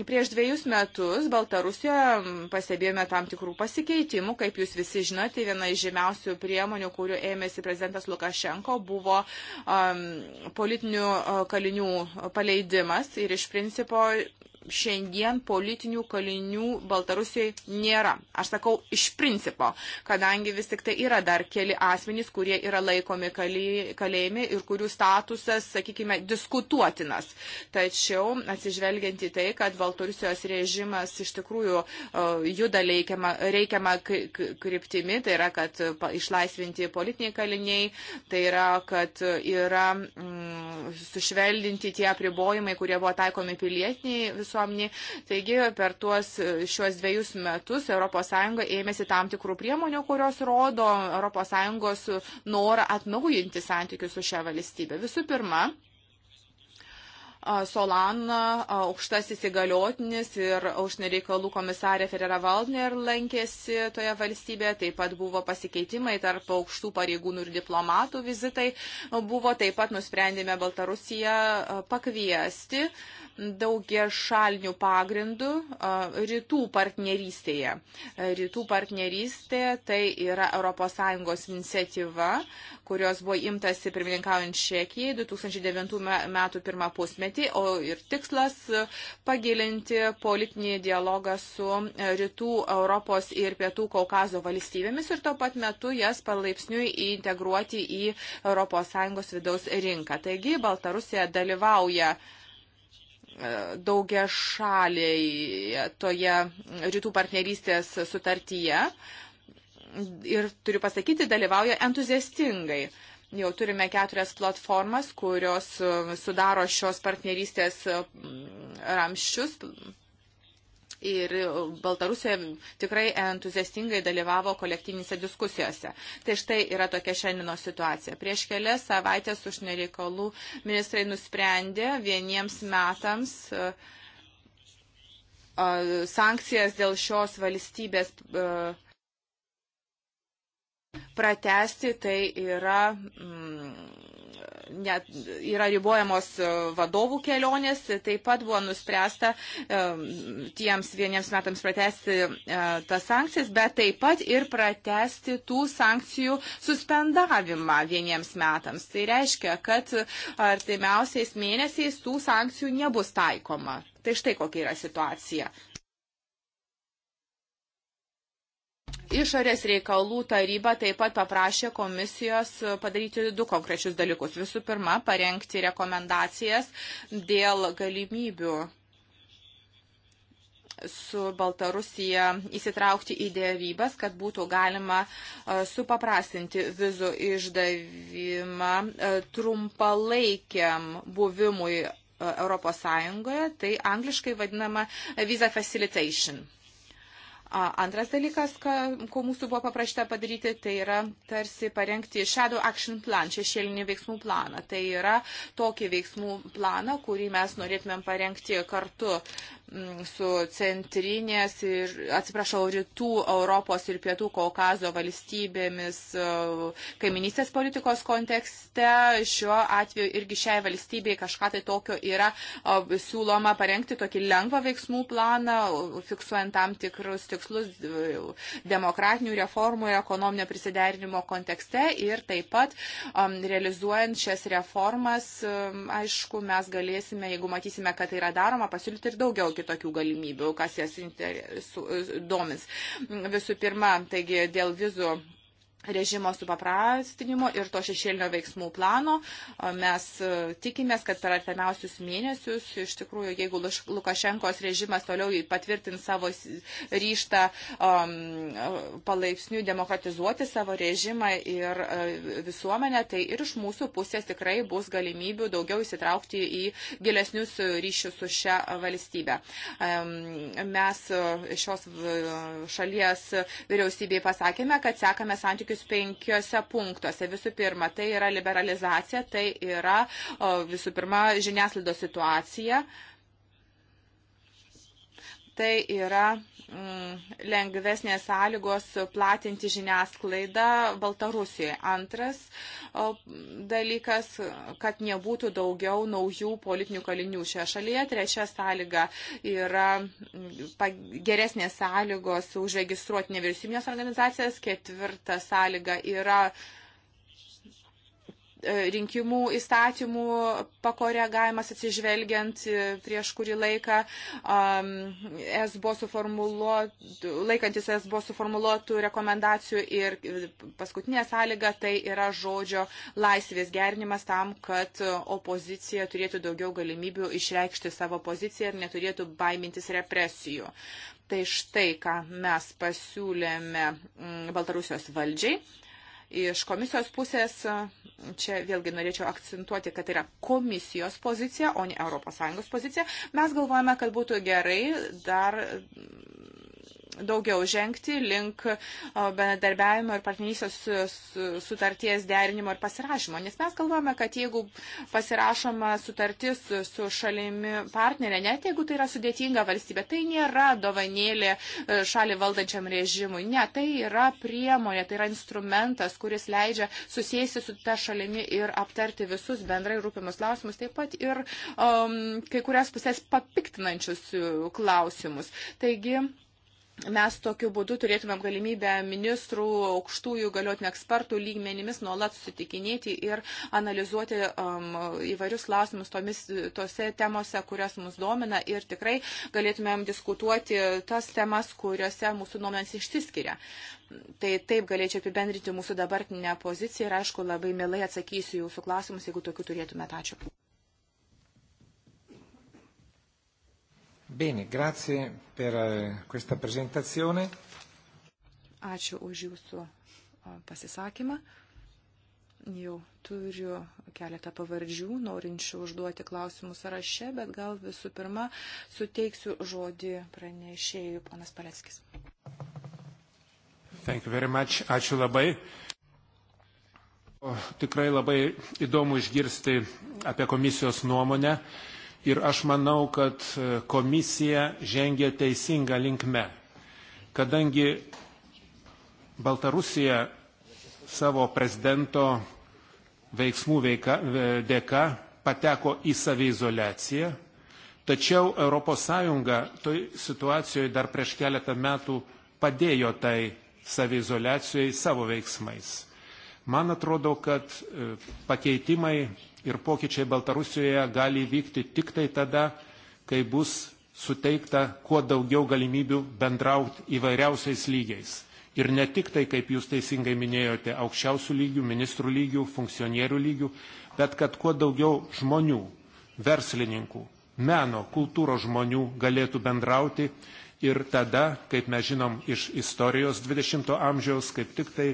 Prieš dviejus metus Baltarusijoje pastebėjome tam tikrų pasikeitimų, kaip jūs visi žinote, viena iš žymiausių priemonių, kurių ėmėsi prezidentas Lukašenko, buvo um, politinių kalinių paleidimas ir iš principo šiandien politinių kalinių Baltarusijoje nėra. Aš sakau iš principo, kadangi vis tik tai yra dar keli asmenys, kurie yra laikomi kalėjime ir kurių statusas, sakykime, diskutuotinas. Tačiau atsižvelgiant į tai, kad Baltarusijos režimas iš tikrųjų juda reikiamą, reikiamą kryptimi, tai yra, kad išlaisvinti politiniai kaliniai, tai yra, kad yra mm, sušveldinti tie apribojimai, kurie buvo taikomi pilietiniai visuomeniai visuomeniai. Taigi per tuos šiuos dviejus metus ES ėmėsi tam tikrų priemonių, kurios rodo ES norą atnaujinti santykius su šia valstybė. Visų pirma, Solana, aukštasis įgaliotinis ir užsienio reikalų komisarė Ferrera Valdner lankėsi toje valstybėje, taip pat buvo pasikeitimai tarp aukštų pareigūnų ir diplomatų vizitai, buvo taip pat nusprendėme Baltarusiją pakviesti daugie šalinių pagrindų rytų partnerystėje. Rytų partnerystė tai yra ES iniciatyva, kurios buvo imtasi pirmininkaujant Čekijai 2009 metų pirmą pusmetį, o ir tikslas e, pagilinti politinį dialogą su e, rytų Europos ir pietų Kaukazo valstybėmis ir tuo pat metu jas palaipsniui integruoti į ES vidaus rinką. Taigi Baltarusija dalyvauja e, daugia šaliai toje rytų partnerystės sutartyje ir, turiu pasakyti, dalyvauja entuziastingai. Jau turime keturias platformas, kurios e, sudaro šios partnerystės e, ramščius. Ir e, Baltarusijoje tikrai entuziastingai dalyvavo kolektyvinėse diskusijose. Tai štai yra tokia šiandieno situacija. Prieš kelias savaitės užsienio reikalų ministrai nusprendė vieniems metams sankcijas dėl šios valstybės uh, pratesti, tai yra, mm, net, yra ribojamos e, vadovų kelionės, taip pat buvo nuspręsta mm, tiems vieniems metams pratesti mm, tas sankcijas, bet taip pat ir pratesti tų sankcijų suspendavimą vieniems metams. Tai reiškia, kad artimiausiais mėnesiais tų sankcijų nebus taikoma. Tai štai kokia yra situacija. Išorės reikalų taryba taip pat paprašė komisijos padaryti du konkrečius dalykus. Visų pirma, parengti rekomendacijas dėl galimybių su Baltarusija įsitraukti į dėrybas, kad būtų galima e, supaprastinti vizų išdavimą e, trumpalaikiam buvimui e, Europos Sąjungoje, tai angliškai vadinama visa facilitation. Antras dalykas, ką, ko mūsų buvo paprašta padaryti, tai yra tarsi parengti Shadow Action Plan, šešėlinį veiksmų planą. Tai yra tokį veiksmų planą, kurį mes norėtumėm parengti kartu Mm, su centrinės ir, atsiprašau, rytų Europos ir pietų Kaukazo valstybėmis uh, kaiminystės politikos kontekste. Šiuo atveju irgi šiai valstybei kažką tai tokio yra uh, siūloma parengti tokį lengvą veiksmų planą, uh, fiksuojant tam tikrus tikslus demokratinių reformų ir ekonominio prisiderinimo kontekste ir taip pat um, realizuojant šias reformas, um, aišku, mes galėsime, jeigu matysime, kad tai yra daroma, pasiūlyti ir daugiau kitokių galimybių, kas jas interesu, domins. Visų pirma, taigi dėl vizų režimo supaprastinimo ir to šešėlinio veiksmų plano. Mes e, tikimės, kad per artimiausius mėnesius, iš tikrųjų, jeigu Lukašenkos režimas toliau patvirtins savo ryštą um, palaipsniui demokratizuoti savo režimą ir e, visuomenę, tai ir iš mūsų pusės tikrai bus galimybių daugiau įsitraukti į gilesnius ryšius su šia valstybe. Um, mes šios šalies vyriausybei pasakėme, kad sekame santykių siekius penkiose punktuose. Visų pirma, tai yra liberalizacija, tai yra visų pirma žiniaslaido situacija. Uh, tai yra mm, lengvesnės sąlygos platinti žiniasklaidą Baltarusijoje. Antras o, dalykas, kad nebūtų daugiau naujų politinių kalinių šioje šalyje. Trečia sąlyga yra mm, geresnės sąlygos užregistruoti nevyriausybinės organizacijas. Ketvirta sąlyga yra E, rinkimų įstatymų pakoregavimas atsižvelgiant e, prieš kurį laiką es buvo suformuluotų, laikantis es buvo suformuluotų rekomendacijų ir paskutinė sąlyga tai yra žodžio laisvės gerinimas tam, kad opozicija turėtų daugiau galimybių išreikšti savo poziciją ir neturėtų baimintis represijų. Tai štai, ką mes pasiūlėme Baltarusijos valdžiai Iš komisijos pusės, čia vėlgi norėčiau akcentuoti, kad tai yra komisijos pozicija, o ne ES pozicija, mes galvojame, kad būtų gerai dar daugiau žengti link e, bendradarbiavimo ir partnerystės sutarties derinimo ir pasirašymo. Nes mes galvojame, kad jeigu pasirašoma sutartis su šalimi partnerė, net jeigu tai yra sudėtinga valstybė, tai nėra dovanėlė e, šalį valdančiam režimui. Ne, tai yra priemonė, tai yra instrumentas, kuris leidžia susėsti su ta šalimi ir aptarti visus bendrai rūpimus klausimus, taip pat ir um, kai kurias pusės papiktinančius e, klausimus. Taigi, mes tokiu būdu turėtumėm galimybę ministrų, aukštųjų galiotinių ekspertų lygmenimis nuolat susitikinėti ir analizuoti um, įvairius klausimus tomis, tose temose, kurios mus domina ir tikrai galėtumėm diskutuoti tas temas, kuriuose mūsų nuomonės išsiskiria. Tai taip galėčiau apibendrinti mūsų dabartinę poziciją ir aišku labai mielai atsakysiu jūsų klausimus, jeigu tokių turėtumėte. Ačiū. Bene, grazie per eh, questa presentazione. Ačiū už jūsų pasisakymą. Jau turiu keletą pavardžių, norinčių užduoti klausimų sąraše, bet gal visų pirma suteiksiu žodį pranešėjui, ponas Paleckis. Ačiū labai. O, tikrai labai įdomu išgirsti apie komisijos nuomonę ir aš manau, kad e, komisija žengia teisingą linkme, kadangi Baltarusija savo prezidento veiksmų veika, e, dėka pateko į saviizolaciją, tačiau ES toj situacijoje dar prieš keletą metų padėjo tai saviizolacijai savo veiksmais. Man atrodo, kad e, pakeitimai ir pokyčiai Baltarusijoje gali vykti tik tai tada, kai bus suteikta kuo daugiau galimybių bendrauti įvairiausiais lygiais. Ir ne tik tai, kaip jūs teisingai minėjote, aukščiausių lygių, ministrų lygių, funkcionierių lygių, bet kad kuo daugiau žmonių, verslininkų, meno, kultūros žmonių galėtų bendrauti ir tada, kaip mes žinom iš istorijos 20-ojo amžiaus, kaip tik tai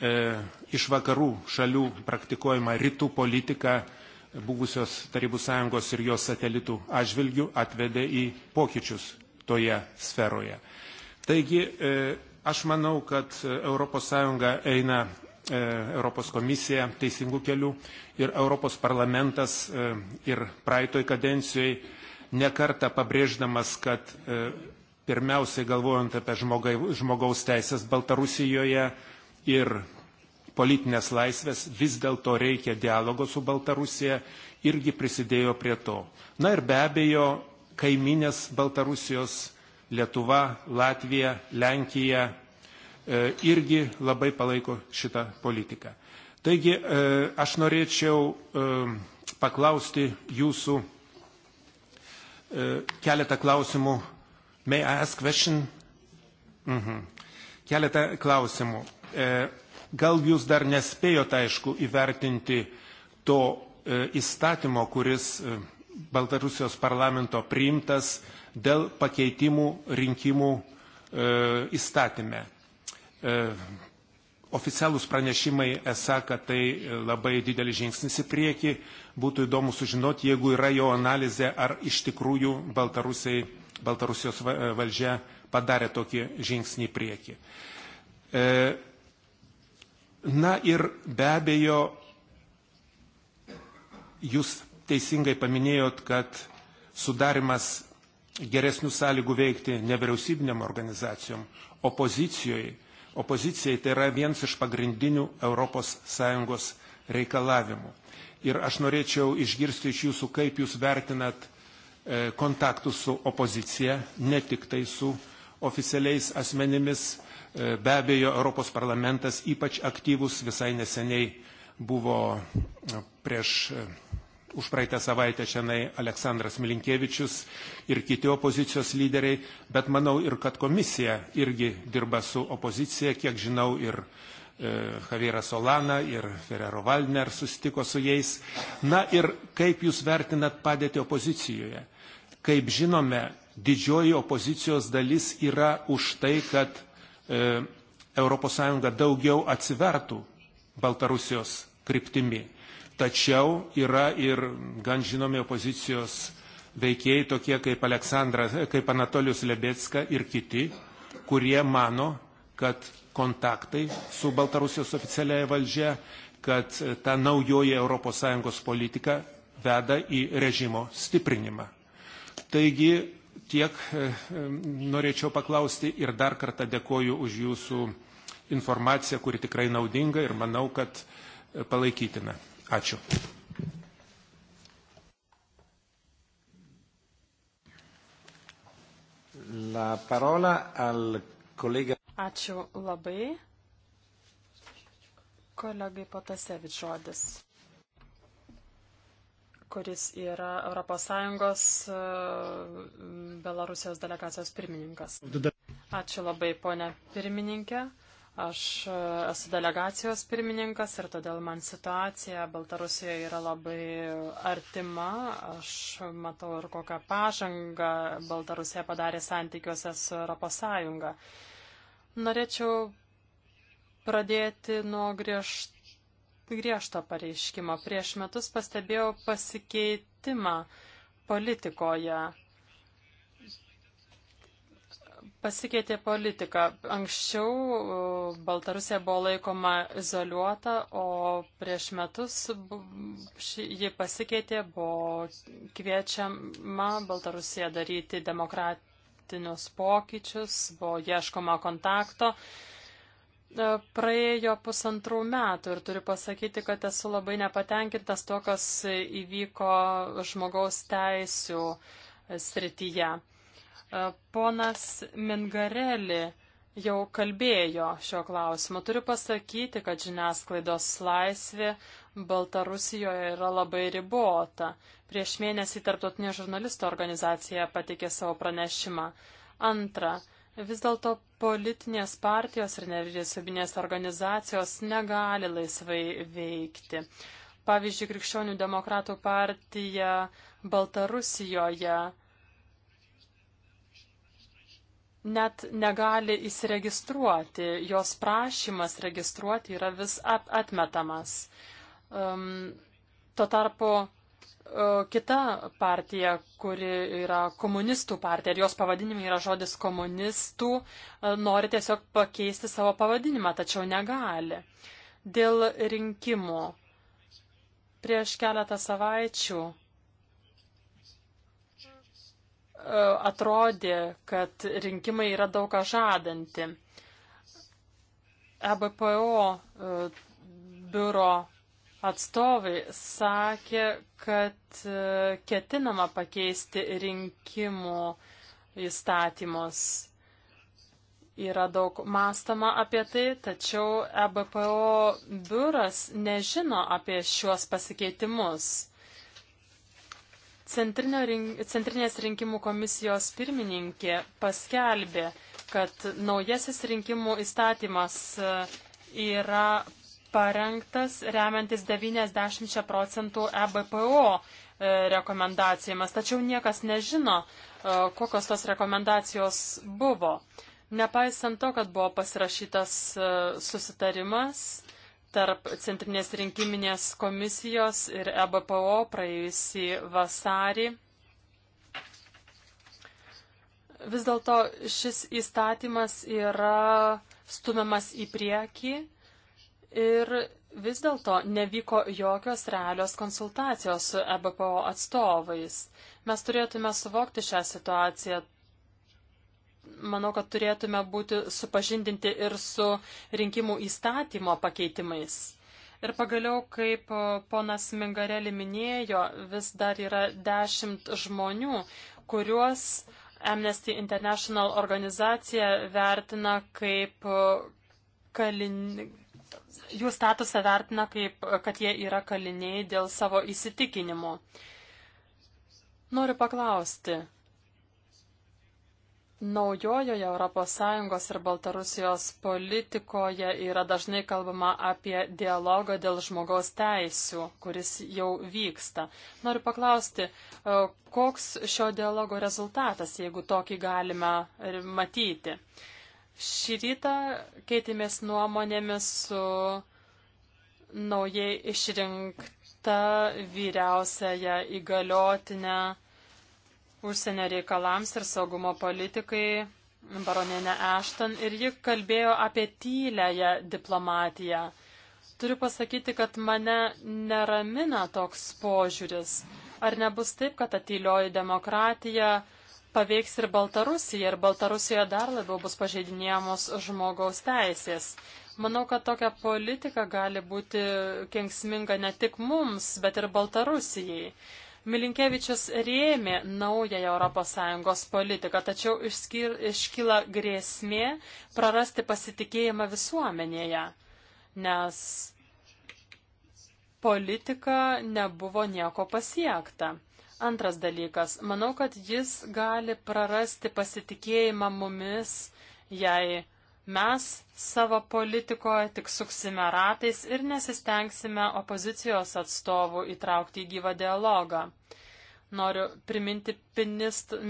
E, iš vakarų šalių praktikuojama rytų politika buvusios Tarybų sąjungos ir jos satelitų atžvilgių atvedė į pokyčius toje sferoje. Taigi, e, aš manau, kad ES eina e, Europos komisija teisingų kelių ir Europos parlamentas ir praeitoj kadencijai nekarta pabrėždamas, kad pirmiausiai galvojant apie žmogaus teisės Baltarusijoje, ir politinės laisvės, vis dėlto reikia dialogo su Baltarusija, irgi prisidėjo prie to. Na ir be abejo, kaiminės Baltarusijos Lietuva, Latvija, Lenkija e, irgi labai palaiko šitą politiką. Taigi e, aš norėčiau e, paklausti jūsų keletą klausimų. May I ask question? Mhm. Keletą klausimų. E, gal jūs dar nespėjote, aišku, įvertinti to e, įstatymo, kuris e, Baltarusijos parlamento priimtas dėl pakeitimų rinkimų įstatymę. Oficialūs pranešimai esą, kad tai labai didelis žingsnis į priekį. Būtų įdomu sužinoti, jeigu yra jo analizė, ar iš tikrųjų Baltarusijos valdžia padarė tokį žingsnį į priekį. Na ir be abejo, jūs teisingai paminėjot, kad sudarimas geresnių sąlygų veikti nevyriausybinėm organizacijom, opozicijoje, opozicijai tai yra vienas iš pagrindinių ES reikalavimų. Ir aš norėčiau išgirsti iš jūsų, kaip jūs vertinat e, kontaktus su opozicija, ne tik tai su oficialiais asmenimis, E, be abejo, Europos parlamentas ypač aktyvus visai neseniai buvo e, prieš e, už praeitą savaitę šiandien Aleksandras Milinkievičius ir kiti opozicijos lyderiai, bet manau ir kad komisija irgi dirba su opozicija, kiek žinau, ir Javieras Solana ir Ferrero Valner susitiko su jais. Na ir kaip jūs vertinat padėti opozicijoje? Kaip žinome, didžioji opozicijos dalis yra už tai, kad ES daugiau atsivertų Baltarusijos kryptimi. Tačiau yra ir gan žinomi opozicijos veikėjai tokie kaip, Aleksandras, kaip Anatolijus Lebetska ir kiti, kurie mano, kad kontaktai su Baltarusijos oficialiaja valdžia, kad ta naujoji ES politika veda į režimo stiprinimą. Taigi tiek e, e, norėčiau paklausti ir dar kartą dėkoju už jūsų informaciją, kuri tikrai naudinga ir manau, kad e, palaikytina. Ačiū. La parola al kolega. Ačiū labai. Kolegai Potasevič žodis kuris yra ES e, Belarusijos delegacijos pirmininkas. Ačiū labai, ponė pirmininkė. Aš e, esu delegacijos pirmininkas ir todėl man situacija Baltarusijoje yra labai artima. Aš matau ir kokią pažangą Baltarusija padarė santykiuose su ES. Norėčiau pradėti nuo griežtų griežtą pareiškimą. Prieš metus pastebėjau pasikeitimą politikoje. Pasikeitė politika. Anksčiau Baltarusija buvo laikoma izoliuota, o prieš metus ji pasikeitė, buvo kviečiama Baltarusija daryti demokratinius pokyčius, buvo ieškoma kontakto. Uh, E, praėjo pusantrų metų ir turiu pasakyti, kad esu labai nepatenkintas to, kas įvyko žmogaus teisų e, srityje. E, ponas Mingareli jau kalbėjo šio klausimu. Turiu pasakyti, kad žiniasklaidos laisvė Baltarusijoje yra labai ribota. Prieš mėnesį tarptautinė žurnalisto organizacija pateikė savo pranešimą. Antra, Vis dėlto politinės partijos ir nevyriausybinės organizacijos negali laisvai veikti. Pavyzdžiui, Krikščionių demokratų partija Baltarusijoje net negali įsiregistruoti, jos prašymas registruoti yra vis atmetamas. Um, tuo tarpu E, kita partija, kuri yra komunistų partija ir jos pavadinime yra žodis komunistų, e, nori tiesiog pakeisti savo pavadinimą, tačiau negali. Dėl rinkimų prieš keletą savaičių e, atrodė, kad rinkimai yra daug ką žadanti. EBPO biuro atstovai sakė, kad e, ketinama pakeisti rinkimų įstatymus. Yra daug mąstama apie tai, tačiau EBPO biuras nežino apie šiuos pasikeitimus. Centrinio rink, Centrinės rinkimų komisijos pirmininkė paskelbė, kad naujasis rinkimų įstatymas e, yra parengtas remiantis 90 procentų EBPO e, rekomendacijomis, tačiau niekas nežino, e, kokios tos rekomendacijos buvo. Nepaisant to, kad buvo pasirašytas e, susitarimas tarp Centrinės rinkiminės komisijos ir EBPO praėjusį vasarį, vis dėlto šis įstatymas yra stumiamas į priekį ir vis dėlto nevyko jokios realios konsultacijos su EBPO atstovais. Mes turėtume suvokti šią situaciją. Manau, kad turėtume būti supažindinti ir su rinkimų įstatymo pakeitimais. Ir pagaliau, kaip ponas Mingarelį minėjo, vis dar yra dešimt žmonių, kuriuos Amnesty International organizacija vertina kaip kalin, jų statusą vertina kaip, kad jie yra kaliniai dėl savo įsitikinimų. Noriu paklausti. Naujojoje ES ir Baltarusijos politikoje yra dažnai kalbama apie dialogą dėl žmogaus teisių, kuris jau vyksta. Noriu paklausti, e, koks šio dialogo rezultatas, jeigu tokį galime matyti. Šį rytą keitėmės nuomonėmis su naujai išrinkta vyriausiaja įgaliotinė užsienio reikalams ir saugumo politikai baronienė Ešton ir ji kalbėjo apie tyliąją diplomatiją. Turiu pasakyti, kad mane neramina toks požiūris. Ar nebus taip, kad atylioji demokratija uh, paveiks ir Baltarusiją, ir Baltarusijoje dar labiau bus pažeidinėjamos žmogaus teisės. Manau, kad tokia politika gali būti kengsminga ne tik mums, bet ir Baltarusijai. Milinkievičius rėmė naująją ES politiką, tačiau išskyr, iškyla grėsmė prarasti pasitikėjimą visuomenėje, nes politika nebuvo nieko pasiekta. Antras dalykas. Manau, kad jis gali prarasti pasitikėjimą mumis, jei mes savo politikoje tik suksime ratais ir nesistengsime opozicijos atstovų įtraukti į gyvą dialogą. Noriu priminti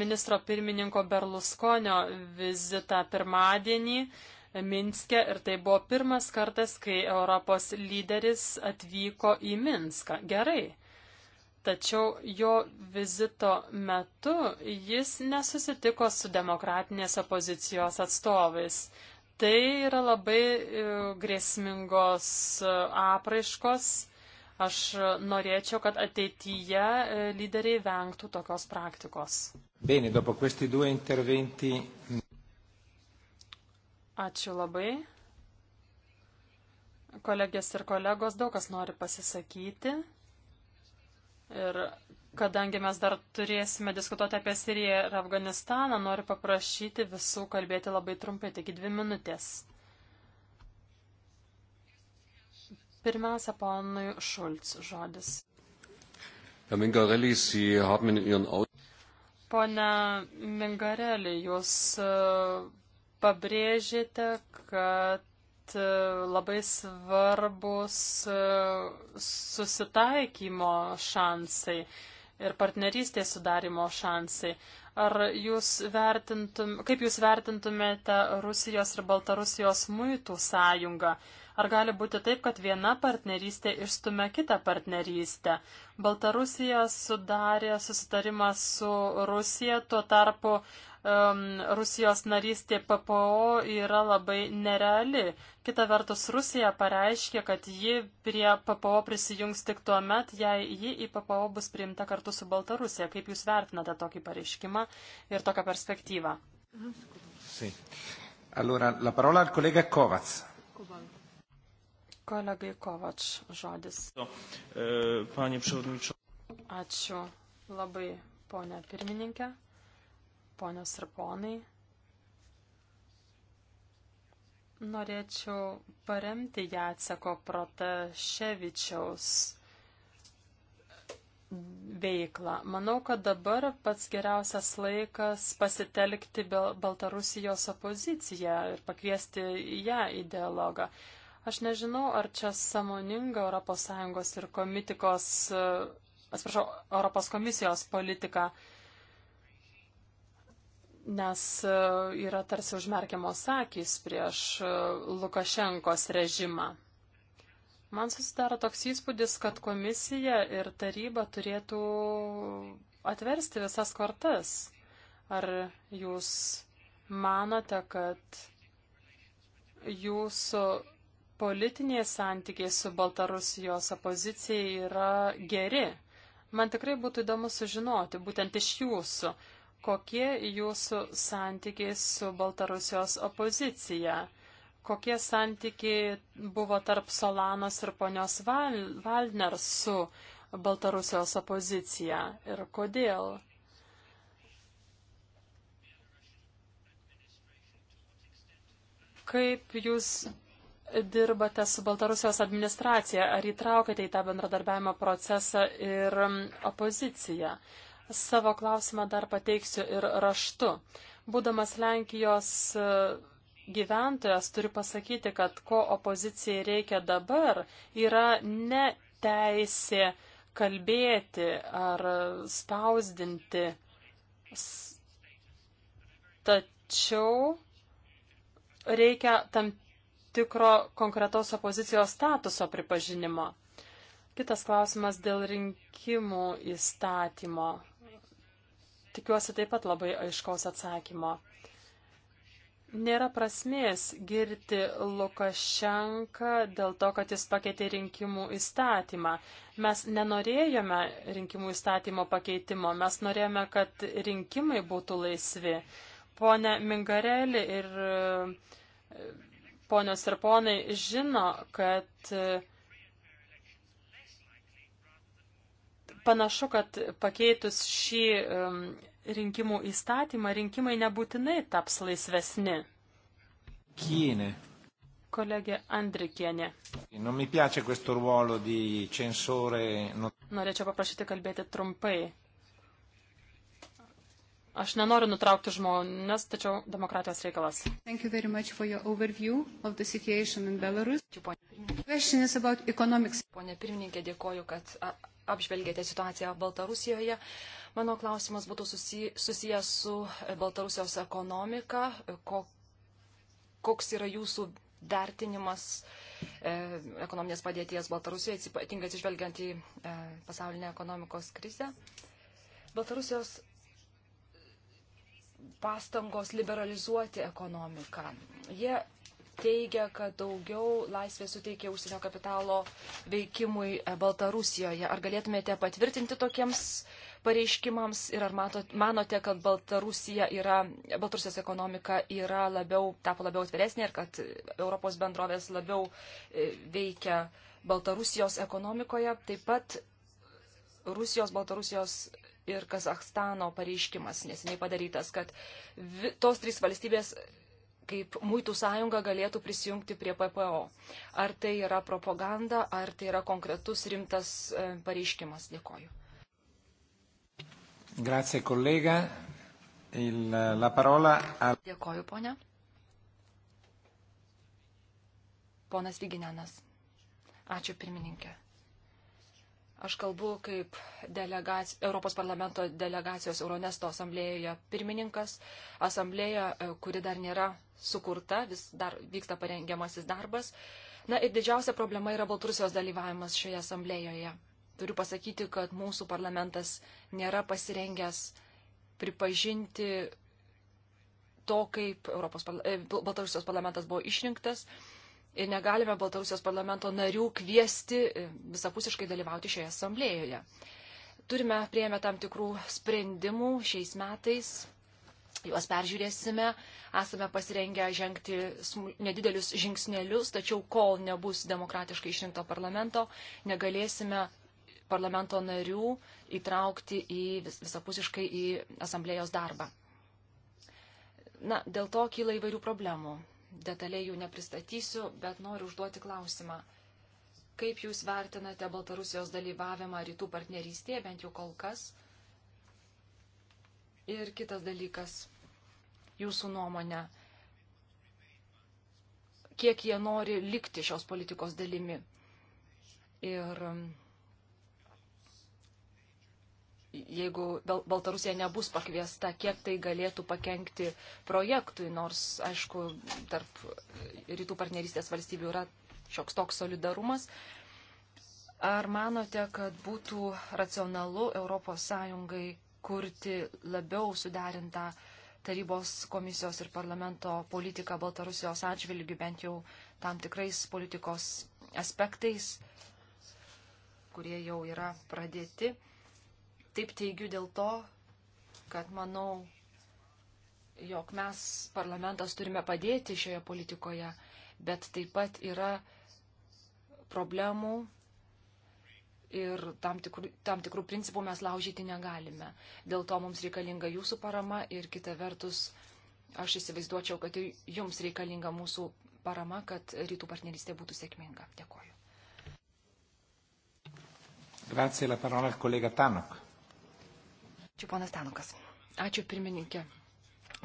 ministro pirmininko Berlusconio vizitą pirmadienį, Minske ir tai buvo pirmas kartas, kai Europos lyderis atvyko į Minską. Gerai. Tačiau jo vizito metu jis nesusitiko su demokratinės opozicijos atstovais. Tai yra labai e, grėsmingos e, apraiškos. Aš norėčiau, kad ateityje e, lyderiai vengtų tokios praktikos. Bene, dopo questi due interventi. Ačiū labai. Kolegės ir kolegos, daug kas nori pasisakyti. Ir kadangi mes dar turėsime diskutuoti apie Siriją ir Afganistaną, noriu paprašyti visų kalbėti labai trumpai, taigi dvi minutės. Pirmiausia, ponui Šulc žodis. Pone Mingarelį, jūs e, pabrėžėte, kad pat e, labai svarbus e, susitaikymo šansai ir partnerystės sudarimo šansai. Ar jūs vertintum, kaip jūs vertintumėte Rusijos ir Baltarusijos muitų sąjungą? Ar gali būti taip, kad viena partnerystė išstumia kitą partnerystę? Baltarusija sudarė susitarimą su Rusija, tuo tarpu um, Rusijos narystė PPO yra labai nereali. Kita vertus, Rusija pareiškė, kad ji prie PPO prisijungs tik tuo met, jei ji į PPO bus priimta kartu su Baltarusija. Kaip Jūs vertinate tokį pareiškimą ir tokią perspektyvą? Sí. Allora, la parola al collega Kovacs. Kolegai Kovač žodis. E, Ačiū labai, ponia pirmininkė ponios ir ponai. Norėčiau paremti Jaceko Protaševičiaus veiklą. Manau, kad dabar pats geriausias laikas pasitelkti Baltarusijos opoziciją ir pakviesti ją į dialogą. Aš nežinau, ar čia samoninga ES ir komitikos, atsiprašau, Europos komisijos politika uh, nes e, yra tarsi užmerkiamos akys prieš e, Lukašenkos režimą. Man susidaro toks įspūdis, kad komisija ir taryba turėtų atversti visas kortas. Ar jūs manote, kad jūsų politiniai santykiai su Baltarusijos opozicija yra geri? Man tikrai būtų įdomu sužinoti, būtent iš jūsų, Kokie jūsų santykiai su Baltarusijos opozicija? Kokie santykiai buvo tarp Solanos ir ponios Valner su Baltarusijos opozicija ir kodėl? Kaip jūs dirbate su Baltarusijos administracija? Ar įtraukite į tą bendradarbiavimo procesą ir mm, opoziciją? Savo klausimą dar pateiksiu ir raštu. Būdamas Lenkijos e, gyventojas, turiu pasakyti, kad ko opozicijai reikia dabar, yra ne teisė kalbėti ar spausdinti. Tačiau reikia tam tikro konkretaus opozicijos statuso pripažinimo. Kitas klausimas dėl rinkimų įstatymo tikiuosi taip pat labai aiškaus atsakymo. Nėra prasmės girti Lukašenką dėl to, kad jis pakeitė rinkimų įstatymą. Mes nenorėjome rinkimų įstatymo pakeitimo, mes norėjome, kad rinkimai būtų laisvi. Pone Mingarelį ir e, ponios ir ponai žino, kad e, Panašu, kad pakeitus šį rinkimų įstatymą, rinkimai nebūtinai taps laisvesni. Kienė. Kolegė Andrikienė. Non mi piace questo ruolo di censore. Norėčiau paprašyti kalbėti trumpai. Aš nenoriu nutraukti žmonės, tačiau demokratijos reikalas. Ačiū, ponė pirmininkė. Ponė pirmininkė, dėkoju, kad apžvelgėte situaciją Baltarusijoje. Mano klausimas būtų susijęs su e, Baltarusijos ekonomika. E, koks yra jūsų vertinimas e, ekonominės padėties Baltarusijoje, ypatingai atsižvelgiant į pasaulinę ekonomikos krizę? Baltarusijos pastangos liberalizuoti ekonomiką. Jie teigia, kad daugiau laisvės suteikia užsienio kapitalo veikimui e, Baltarusijoje. Ar galėtumėte patvirtinti tokiems pareiškimams ir ar matot, manote, kad Baltarusija yra, Baltarusijos ekonomika yra labiau, tapo labiau atviresnė ir kad Europos bendrovės labiau e, veikia Baltarusijos ekonomikoje? Taip pat Rusijos, Baltarusijos ir Kazahstano pareiškimas neseniai padarytas, kad tos trys valstybės kaip Muitų sąjunga galėtų prisijungti prie PPO. Ar tai yra propaganda, ar tai yra konkretus rimtas e, pareiškimas. Dėkoju. Grazie, kolega. Il, la parola al... Dėkoju, ponia. Ponas Viginenas. Ačiū, pirmininkė. Aš kalbu kaip delegac... Europos parlamento delegacijos Euronesto asamblėjoje pirmininkas, asamblėja, e, kuri dar nėra sukurta, vis dar vyksta parengiamasis darbas. Na ir didžiausia problema yra Baltarusijos dalyvavimas šioje asamblėjoje. Turiu pasakyti, kad mūsų parlamentas nėra pasirengęs pripažinti to, kaip Europos, e, Baltarusijos parlamentas buvo išrinktas ir negalime Baltarusijos parlamento narių kviesti e, visapusiškai dalyvauti šioje asamblėjoje. Turime prieėmę tam tikrų sprendimų šiais metais juos peržiūrėsime, esame pasirengę žengti nedidelius žingsnelius, tačiau kol nebus demokratiškai išrinkto parlamento, negalėsime parlamento narių įtraukti į vis, visapusiškai į asamblėjos darbą. Na, dėl to kyla įvairių problemų. Detaliai jų nepristatysiu, bet noriu užduoti klausimą. Kaip Jūs vertinate Baltarusijos dalyvavimą rytų partnerystėje, bent jau kol kas? Ir kitas dalykas, jūsų nuomonė, kiek jie nori likti šios politikos dalimi. Ir um, jeigu Baltarusija nebus pakviesta, kiek tai galėtų pakengti projektui, nors, aišku, tarp rytų partnerystės valstybių yra šioks toks solidarumas. Ar manote, kad būtų racionalu ES kurti labiau suderintą tarybos komisijos ir parlamento politiką Baltarusijos atžvilgių, bent jau tam tikrais politikos aspektais, kurie jau yra pradėti. Taip teigiu dėl to, kad manau, jog mes, parlamentas, turime padėti šioje politikoje, bet taip pat yra problemų ir tam tikrų, tam tikrų principų mes laužyti negalime. Dėl to mums reikalinga jūsų parama ir kita vertus, aš įsivaizduočiau, kad ir jums reikalinga mūsų parama, kad rytų partnerystė būtų sėkminga. Dėkoju. Grazie, la parola kolega Tanok. Ačiū, ponas Tanukas. Ačiū, pirmininkė.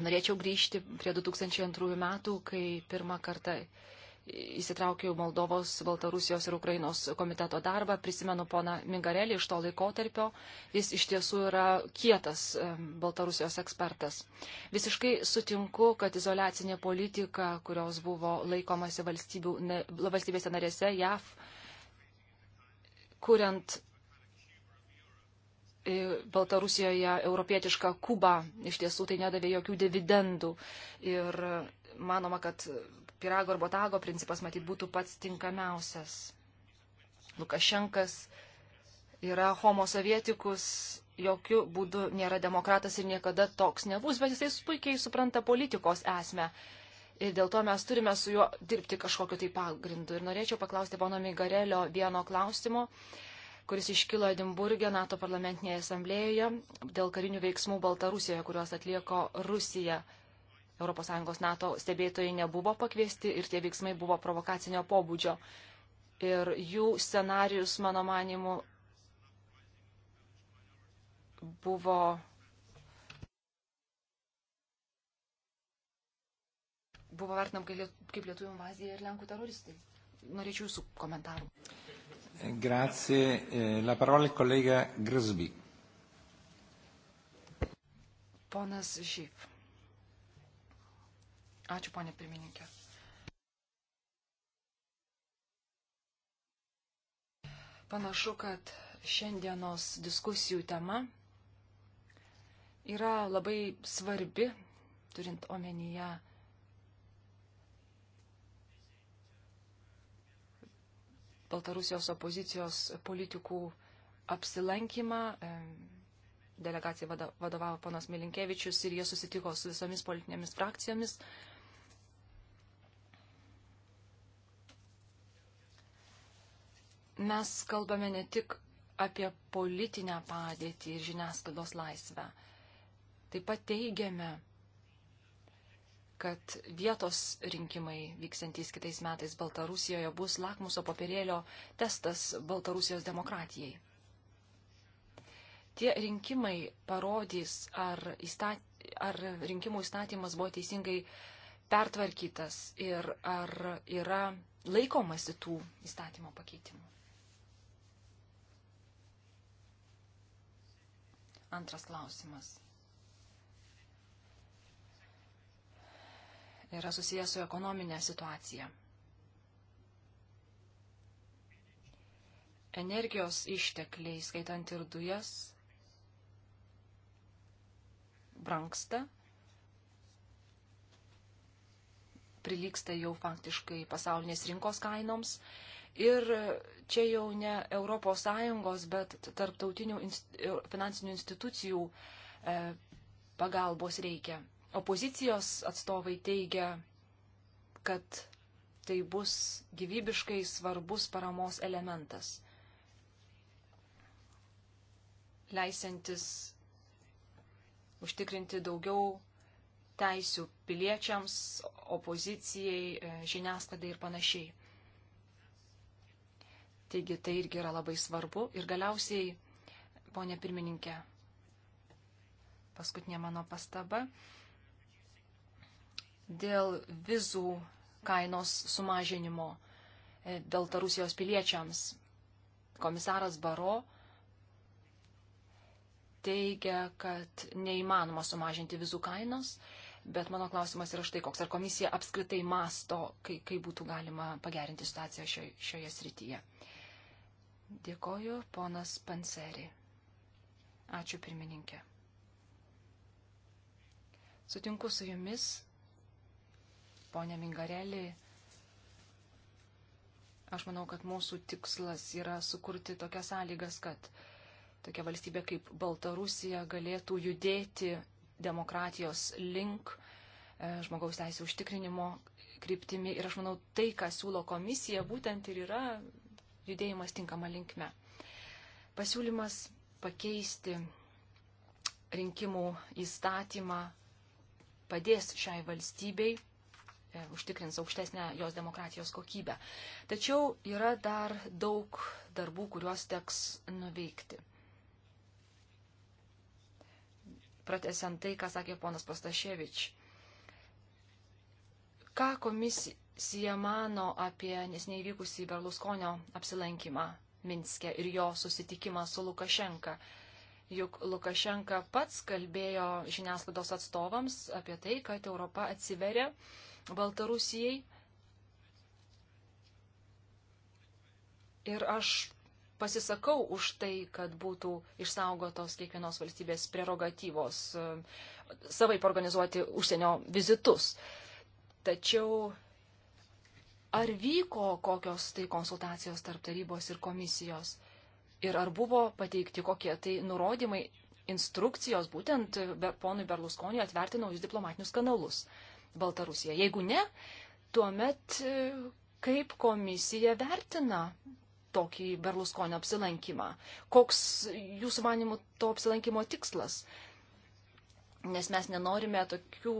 Norėčiau grįžti prie 2002 metų, kai pirmą kartą įsitraukiau Moldovos, Baltarusijos ir Ukrainos komiteto darbą. Prisimenu poną Mingarelį iš to laikotarpio. Jis iš tiesų yra kietas Baltarusijos ekspertas. Visiškai sutinku, kad izolacinė politika, kurios buvo laikomasi ne, valstybėse narėse, JAV, kuriant e, Baltarusijoje europietišką Kubą, iš tiesų tai nedavė jokių dividendų. Ir e, manoma, kad pirago arba tago principas matyt būtų pats tinkamiausias. Lukašenkas yra homosovietikus, jokių būdų nėra demokratas ir niekada toks nebus, bet jisai puikiai supranta politikos esmę. Ir dėl to mes turime su juo dirbti kažkokiu tai pagrindu. Ir norėčiau paklausti pono Migarelio vieno klausimo, kuris iškilo Edimburgė NATO parlamentinėje asamblėjoje dėl karinių veiksmų Baltarusijoje, kuriuos atlieko Rusija. ES NATO stebėtojai nebuvo pakviesti ir tie veiksmai buvo provokacinio pobūdžio. Ir jų scenarius, mano manimu, buvo. Buvo vertinam kaip lietuvių invazija ir lenkų teroristai. Norėčiau jūsų komentarų. Grazie. E, la parola kolega Grisby. Ponas Žyp. Ačiū, ponė pirmininkė. Panašu, kad šiandienos diskusijų tema yra labai svarbi, turint omenyje Baltarusijos opozicijos politikų apsilankymą. Delegacija vadovavo ponas Milinkievičius ir jie susitiko su visomis politinėmis frakcijomis. mes kalbame ne tik apie politinę padėtį ir žiniasklaidos laisvę. Taip pat teigiame, kad vietos rinkimai vyksantys kitais metais Baltarusijoje bus lakmuso papirėlio testas Baltarusijos demokratijai. Tie rinkimai parodys, ar, įstat, ar rinkimų įstatymas buvo teisingai pertvarkytas ir ar yra laikomasi tų įstatymo pakeitimų. Antras klausimas. Yra susijęs su ekonominė situacija. Energijos ištekliai, skaitant ir dujas, branksta, prilyksta jau faktiškai pasaulinės rinkos kainoms ir čia jau ne ES, bet tarptautinių e, finansinių institucijų e, pagalbos reikia. Opozicijos atstovai teigia, kad tai bus gyvybiškai svarbus paramos elementas, leisantis užtikrinti daugiau teisių piliečiams, opozicijai, e, žiniasklaidai ir panašiai. Taigi tai irgi yra labai svarbu. Ir galiausiai, ponė pirmininkė, paskutinė mano pastaba. Dėl vizų kainos sumažinimo Baltarusijos e, piliečiams komisaras Baro teigia, kad neįmanoma sumažinti vizų kainos, bet mano klausimas yra štai koks. Ar komisija apskritai masto, kaip kai būtų galima pagerinti situaciją šioje, šioje srityje? Dėkoju, ponas Panseri. Ačiū pirmininkė. Sutinku su jumis, ponė Mingarelį. Aš manau, kad mūsų tikslas yra sukurti tokias sąlygas, kad tokia valstybė kaip Baltarusija galėtų judėti demokratijos link, e, žmogaus teisų užtikrinimo kryptimi. Ir aš manau, tai, ką siūlo komisija, būtent ir yra judėjimas tinkama linkme. Pasiūlymas pakeisti rinkimų įstatymą padės šiai valstybei, e, užtikrins aukštesnę jos demokratijos kokybę. Tačiau yra dar daug darbų, kuriuos teks nuveikti. Pratesiant tai, ką sakė ponas Pastaševič. Ką komisija Siemano apie nesnei vykusį Berluskonio apsilankymą Minske ir jo susitikimą su Lukašenka. Juk Lukašenka pats kalbėjo žiniasklaidos atstovams apie tai, kad Europa atsiveria Baltarusijai. Ir aš pasisakau už tai, kad būtų išsaugotos kiekvienos valstybės prerogatyvos e, savaip organizuoti užsienio vizitus. Tačiau Ar vyko kokios tai konsultacijos tarp tarybos ir komisijos? Ir ar buvo pateikti kokie tai nurodymai, instrukcijos būtent ber, ponui Berlusconiui atverti naujus diplomatinius kanalus Baltarusija? Jeigu ne, tuomet e, kaip komisija vertina tokį Berlusconio apsilankimą? Koks jūsų manimų to apsilankimo tikslas? Nes mes nenorime tokių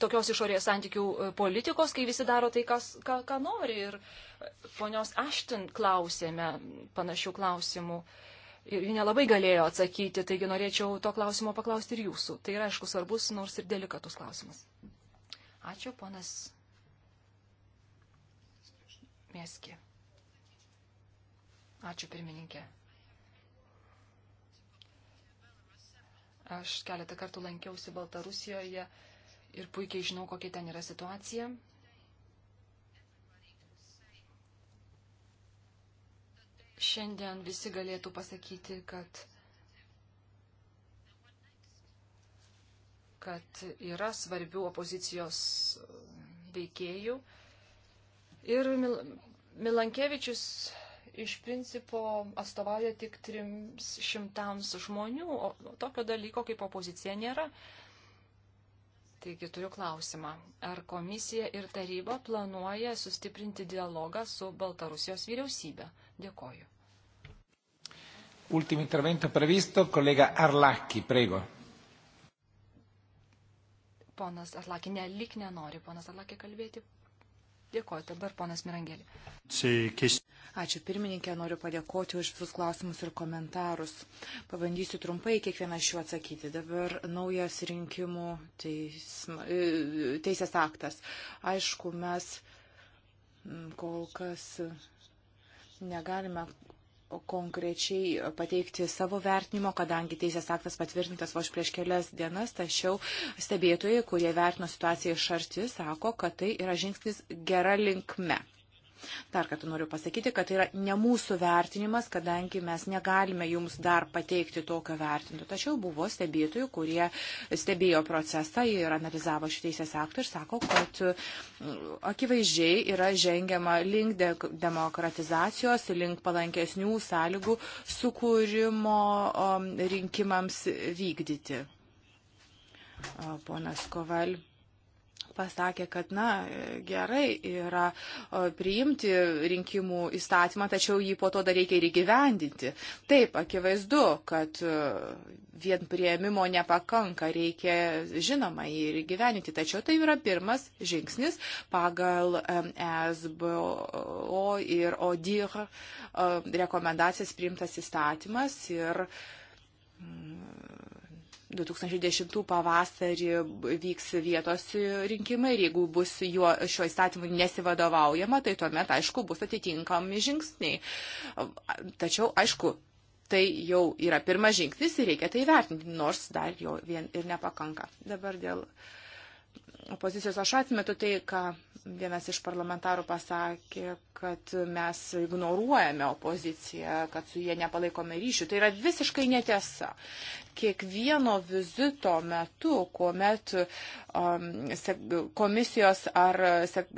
tokios išorės santykių e, politikos, kai visi daro tai, kas, ką, ką nori. Ir e, ponios Aštin klausėme panašių klausimų. Ir ji nelabai galėjo atsakyti, taigi norėčiau to klausimo paklausti ir jūsų. Tai yra, aišku, svarbus, nors ir delikatus klausimas. Ačiū, ponas Mieski. Ačiū, pirmininkė. Aš keletą kartų lankiausi Baltarusijoje ir puikiai žinau, kokia ten yra situacija. Šiandien visi galėtų pasakyti, kad, kad yra svarbių opozicijos veikėjų. Ir Mil Milankievičius iš principo atstovauja tik trims šimtams žmonių, o tokio dalyko kaip opozicija nėra. Taigi turiu klausimą. Ar komisija ir taryba planuoja sustiprinti dialogą su Baltarusijos vyriausybė? Dėkoju. Ultimo intervento previsto, kolega Arlaki, prego. Ponas Arlaki, ne, lik nenori, ponas Arlaki kalbėti, Dėkoju dabar, ponas Mirangėlė. Ačiū pirmininkė, noriu padėkoti už visus klausimus ir komentarus. Pabandysiu trumpai kiekvieną iš jų atsakyti. Dabar naujas rinkimų teism, e, teisės aktas. Aišku, mes kol kas negalime konkrečiai pateikti savo vertinimo, kadangi teisės aktas patvirtintas vos prieš kelias dienas, tačiau stebėtojai, kurie vertino situaciją iš arti, sako, kad tai yra žingsnis gera linkme. Dar kartą noriu pasakyti, kad tai yra ne mūsų vertinimas, kadangi mes negalime jums dar pateikti tokio vertinto. Tačiau buvo stebėtojų, kurie stebėjo procesą ir analizavo šį teisės aktą ir sako, kad mm, akivaizdžiai yra žengiama link de demokratizacijos, link palankesnių sąlygų sukūrimo mm, rinkimams vykdyti. Ponas Koval pasakė, kad, na, gerai yra priimti rinkimų įstatymą, tačiau jį po to dar reikia ir įgyvendinti. Taip, akivaizdu, kad vien prieimimo nepakanka, reikia, žinoma, jį ir įgyvendinti, tačiau tai yra pirmas žingsnis pagal SBO ir ODIR rekomendacijas priimtas įstatymas ir 2010 pavasarį vyks vietos rinkimai ir jeigu bus juo, šiuo įstatymu nesivadovaujama, tai tuomet, aišku, bus atitinkami žingsniai. Tačiau, aišku, tai jau yra pirmas žingsnis ir reikia tai vertinti, nors dar jo vien ir nepakanka. Dabar dėl uh, opozicijos aš atmetu tai, ką vienas iš parlamentarų pasakė, kad mes ignoruojame opoziciją, kad su jie nepalaikome ryšių. Tai yra visiškai netiesa. Kiekvieno vizito metu, kuomet um, komisijos ar sek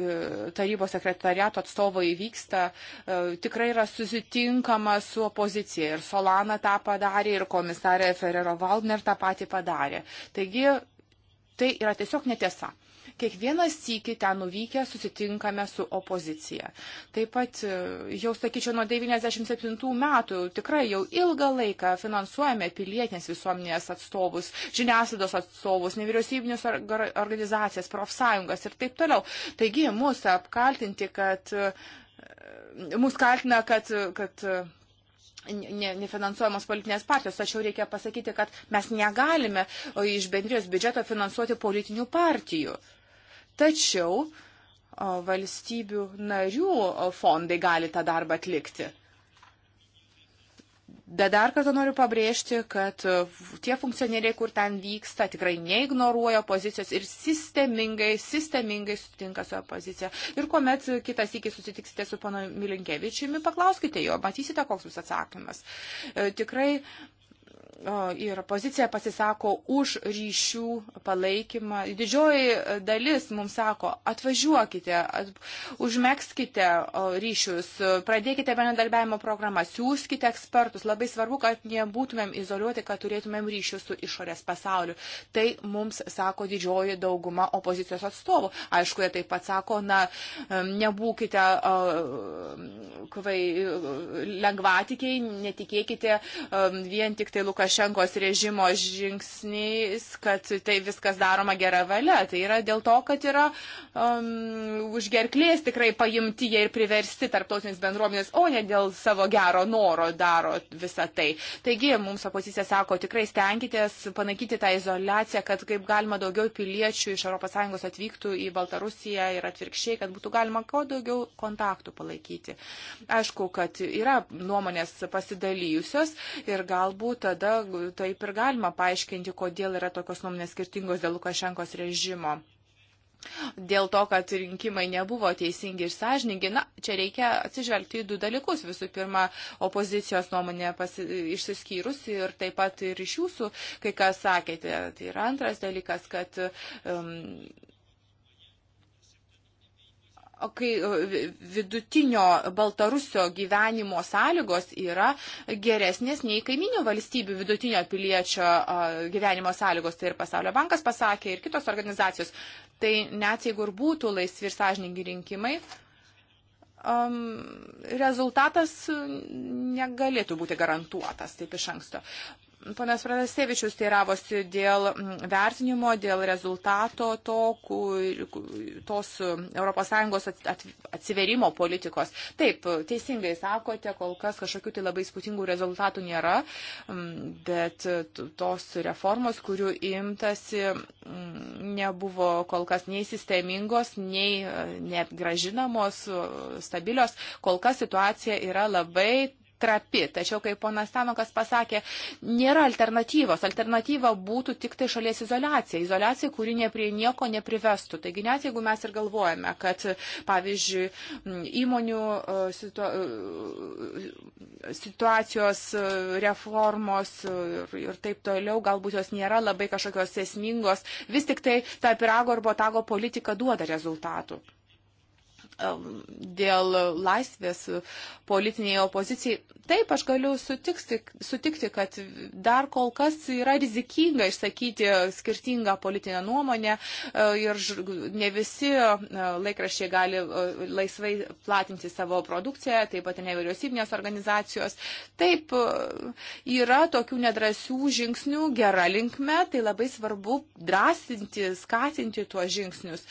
tarybos sekretariato atstovai vyksta, uh, e, tikrai yra susitinkama su opozicija. Ir Solana tą padarė, ir komisarė Ferrero Waldner tą patį padarė. Taigi Tai yra tiesiog netiesa. Kiekvienas sykį ten nuvykę susitinkame su opozicija. Taip pat e, jau, sakyčiau, nuo 97 metų tikrai jau ilgą laiką finansuojame pilietinės visuomenės atstovus, žiniasklaidos atstovus, nevyriausybinius organizacijas, profsąjungas ir taip toliau. Taigi mūsų apkaltinti, kad e, mus kaltina, kad, kad nefinansuojamos politinės partijos. Tačiau reikia pasakyti, kad mes negalime iš bendrijos biudžeto finansuoti politinių partijų. Tačiau valstybių narių fondai gali tą darbą atlikti. Bet dar kartą noriu pabrėžti, kad e, tie funkcionieriai, kur ten vyksta, tikrai neignoruoja pozicijos ir sistemingai, sistemingai sutinka su opozicija. Ir kuomet kitas iki susitiksite su pano Milinkievičiumi, paklauskite jo, matysite, koks bus atsakymas. E, tikrai ir pozicija pasisako už ryšių palaikymą. Didžioji dalis mums sako, atvažiuokite, at, užmėgskite ryšius, pradėkite bendradarbiavimo programą, siūskite ekspertus. Labai svarbu, kad nebūtumėm izoliuoti, kad turėtumėm ryšius su išorės pasauliu. Tai mums sako didžioji dauguma opozicijos atstovų. Aišku, jie taip pat sako, na, nebūkite kvai, lengvatikiai, netikėkite vien tik tai Lukas. Lukašenkos režimo žingsniais, kad tai viskas daroma gera valia. Tai yra dėl to, kad yra um, užgerklės tikrai paimti jie ir priversti tarptautinės bendruomenės, o ne dėl savo gero noro daro visą tai. Taigi, mums opozicija sako, tikrai stenkitės panaikyti tą izolaciją, kad kaip galima daugiau piliečių iš ES atvyktų į Baltarusiją ir atvirkščiai, kad būtų galima kuo daugiau kontaktų palaikyti. Aišku, kad yra nuomonės pasidalyjusios ir galbūt tada taip ir galima paaiškinti, kodėl yra tokios nuomonės skirtingos dėl Lukašenkos režimo. Dėl to, kad rinkimai nebuvo teisingi ir sąžiningi, na, čia reikia atsižvelgti į du dalykus. Visų pirma, opozicijos nuomonė pasi, išsiskyrus ir taip pat ir iš jūsų, kai kas sakėte. Tai yra antras dalykas, kad um, kai vidutinio Baltarusio gyvenimo sąlygos yra geresnės nei kaiminių valstybių vidutinio piliečio gyvenimo sąlygos, tai ir Pasaulio bankas pasakė, ir kitos organizacijos, tai net jeigu ir būtų laisvi ir sąžininkai rinkimai, um, rezultatas negalėtų būti garantuotas taip iš anksto. Panas Pradastevičius teiravosi dėl mm, vertinimo, dėl rezultato to, kur, tos mm, ES atsiverimo politikos. Taip, teisingai sakote, kol kas kažkokių tai labai spūtingų rezultatų nėra, mm, bet tos reformos, kurių imtasi, nebuvo kol kas nei sistemingos, nei e, neapgražinamos, e, stabilios. Kol kas situacija yra labai trapi. Tačiau, kaip ponas Tanokas pasakė, nėra alternatyvos. Alternatyva būtų tik tai šalies izolacija. Izolacija, kuri ne prie nieko neprivestų. Taigi net jeigu mes ir galvojame, kad, pavyzdžiui, įmonių e, situa e, situacijos e, reformos ir, ir taip toliau, galbūt jos nėra labai kažkokios esmingos, vis tik tai ta pirago ar botago politika duoda rezultatų. Um, dėl laisvės politiniai opozicijai. Taip, aš galiu sutikti, sutikti, kad dar kol kas yra rizikinga išsakyti skirtingą politinę nuomonę uh, ir ne visi uh, laikrašiai gali uh, laisvai platinti savo produkciją, taip pat nevyriausybinės organizacijos. Taip, yra tokių nedrasių žingsnių gera linkme, tai labai svarbu drąsinti, skatinti tuos žingsnius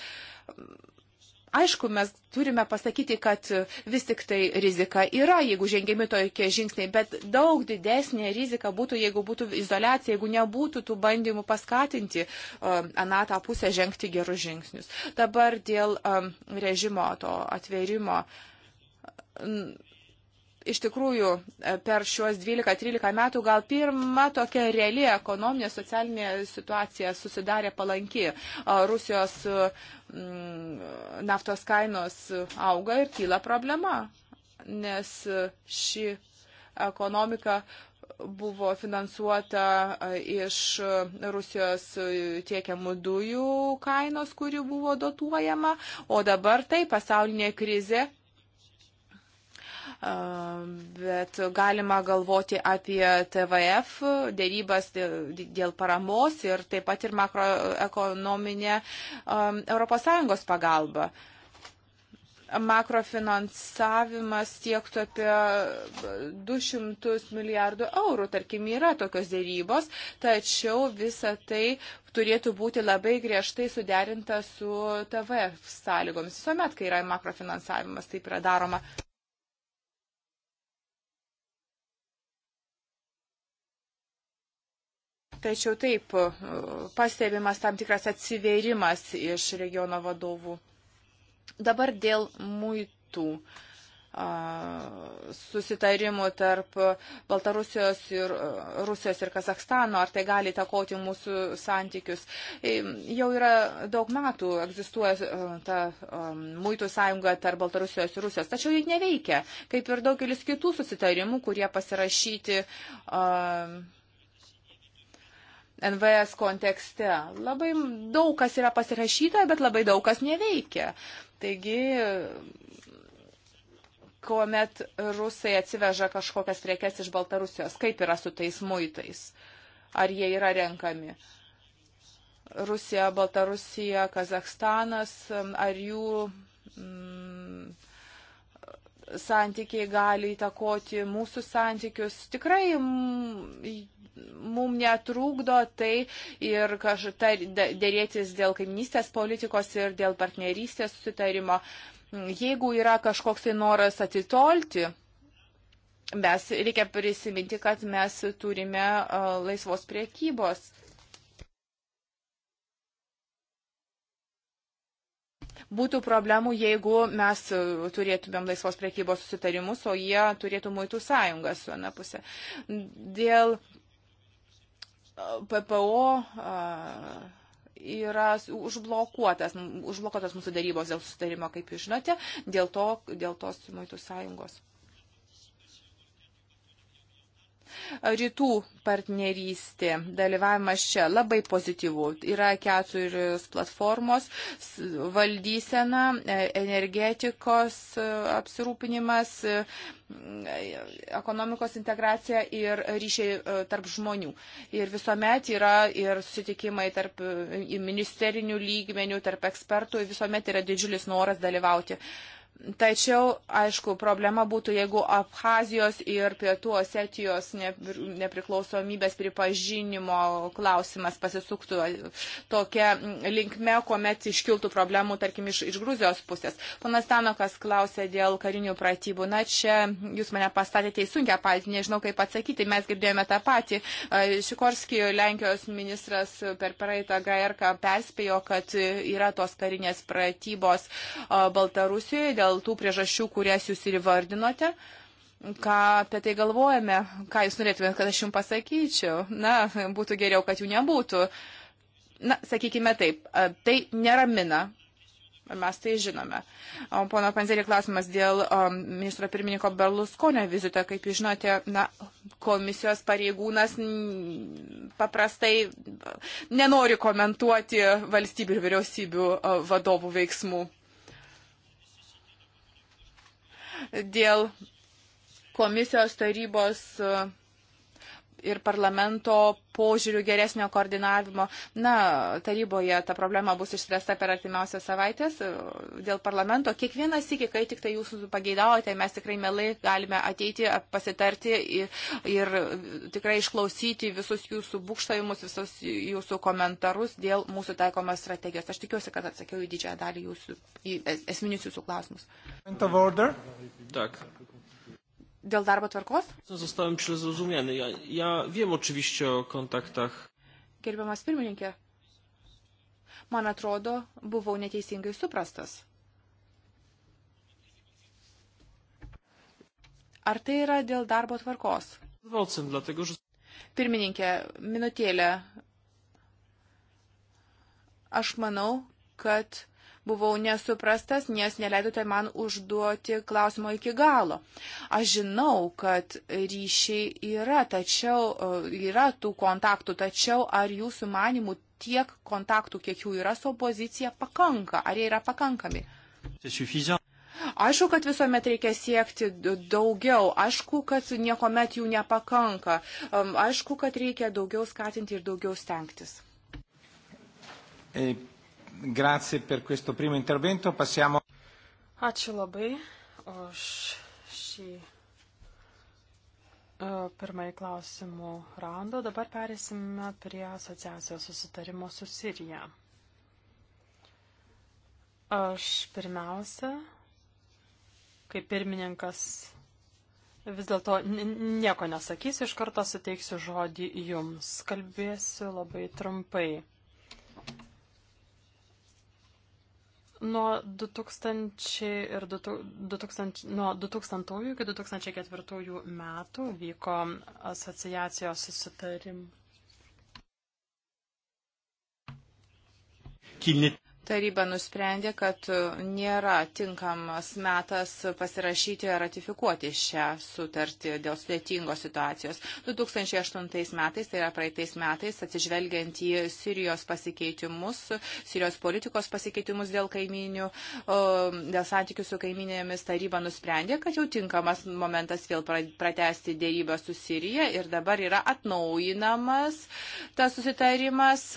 Aišku, mes turime pasakyti, kad vis tik tai rizika yra, jeigu žengiami tokie žingsniai, bet daug didesnė rizika būtų, jeigu būtų izolacija, jeigu nebūtų tų bandymų paskatinti um, anatą pusę žengti gerus žingsnius. Dabar dėl um, režimo to atverimo. Um, iš tikrųjų e, per šiuos 12-13 metų gal pirma tokia reali ekonominė, socialinė situacija susidarė palanki. Rusijos mm, naftos kainos auga ir kyla problema, nes ši ekonomika buvo finansuota iš Rusijos tiekiamų dujų kainos, kuri buvo dotuojama, o dabar tai pasaulinė krizė Ehm, bet galima galvoti apie TVF dėrybas dėl paramos ir taip pat ir makroekonominę ES ehm, pagalbą. Makrofinansavimas siektų apie 200 milijardų eurų, tarkim, yra tokios dėrybos, tačiau visa tai turėtų būti labai griežtai suderinta su TVF sąlygomis. Visuomet, kai yra makrofinansavimas, taip yra daroma. Tačiau taip, e, pastebimas tam tikras atsiverimas iš regiono vadovų. Dabar dėl muitų susitarimų tarp Baltarusijos ir e, Rusijos ir Kazakstano, ar tai gali takoti mūsų santykius. E, jau yra daug metų egzistuoja ta muitų sąjunga tarp Baltarusijos ir Rusijos, tačiau ji neveikia, kaip ir daugelis kitų susitarimų, kurie pasirašyti. Uh, NVS kontekste. Labai daug kas yra pasirašyta, bet labai daug kas neveikia. Taigi, kuomet rusai atsiveža kažkokias prekes iš Baltarusijos, kaip yra su tais muitais? Ar jie yra renkami? Rusija, Baltarusija, Kazakstanas, ar jų mm, santykiai gali įtakoti mūsų santykius. Tikrai mm, mums netrūkdo tai ir kažta dėrėtis dėl kaiminystės politikos ir dėl partnerystės sutarimo. Jeigu yra kažkoks tai noras atitolti, mes reikia prisiminti, kad mes turime laisvos priekybos būtų problemų, jeigu mes turėtumėm laisvos priekybos susitarimus, o jie turėtų muitų sąjungas su viena pusė. Dėl PPO yra užblokuotas, užblokuotas mūsų darybos dėl sustarimo, kaip jūs žinote, dėl, to, dėl tos muitų sąjungos. Rytų partnerystė, dalyvavimas čia labai pozityvų. Yra keturios platformos, valdysena, e, energetikos e, apsirūpinimas, e, ekonomikos integracija ir ryšiai tarp žmonių. Ir visuomet yra ir susitikimai tarp ministerinių lygmenių, tarp ekspertų, visuomet yra didžiulis noras dalyvauti. Uh, Tačiau, aišku, problema būtų, jeigu Abhazijos ir Pietų Osetijos nepriklausomybės pripažinimo klausimas pasisuktų tokia linkme, kuomet iškiltų problemų, tarkim, iš, iš Gruzijos pusės. Panas Tanokas klausė dėl karinių pratybų. Na, čia jūs mane pastatėte į sunkę patį, nežinau kaip atsakyti, mes girdėjome tą patį. Šikorski, Lenkijos ministras per praeitą GRK perspėjo, kad yra tos karinės pratybos Baltarusijoje dėl tų priežasčių, kurias jūs ir įvardinote. Ką apie tai galvojame, ką jūs norėtumėt, kad aš jums pasakyčiau. Na, būtų geriau, kad jų nebūtų. Na, sakykime taip, tai neramina. Mes tai žinome. O pono Panzerį klausimas dėl um, ministro pirmininko Berlusconio vizito. Kaip jūs žinote, na, komisijos pareigūnas paprastai nenori komentuoti valstybių ir vyriausybių vadovų veiksmų dėl komisijos tarybos ir parlamento požiūrių geresnio koordinavimo. Na, taryboje ta problema bus išspręsta per artimiausias savaitės e, dėl parlamento. Kiekvieną sykį, kai tik tai jūsų pageidaujate, mes tikrai melai galime ateiti, pasitarti ir, ir tikrai išklausyti visus jūsų būkštavimus, visus jūsų komentarus dėl mūsų taikomos strategijos. Aš tikiuosi, kad atsakiau į didžiąją dalį jūsų, į esminius jūsų klausimus. Tak dėl darbo tvarkos? Zostałem przezrozumiany. Ja, ja wiem oczywiście o kontaktach. Gerbiamas pirmininkė, man atrodo, buvau neteisingai suprastas. Ar tai yra dėl darbo tvarkos? Valcin, dlatego, że... Pirmininkė, minutėlė. Aš manau, kad buvau nesuprastas, nes neleidote man užduoti klausimo iki galo. Aš žinau, kad ryšiai yra, tačiau e, yra tų kontaktų, tačiau ar jūsų manimų tiek kontaktų, kiek jų yra su opozicija, pakanka, ar jie yra pakankami? Aišku, kad visuomet reikia siekti daugiau, aišku, kad niekuomet jų nepakanka, aišku, kad reikia daugiau skatinti ir daugiau stengtis. E... Grazie per questo primo intervento. Passiamo. Ačiū labai už šį e, pirmąjį klausimų raundą. Dabar perėsime prie asociacijos susitarimo su Sirija. Aš pirmiausia, kaip pirmininkas, vis dėlto nieko nesakysiu, iš karto suteiksiu žodį jums. Kalbėsiu labai trumpai. Nuo 2000 ir 2000, nuo 2000 iki 2004 metų vyko asociacijos susitarim. Kilnit taryba nusprendė, kad nėra tinkamas metas pasirašyti ir ratifikuoti šią sutartį dėl sudėtingos situacijos. 2008 metais, tai yra praeitais metais, atsižvelgiant į Sirijos pasikeitimus, Sirijos politikos pasikeitimus dėl kaiminių, dėl santykių su kaiminėmis, taryba nusprendė, kad jau tinkamas momentas vėl pratesti dėrybą su Sirija ir dabar yra atnaujinamas tas susitarimas.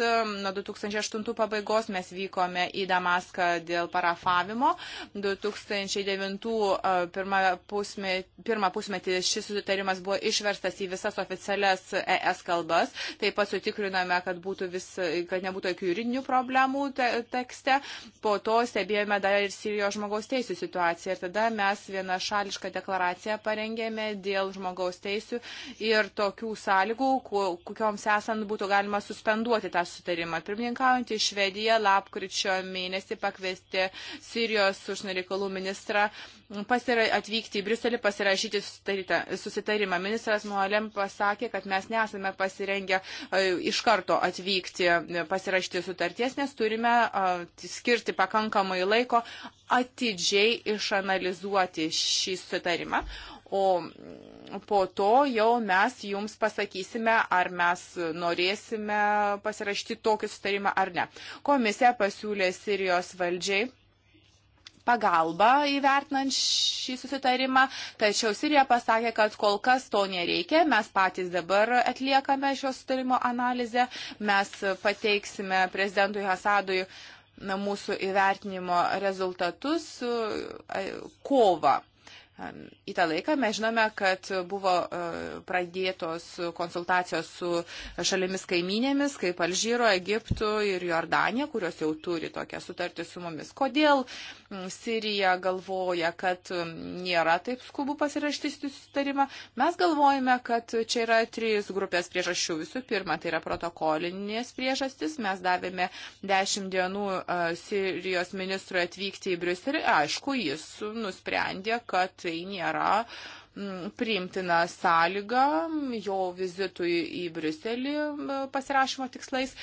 Nuo 2008 pabaigos mes vykome vykome į Damaską dėl parafavimo. 2009 pirmą pusmetį, pirmą pusmetį šis susitarimas buvo išverstas į visas oficialias ES kalbas. Taip pat sutikrinome, kad, vis, kad nebūtų jokių juridinių problemų te, tekste. Po to stebėjome dar ir Sirijos žmogaus teisų situaciją. Ir tada mes vienašališką deklaraciją parengėme dėl žmogaus teisų ir tokių sąlygų, kokioms esant būtų galima suspenduoti tą sutarimą. Pirmininkaujantį Švediją lapkričio rūpiučio mėnesį pakviesti Sirijos užsienio reikalų ministrą pasira, atvykti į Briuselį, pasirašyti susitarimą. Ministras Mualem pasakė, kad mes nesame pasirengę e, iš karto atvykti, e, pasirašyti sutarties, nes turime skirti pakankamai laiko atidžiai išanalizuoti šį sutarimą. O mm, po to jau mes jums pasakysime, ar mes norėsime pasirašyti tokį sutarimą ar ne. Komisija pasiūlė Sirijos valdžiai pagalbą įvertinant šį susitarimą, tačiau Sirija pasakė, kad kol kas to nereikia, mes patys dabar atliekame šio sutarimo analizę, mes pateiksime prezidentui Hasadui mūsų įvertinimo rezultatus kovą. Į tą laiką mes žinome, kad buvo e, pradėtos konsultacijos su šalimis kaiminėmis, kaip Alžyro, Egiptu ir Jordanija, kurios jau turi tokią sutartį su mumis. Kodėl Sirija galvoja, kad nėra taip skubu pasirašyti susitarimą? Mes galvojame, kad čia yra trys grupės priežasčių. Visų pirma, tai yra protokolinės priežastis. Mes davėme dešimt dienų e, Sirijos ministrui atvykti į Briuselį. Aišku, jis nusprendė, kad tai nėra mm, priimtina sąlyga jo vizitui į Briuselį pasirašymo tikslais.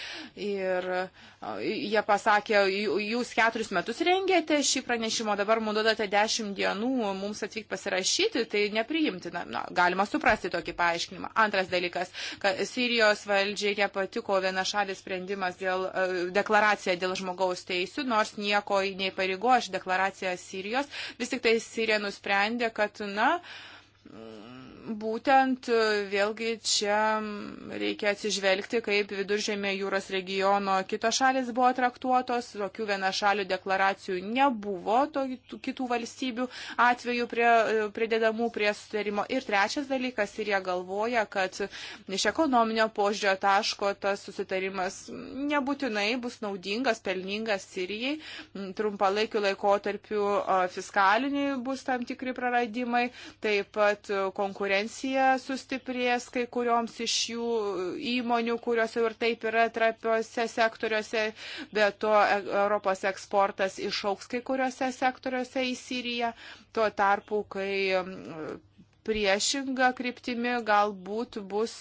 Ir Jie pasakė, jūs keturis metus rengėte šį pranešimą, dabar mums duodate dešimt dienų mums atvykti pasirašyti, tai nepriimtina. Na, galima suprasti tokį paaiškinimą. Antras dalykas, kad Sirijos valdžiai nepatiko viena šalis sprendimas dėl deklaracija dėl žmogaus teisų, nors nieko neįpareigojo ši deklaracija Sirijos. Vis tik tai Sirija nusprendė, kad, na, būtent e, vėlgi čia reikia atsižvelgti, kaip viduržėmė jūros regiono kitos šalis buvo traktuotos, tokių vienašalių deklaracijų nebuvo, to, kitų valstybių atveju prie, e, pridedamų prie sutarimo. Ir trečias dalykas, ir jie galvoja, kad iš ekonominio požiūrio taško tas susitarimas nebūtinai bus naudingas, pelningas Sirijai, trumpalaikiu laikotarpiu e, fiskaliniai bus tam tikri praradimai, taip pat konkurencija konkurencija sustiprės kai kurioms iš jų įmonių, kurios jau ir taip yra trapiuose sektoriuose, bet to e, Europos eksportas išauks kai kuriuose sektoriuose į Siriją. Tuo tarpu, kai priešinga kryptimi galbūt bus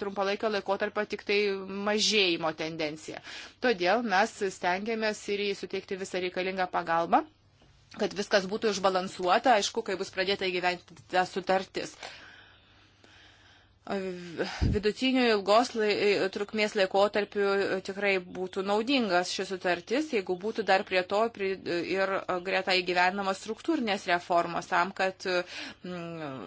trumpalaikio laikotarpio tik tai mažėjimo tendencija. Todėl mes stengiamės ir suteikti visą reikalingą pagalbą kad viskas būtų išbalansuota, aišku, kai bus pradėta įgyventi ta sutartis vidutinių ilgos lai, trukmės laikotarpių e, tikrai būtų naudingas šis sutartis, jeigu būtų dar prie to e, ir greta įgyvenamos struktūrinės reformos tam, kad m, mm,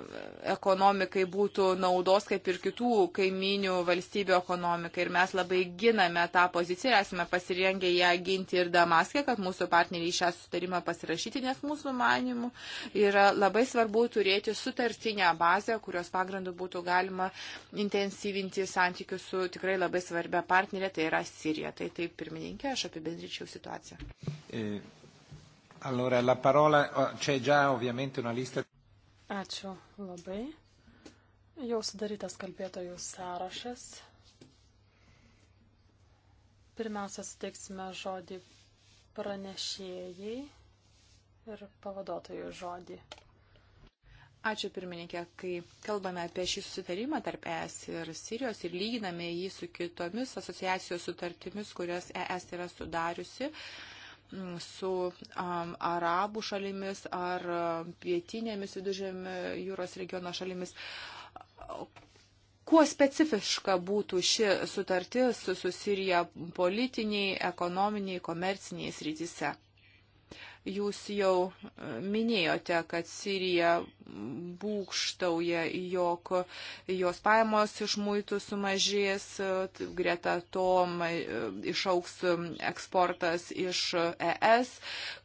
ekonomikai būtų naudos kaip ir kitų kaiminių valstybių ekonomikai. Ir mes labai giname tą poziciją ir esame pasirengę ją ginti ir Damaskė, kad mūsų partneriai šią sutarimą pasirašyti, nes mūsų manimų yra labai svarbu turėti sutartinę bazę, kurios pagrindų būtų galima intensyvinti santykius su tikrai labai svarbia partnerė, tai yra Sirija. Tai taip, pirmininkė, aš apibendryčiau situaciją. E, allora, la parola, c'è già ovviamente una lista. Ačiū labai. Jau sudarytas kalbėtojų sąrašas. Pirmiausia, suteiksime žodį pranešėjai ir pavaduotojų žodį. Ačiū pirmininkė, kai kalbame apie šį susitarimą tarp ES ir Sirijos ir lyginame jį su kitomis asociacijos sutartimis, kurias ES yra sudariusi mm, su um, arabų šalimis ar pietinėmis viduržėmi jūros regiono šalimis. Kuo specifiška būtų ši sutartis su, su Sirija politiniai, ekonominiai, komerciniai srityse? Jūs jau e, minėjote, kad Sirija būkštauja, jog jos pajamos iš muitų sumažės, e, greta to e, išauks eksportas iš ES,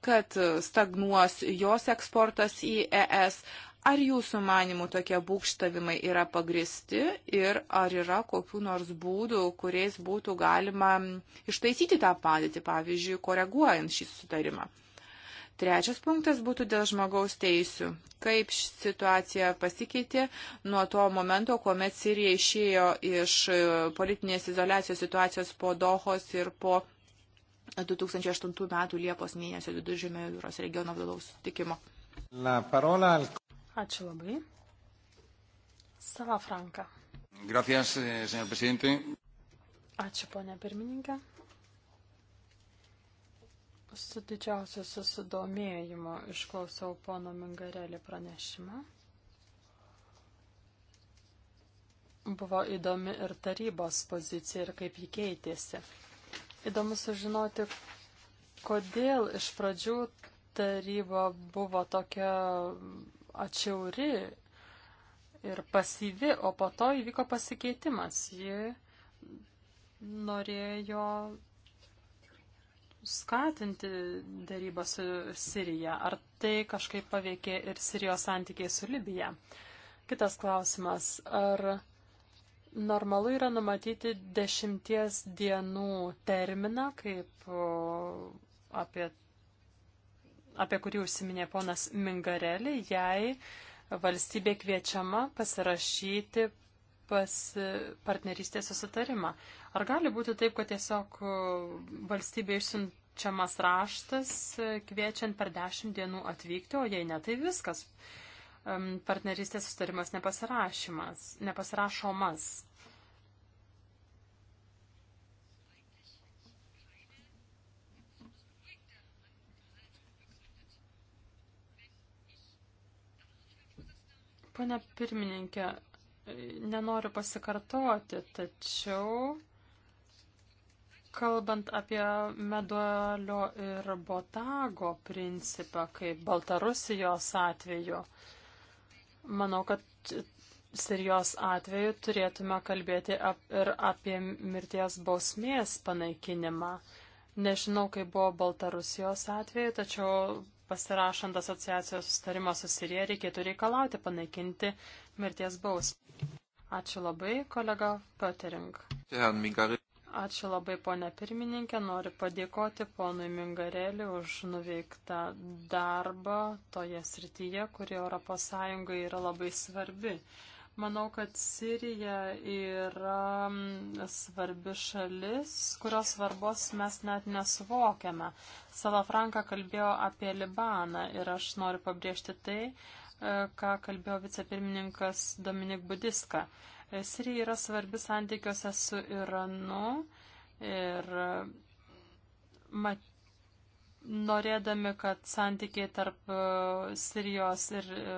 kad stagnuos jos eksportas į ES. Ar jūsų manimų tokie būkštavimai yra pagristi ir ar yra kokiu nors būdu, kuriais būtų galima ištaisyti tą padėtį, pavyzdžiui, koreguojant šį sutarimą? Trečias punktas būtų dėl žmogaus teisių. Kaip situacija pasikeitė nuo to momento, kuomet Sirija išėjo iš e, politinės izolacijos situacijos po Dohos ir po 2008 metų Liepos mėnesio viduržėmio jūros regiono vidaus sutikimo. Parola... Ačiū labai. Sala Franka. Gracias, eh, señor presidente. Ačiū, ponia pirmininkė. Su didžiausiu susidomėjimu išklausiau pono Mingarelį pranešimą. Buvo įdomi ir tarybos pozicija ir kaip jį keitėsi. Įdomu sužinoti, kodėl iš pradžių taryba buvo tokia atšiauri ir pasyvi, o po to įvyko pasikeitimas. Ji norėjo skatinti darybą su Sirija? Ar tai kažkaip paveikė ir Sirijos santykiai su Libija? Kitas klausimas. Ar normalu yra numatyti dešimties dienų terminą, kaip apie, apie kurį užsiminė ponas Mingarelį, jei valstybė kviečiama pasirašyti pas partnerystės susitarimą. Ar gali būti taip, kad tiesiog e, valstybė išsiunčiamas raštas, e, kviečiant per dešimt dienų atvykti, o jei ne, tai viskas. Partnerystės sustarimas nepasirašomas. Pane pirmininkė, e, nenoriu pasikartoti, tačiau Kalbant apie meduolio ir botago principą, kaip Baltarusijos atveju, manau, kad Sirijos atveju turėtume kalbėti ap ir apie mirties bausmės panaikinimą. Nežinau, kaip buvo Baltarusijos atveju, tačiau pasirašant asociacijos sustarimą su Sirija reikėtų reikalauti panaikinti mirties bausmę. Ačiū labai, kolega Pötering. Ačiū labai, ponė pirmininkė. Noriu padėkoti ponui Mingareliu už nuveiktą darbą toje srityje, kuri ES yra labai svarbi. Manau, kad Sirija yra svarbi šalis, kurios svarbos mes net nesuvokiame. Salafranka kalbėjo apie Libaną ir aš noriu pabrėžti tai, e, ką kalbėjo vicepirmininkas Dominik Budiska. Sirija yra svarbi santykiuose su Iranu ir mat, norėdami, kad santykiai tarp e, Sirijos ir e,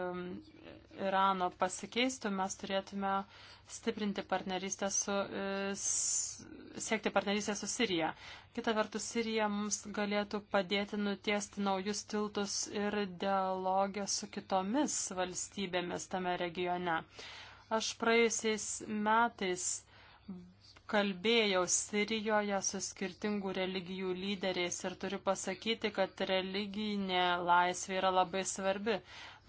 Irano pasikeistų, mes turėtume stiprinti partnerystę su, e, siekti partnerystę su Sirija. Kita vertus, Sirija mums galėtų padėti nutiesti naujus tiltus ir dialogę su kitomis valstybėmis tame regione. Aš praėjusiais metais kalbėjau Sirijoje su skirtingų religijų lyderiais ir turiu pasakyti, kad religinė laisvė yra labai svarbi.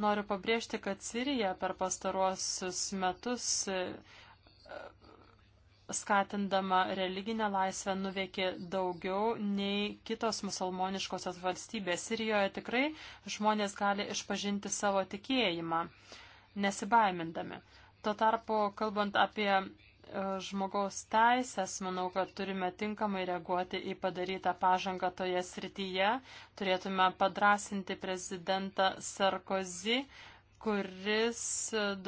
Noriu pabrėžti, kad Sirija per pastaruosius metus e, skatindama religinę laisvę nuveikė daugiau nei kitos musulmoniškosios valstybės. Sirijoje tikrai žmonės gali išpažinti savo tikėjimą, nesibaimindami. Tuo tarpu, kalbant apie e, žmogaus teisės, manau, kad turime tinkamai reaguoti į padarytą pažangą toje srityje. Turėtume padrasinti prezidentą Sarkozy, kuris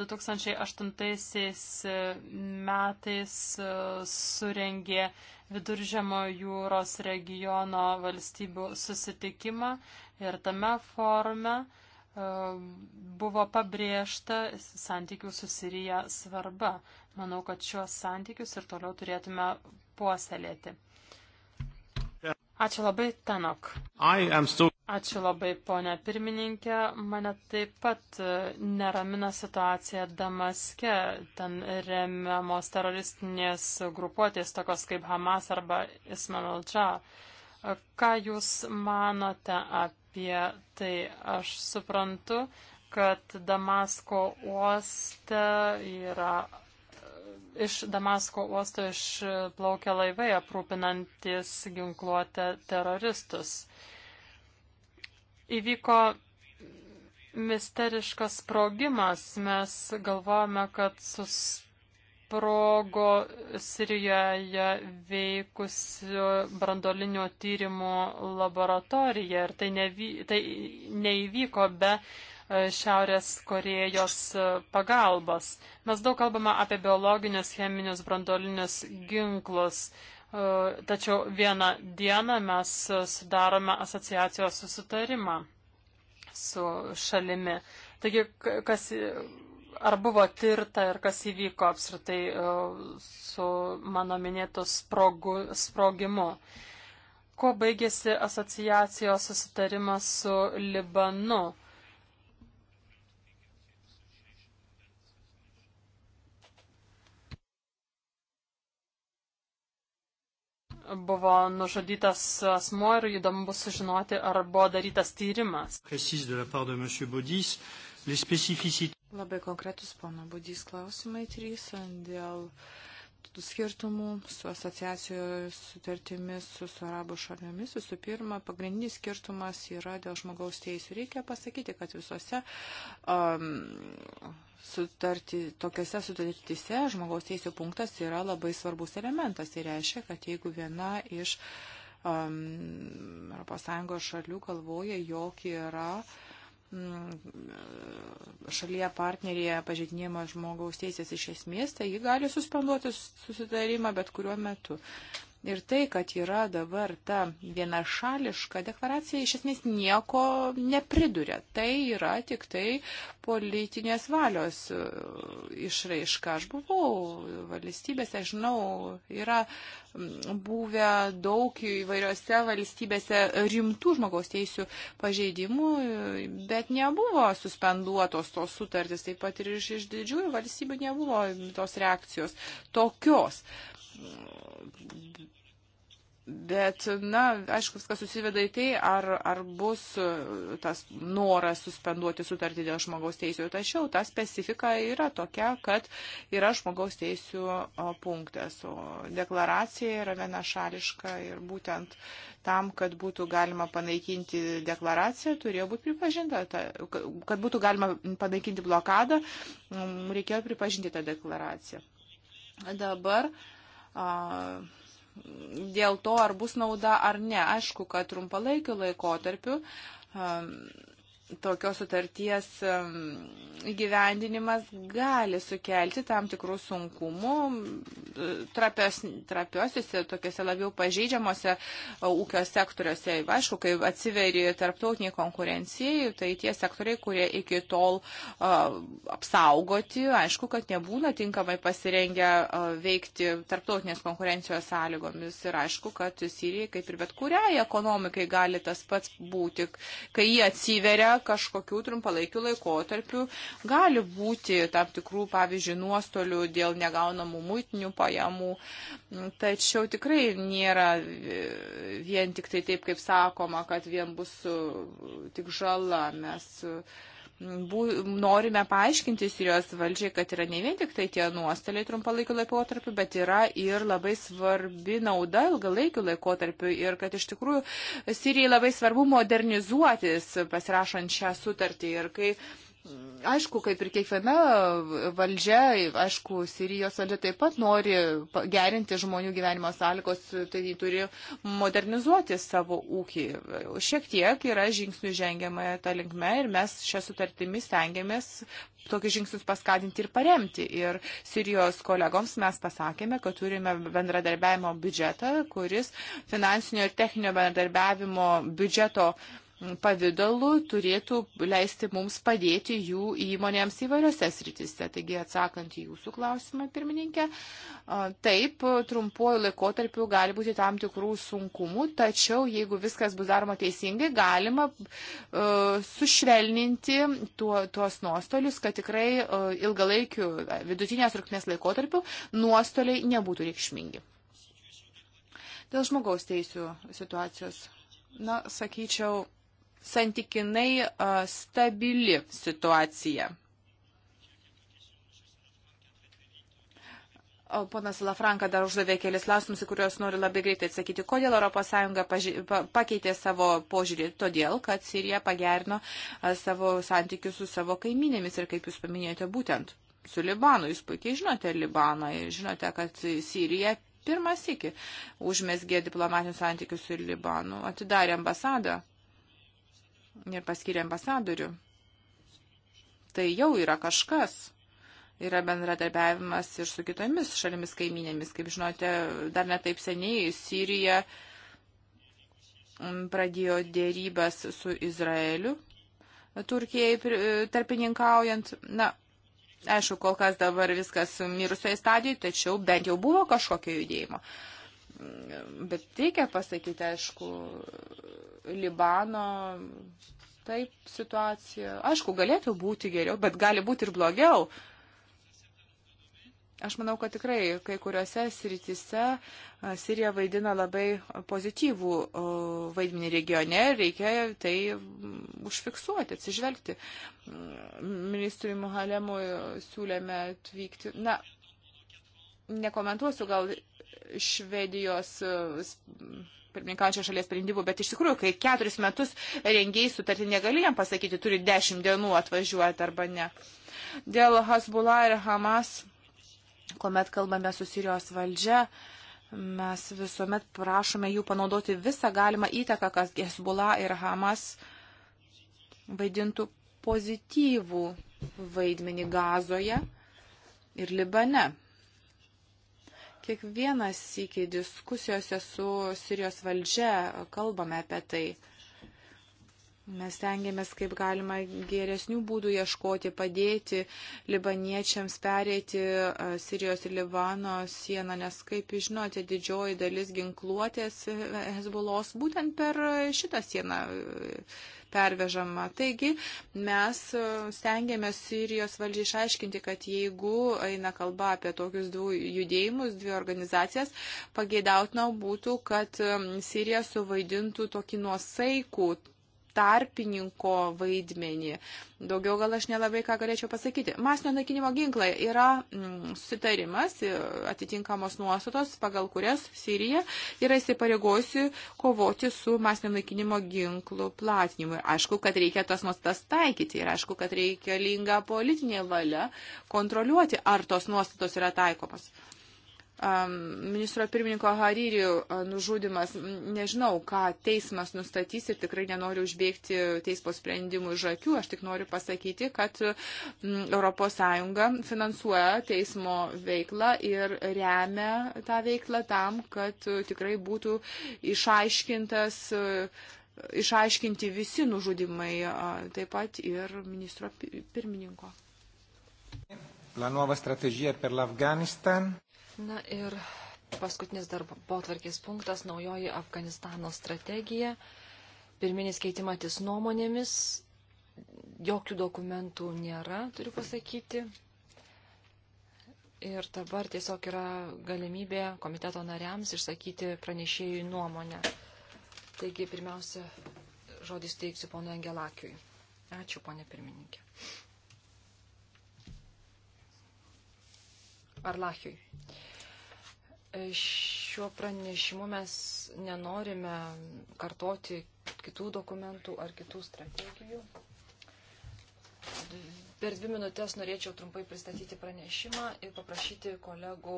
2008 e, e, metais surengė Viduržemo jūros regiono valstybių susitikimą ir tame forume uh, buvo pabrėžta santykių su Sirija svarba. Manau, kad šios santykius ir toliau turėtume puoselėti. Ačiū labai, Tenok. Still... Ačiū labai, ponė pirmininkė. Mane taip pat e, neramina situacija Damaske. Ten remiamos teroristinės grupuotės, tokios kaip Hamas arba Ismail Dža. E, ką Jūs manote apie apie tai. Aš suprantu, kad Damasko uoste yra. Iš Damasko uosto išplaukia laivai aprūpinantis ginkluotę teroristus. Įvyko misteriškas sprogimas. Mes galvojame, kad sustabdė sprogo Sirijoje veikusi brandolinio tyrimo laboratorija ir tai, nevy, tai neįvyko be e, Šiaurės Korejos e, pagalbos. Mes daug kalbame apie biologinius, cheminius, brandolinius ginklus, e, tačiau vieną dieną mes sudarome asociacijos susitarimą su šalimi. Taigi, kas ar buvo tirta ir kas įvyko apskritai e, su mano minėtu sprogu, sprogimu. Kuo baigėsi asociacijos susitarimas su Libanu? buvo nužudytas asmuo ir įdomu bus sužinoti, ar buvo darytas tyrimas. Labai konkretus pono Budys klausimai trys dėl skirtumų su asociacijos sutartimis su, su arabų šalėmis. Visų pirma, pagrindinis skirtumas yra dėl žmogaus teisų. Reikia pasakyti, kad visose um, sutarti, tokiose sutartyse žmogaus teisų punktas yra labai svarbus elementas. Tai reiškia, kad jeigu viena iš um, ES šalių galvoja, jog yra uh, Mm, šalyje partnerėje pažeidinėjama žmogaus teisės iš esmės, tai ji gali suspenduoti susitarimą bet kuriuo metu. Ir tai, kad yra dabar ta vienašališka deklaracija, iš esmės nieko nepriduria. Tai yra tik tai politinės valios e, išraiška. Aš buvau valstybėse, aš žinau, yra buvę daug įvairiose valstybėse rimtų žmogaus teisų pažeidimų, bet nebuvo suspenduotos tos sutartys, taip pat ir iš, iš didžiųjų valstybių nebuvo tos reakcijos tokios. Bet, na, aišku, viskas susiveda į tai, ar, ar bus e, tas noras suspenduoti sutartį dėl žmogaus teisų. Tačiau ta specifika yra tokia, kad yra žmogaus teisų punktas, o deklaracija yra vienašališka ir būtent tam, kad būtų galima panaikinti deklaraciją, turėjo būti pripažinta, ta, kad būtų galima panaikinti blokadą, reikėjo pripažinti tą deklaraciją. Dabar uh, dėl to, ar bus nauda ar ne. Aišku, kad trumpalaikiu laikotarpiu tokios sutarties gyvendinimas gali sukelti tam tikrų sunkumų e, trapiosiuose, tokiuose labiau pažeidžiamuose e, ūkio sektoriuose. Aišku, kai atsiveri tarptautiniai konkurencijai, tai tie sektoriai, kurie iki tol uh, apsaugoti, aišku, kad nebūna tinkamai pasirengę uh, veikti tarptautinės konkurencijos sąlygomis. Ir aišku, kad Sirijai, kaip ir bet kuriai ekonomikai, gali tas pats būti, kai jie atsiveria kažkokių trumpalaikių laikotarpių gali būti tam tikrų, pavyzdžiui, nuostolių dėl negaunamų muitinių pajamų. Tačiau tikrai nėra vien tik tai taip, kaip sakoma, kad vien bus tik žala. Mes bū, norime paaiškinti Sirijos valdžiai, kad yra ne vien tik tai tie nuostoliai trumpalaikiu laikotarpiu, bet yra ir labai svarbi nauda ilgalaikiu laikotarpiu ir kad iš tikrųjų Sirijai labai svarbu modernizuotis pasirašant šią sutartį. Ir kai uh, Aišku, kaip ir kiekviena valdžia, aišku, Sirijos valdžia taip pat nori gerinti žmonių gyvenimo sąlygos, tai jį turi modernizuoti savo ūkį. Šiek tiek yra žingsnių žengiama tą linkme ir mes šią sutartimį stengiamės tokius žingsnius paskatinti ir paremti. Ir Sirijos kolegoms mes pasakėme, kad turime bendradarbiavimo biudžetą, kuris finansinio ir techninio bendradarbiavimo biudžeto uh, pavydalu turėtų leisti mums padėti jų įmonėms įvairiose sritise. Taigi, atsakant į jūsų klausimą, pirmininkė, taip, trumpuoju laikotarpiu gali būti tam tikrų sunkumų, tačiau jeigu viskas bus daroma teisingai, galima uh, sušvelninti tuo, tuos nuostolius, kad tikrai uh, ilgalaikiu vidutinės rūknės laikotarpiu nuostoliai nebūtų reikšmingi. Dėl žmogaus teisų situacijos, na, sakyčiau, santykinai stabili situacija. O ponas Lafranka dar uždavė kelias klausimus, į kuriuos noriu labai greitai atsakyti. Kodėl ES pakeitė savo požiūrį? Todėl, kad Sirija pagerino savo santykius su savo kaiminėmis ir, kaip jūs paminėjote, būtent su Libanu. Jūs puikiai žinote Libaną ir žinote, kad Sirija pirmas iki užmesgė diplomatinius santykius su Libanu, atidarė ambasadą ir paskyrė ambasadorių. Tai jau yra kažkas. Yra bendradarbiavimas ir su kitomis šalimis kaiminėmis. Kaip žinote, dar netaip seniai Sirija mm, pradėjo dėrybas su Izraeliu, Turkijai e, tarpininkaujant. Na, aišku, kol kas dabar viskas mirusioje stadijoje, tačiau bent jau buvo kažkokio judėjimo. Uh, Bet reikia pasakyti, aišku, Libano taip situacija. Aišku, galėtų būti geriau, bet gali būti ir blogiau. Aš manau, kad tikrai kai kuriuose sritise Sirija vaidina labai pozityvų vaidmenį regione ir reikia tai mm, užfiksuoti, atsižvelgti. Mm, ministrui Muhalemui siūlėme atvykti. Na, nekomentuosiu gal Švedijos e, pirmininkaujančio šalies sprendimų, bet iš tikrųjų, kai keturis metus rengėjai sutartį negali jam pasakyti, turi dešimt dienų atvažiuoti arba ne. Dėl Hasbula ir Hamas, kuomet kalbame su Sirijos valdžia, mes visuomet prašome jų panaudoti visą galimą įtaką, kas Hezbollah ir Hamas vaidintų pozityvų vaidmenį Gazoje ir Libane. Kiekvienas iki diskusijose su Sirijos valdžia kalbame apie tai. Mes tengiamės kaip galima geresnių būdų ieškoti, padėti libaniečiams perėti Sirijos ir Libano sieną, nes, kaip žinote, didžioji dalis ginkluotės Hezbolos būtent per šitą sieną e, pervežama. Taigi mes e, stengiamės Sirijos valdžiai išaiškinti, kad jeigu eina kalba apie tokius du judėjimus, dvi organizacijas, pageidautina būtų, kad e, Sirija suvaidintų tokį nuosaikų tarpininko vaidmenį. Daugiau gal aš nelabai ką galėčiau pasakyti. Masinio naikinimo ginklai yra mm, sutarimas, atitinkamos nuostatos, pagal kurias Sirija yra įsipareigojusi kovoti su masinio naikinimo ginklų platinimu. Ir aišku, kad reikia tas nuostatas taikyti ir aišku, kad reikalinga politinė valia kontroliuoti, ar tos nuostatos yra taikomos ministro pirmininko Hariri nužudimas, nežinau, ką teismas nustatys ir tikrai nenoriu užbėgti teismo sprendimų iš akių, aš tik noriu pasakyti, kad ES finansuoja teismo veiklą ir remia tą veiklą tam, kad tikrai būtų išaiškintas išaiškinti visi nužudimai, taip pat ir ministro pirmininko. La nuova strategija per l'Afganistan. Na ir paskutinis darbo tvarkės punktas - naujoji Afganistano strategija. Pirminis keitimatis nuomonėmis. Jokių dokumentų nėra, turiu pasakyti. Ir dabar tiesiog yra galimybė komiteto nariams išsakyti pranešėjų nuomonę. Taigi, pirmiausia, žodis teiksiu ponui Angelakiui. Ačiū, ponė pirmininkė. Arlachiui. Šiuo pranešimu mes nenorime kartoti kitų dokumentų ar kitų strategijų. Per dvi minutės norėčiau trumpai pristatyti pranešimą ir paprašyti kolegų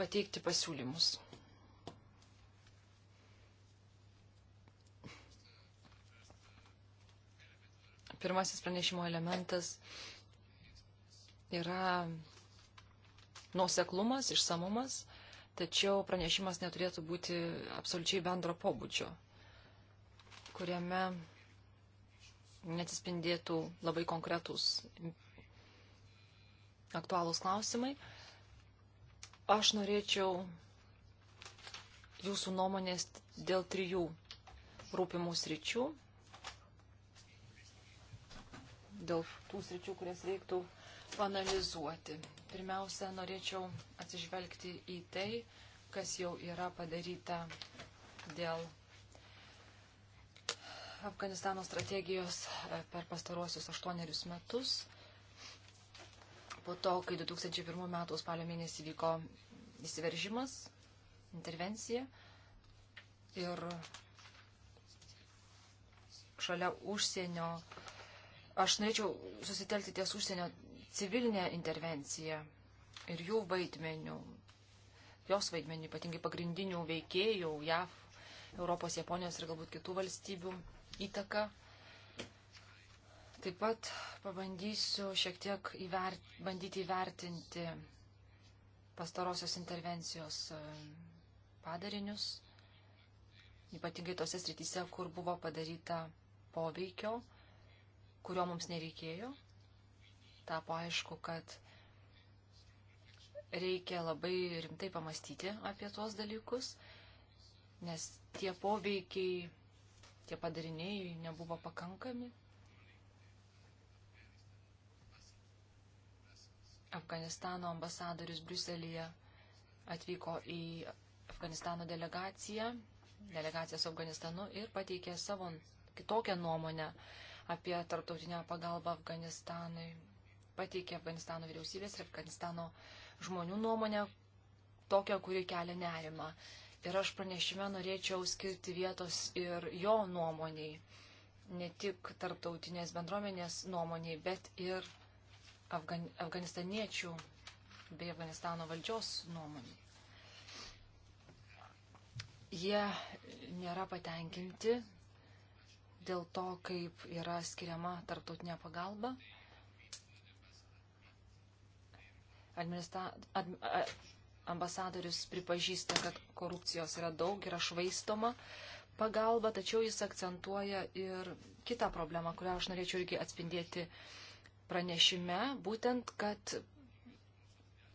pateikti pasiūlymus. Pirmasis pranešimo elementas yra nuoseklumas, išsamumas tačiau pranešimas neturėtų būti absoliučiai bendro pobūdžio, kuriame netispindėtų labai konkretūs aktualūs klausimai. Aš norėčiau jūsų nuomonės dėl trijų rūpimų sričių, dėl tų sričių, kurias reiktų analizuoti. Pirmiausia, norėčiau atsižvelgti į tai, kas jau yra padaryta dėl Afganistano strategijos e, per pastaruosius aštuonerius metus. Po to, kai 2001 m. spalio mėnesį vyko įsiveržimas, intervencija ir šalia užsienio, aš norėčiau susitelkti ties užsienio civilinę intervenciją ir jų vaidmenių, jos vaidmenių, ypatingai pagrindinių veikėjų, JAV, Europos, Japonijos ir galbūt kitų valstybių įtaką. Taip pat pabandysiu šiek tiek įvert, bandyti įvertinti pastarosios intervencijos e, padarinius, ypatingai tose srityse, kur buvo padaryta poveikio, kurio mums nereikėjo tapo aišku, kad reikia labai rimtai pamastyti apie tuos dalykus, nes tie poveikiai, tie padariniai nebuvo pakankami. Afganistano ambasadorius Bruselėje atvyko į Afganistano delegaciją, delegaciją su Afganistanu ir pateikė savo kitokią nuomonę apie tarptautinę pagalbą Afganistanui pateikė Afganistano vyriausybės ir Afganistano žmonių nuomonę, tokią, kuri kelia nerimą. Ir aš pranešime norėčiau skirti vietos ir jo nuomoniai, ne tik tarptautinės bendruomenės nuomoniai, bet ir Afgan afganistaniečių bei Afganistano valdžios nuomonį. Jie nėra patenkinti dėl to, kaip yra skiriama tarptautinė pagalba. administra... ad... ambasadorius pripažįsta, kad korupcijos yra daug, yra švaistoma pagalba, tačiau jis akcentuoja ir kitą problemą, kurią aš norėčiau irgi atspindėti pranešime, būtent, kad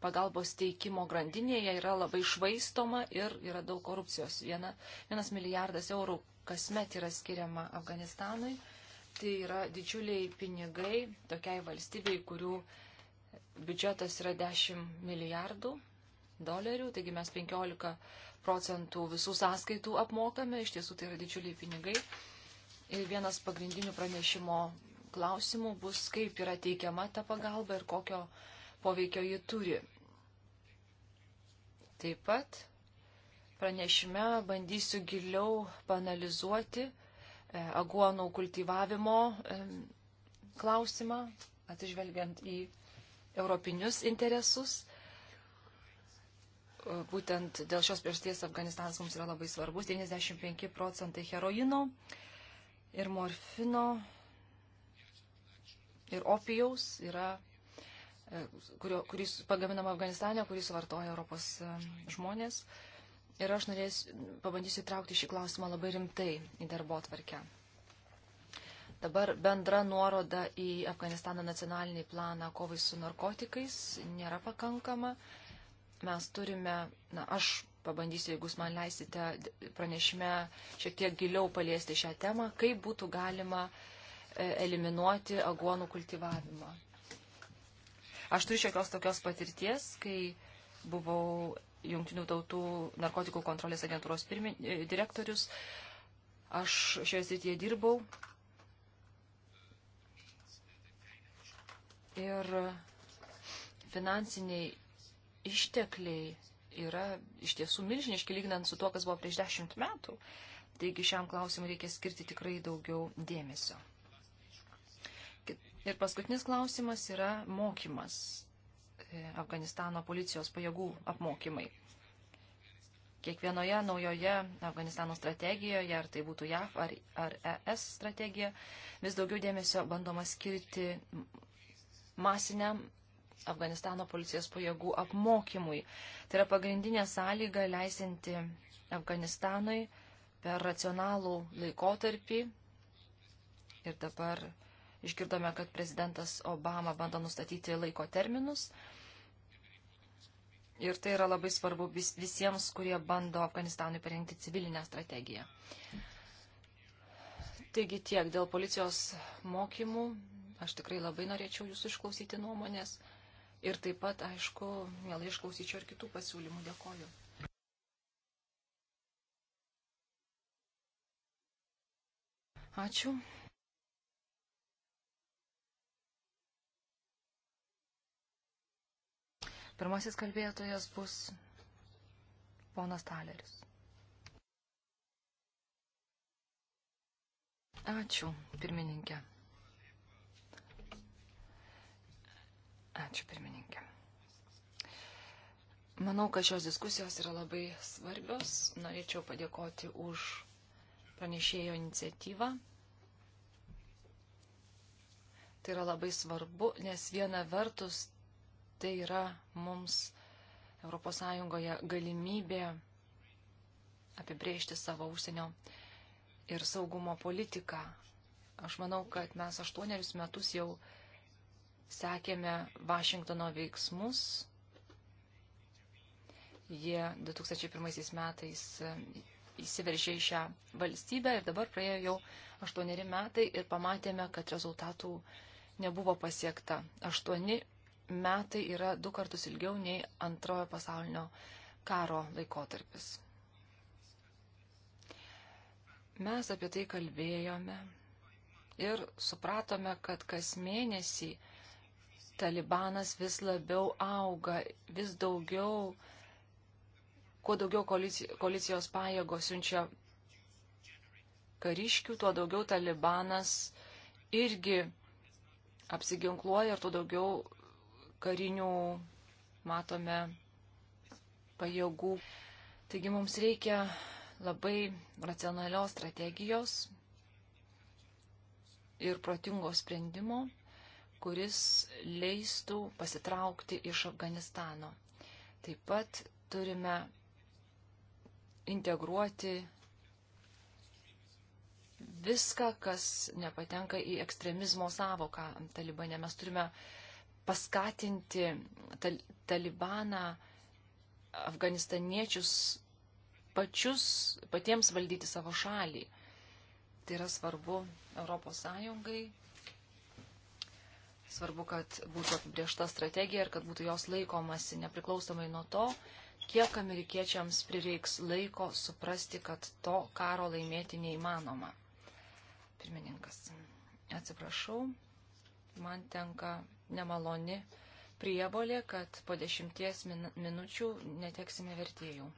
pagalbos teikimo grandinėje yra labai švaistoma ir yra daug korupcijos. Viena, vienas milijardas eurų kasmet yra skiriama Afganistanui. Tai yra didžiuliai pinigai tokiai valstybei, kurių uh, biudžetas yra 10 milijardų dolerių, taigi mes 15 procentų visų sąskaitų apmokame, iš tiesų tai yra didžiuliai pinigai. Ir vienas pagrindinių pranešimo klausimų bus, kaip yra teikiama ta pagalba ir kokio poveikio ji turi. Taip pat pranešime bandysiu giliau panalizuoti e, aguonų kultivavimo klausimą, atsižvelgiant į europinius interesus. Būtent dėl šios priežasties Afganistanas mums yra labai svarbus. 95 procentai heroino ir morfino ir opijaus yra e, kurio, kuris pagaminama Afganistane, kurį suvartoja Europos e, žmonės. Ir aš norės, pabandysiu traukti šį klausimą labai rimtai į darbo atvarkę. Dabar bendra nuoroda į Afganistano nacionalinį planą kovai su narkotikais nėra pakankama. Mes turime, na, aš pabandysiu, jeigu jūs man leisite pranešime šiek tiek giliau paliesti šią temą, kaip būtų galima e, eliminuoti aguonų kultivavimą. Aš turiu šiokios tokios patirties, kai buvau Junktinių tautų narkotikų kontrolės agentūros pirmin, e, direktorius. Aš šioje srityje dirbau ir finansiniai ištekliai yra iš tiesų milžiniški lyginant su tuo, kas buvo prieš dešimt metų. Taigi šiam klausimui reikia skirti tikrai daugiau dėmesio. Ir paskutinis klausimas yra mokymas. E, Afganistano policijos pajėgų apmokymai. Kiekvienoje naujoje Afganistano strategijoje, ar tai būtų JAF ar, ar ES strategija, vis daugiau dėmesio bandoma skirti masiniam Afganistano policijos pajėgų apmokymui. Tai yra pagrindinė sąlyga leisinti Afganistanui per racionalų laikotarpį. Ir dabar išgirdome, kad prezidentas Obama bando nustatyti laiko terminus. Ir tai yra labai svarbu vis, visiems, kurie bando Afganistanui parengti civilinę strategiją. Taigi tiek dėl policijos mokymų, Aš tikrai labai norėčiau jūsų išklausyti nuomonės. Ir taip pat, aišku, mielai išklausyčiau ir kitų pasiūlymų. Dėkoju. Ačiū. Pirmasis kalbėtojas bus ponas Taleris. Ačiū, pirmininkė. Ačiū pirmininkė. Manau, kad šios diskusijos yra labai svarbios. Norėčiau padėkoti už pranešėjo iniciatyvą. Tai yra labai svarbu, nes viena vertus tai yra mums ES galimybė apibrėžti savo užsienio ir saugumo politiką. Aš manau, kad mes aštuonerius metus jau sekėme Vašingtono veiksmus. Jie 2001 metais e, įsiveržė į šią valstybę ir dabar praėjo jau aštuoneri metai ir pamatėme, kad rezultatų nebuvo pasiekta. Aštuoni metai yra du kartus ilgiau nei antrojo pasaulinio karo laikotarpis. Mes apie tai kalbėjome ir supratome, kad kas mėnesį Talibanas vis labiau auga, vis daugiau, kuo daugiau koalicijos, koalicijos pajėgos siunčia kariškių, tuo daugiau Talibanas irgi apsiginkluoja ir tuo daugiau karinių matome pajėgų. Taigi mums reikia labai racionalios strategijos ir protingo sprendimo kuris leistų pasitraukti iš Afganistano. Taip pat turime integruoti viską, kas nepatenka į ekstremizmo savoką Talibane. Mes turime paskatinti tal Talibaną, afganistaniečius pačius, patiems valdyti savo šalį. Tai yra svarbu Europos Sąjungai, Svarbu, kad būtų apibriešta strategija ir kad būtų jos laikomasi nepriklausomai nuo to, kiek amerikiečiams prireiks laiko suprasti, kad to karo laimėti neįmanoma. Pirmininkas, atsiprašau, man tenka nemaloni prievolė, kad po dešimties minučių neteksime vertėjų.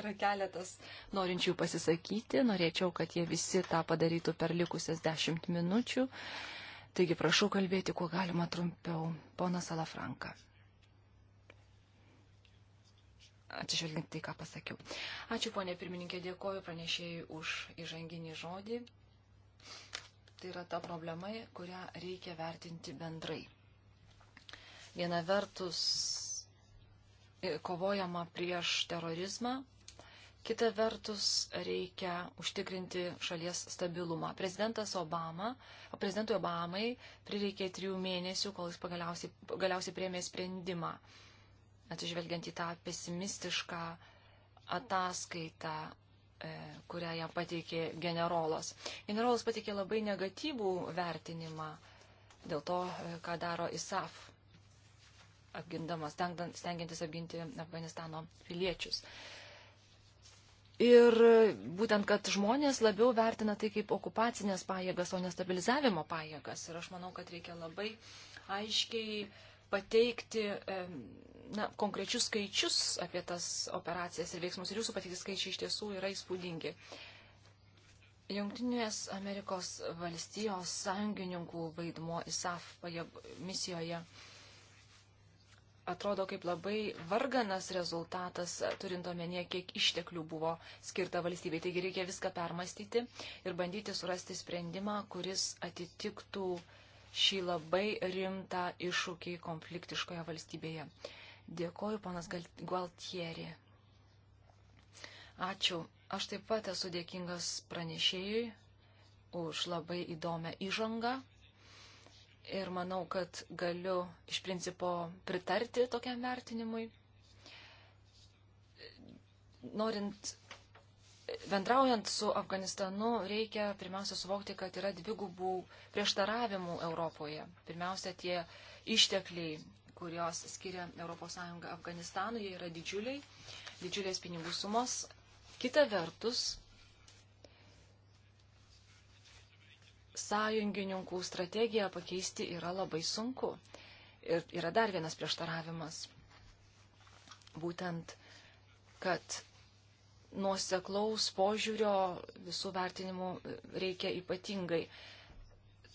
Yra keletas norinčių pasisakyti. Norėčiau, kad jie visi tą padarytų per likusias dešimt minučių. Taigi prašau kalbėti kuo galima trumpiau. Pona Salafranka. Atsižvelgiant tai, ką pasakiau. Ačiū, ponė pirmininkė, dėkoju pranešėjai už įžanginį žodį. Tai yra ta problema, kurią reikia vertinti bendrai. Viena vertus e, kovojama prieš terorizmą, Kita vertus, reikia užtikrinti šalies stabilumą. Prezidentas Obama, prezidentui Obamai prireikė trijų mėnesių, kol jis pagaliausiai, galiausiai priemė sprendimą, atsižvelgiant į tą pesimistišką ataskaitą, e, kurią jam pateikė generolas. Generolas pateikė labai negatyvų vertinimą dėl to, e, ką daro ISAF, apgindamas, stengiantis apginti Afganistano piliečius. E, Ir būtent, kad žmonės labiau vertina tai kaip okupacinės pajėgas, o ne stabilizavimo pajėgas. Ir aš manau, kad reikia labai aiškiai pateikti na, konkrečius skaičius apie tas operacijas ir veiksmus. Ir jūsų pateikti skaičiai iš tiesų yra įspūdingi. Junktinės Amerikos valstijos sąjungininkų vaidmuo ISAF pajėg, misijoje atrodo kaip labai varganas rezultatas, turint omenyje, kiek išteklių buvo skirta valstybei. Taigi reikia viską permastyti ir bandyti surasti sprendimą, kuris atitiktų šį labai rimtą iššūkį konfliktiškoje valstybėje. Dėkoju, panas Gualtieri. Ačiū. Aš taip pat esu dėkingas pranešėjui už labai įdomią įžangą ir manau, kad galiu iš principo pritarti tokiam vertinimui. Norint bendraujant su Afganistanu reikia pirmiausia suvokti, kad yra dvigubų prieštaravimų Europoje. Pirmiausia, tie ištekliai, kurios skiria ES Afganistanui, jie yra didžiuliai, didžiulės pinigų sumos. Kita vertus, sąjungininkų strategiją pakeisti yra labai sunku. Ir yra dar vienas prieštaravimas. Būtent, kad nuoseklaus požiūrio visų vertinimų reikia ypatingai.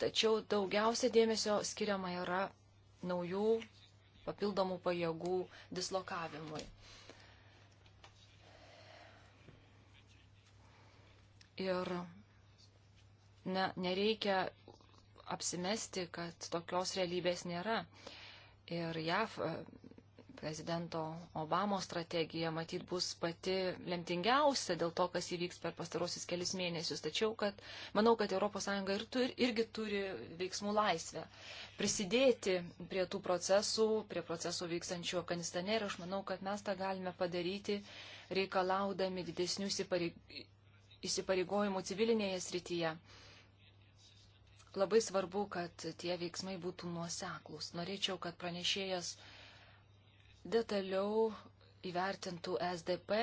Tačiau daugiausia dėmesio skiriama yra naujų papildomų pajėgų dislokavimui. Ir na, nereikia apsimesti, kad tokios realybės nėra. Ir JAV e, prezidento Obamos strategija matyt bus pati lemtingiausia dėl to, kas įvyks per pastarosius kelius mėnesius. Tačiau, kad manau, kad ES ir tur, irgi turi veiksmų laisvę prisidėti prie tų procesų, prie procesų vykstančių Afganistane ir aš manau, kad mes tą galime padaryti reikalaudami didesnių įsipareigojimų civilinėje srityje. Labai svarbu, kad tie veiksmai būtų nuoseklus. Norėčiau, kad pranešėjas detaliau įvertintų SDP,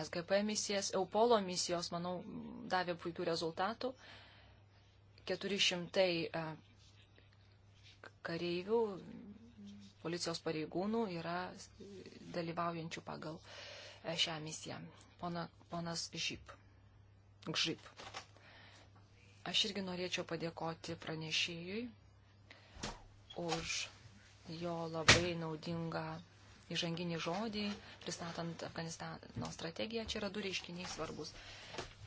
SGP misijas, Eupolo misijos, manau, davė puikių rezultatų. 400 e, kareivių, policijos pareigūnų yra dalyvaujančių pagal e, šią misiją. Pona, ponas Žyp. Žyp. Aš irgi norėčiau padėkoti pranešėjui už jo labai naudingą įžanginį žodį, pristatant Afganistano strategiją. Čia yra du reiškiniai svarbus.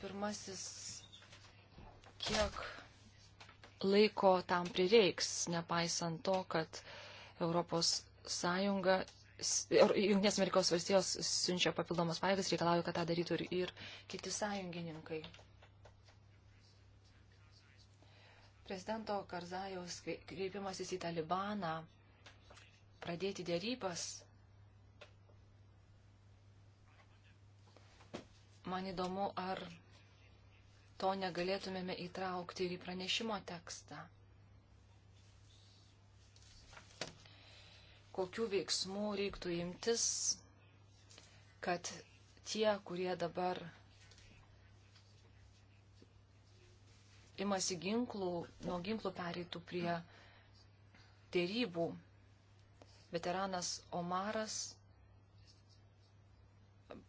Pirmasis, kiek laiko tam prireiks, nepaisant to, kad Europos Sąjunga, Junktinės Amerikos valstijos siunčia papildomas pajėgas, reikalauja, kad tą darytų ir, ir kiti sąjungininkai. prezidento Karzajaus kreipimasis į Talibaną pradėti dėrybas, man įdomu, ar to negalėtumėme įtraukti ir į pranešimo tekstą. Kokių veiksmų reiktų imtis, kad tie, kurie dabar imasi ginklų, nuo ginklų pereitų prie dėrybų. Veteranas Omaras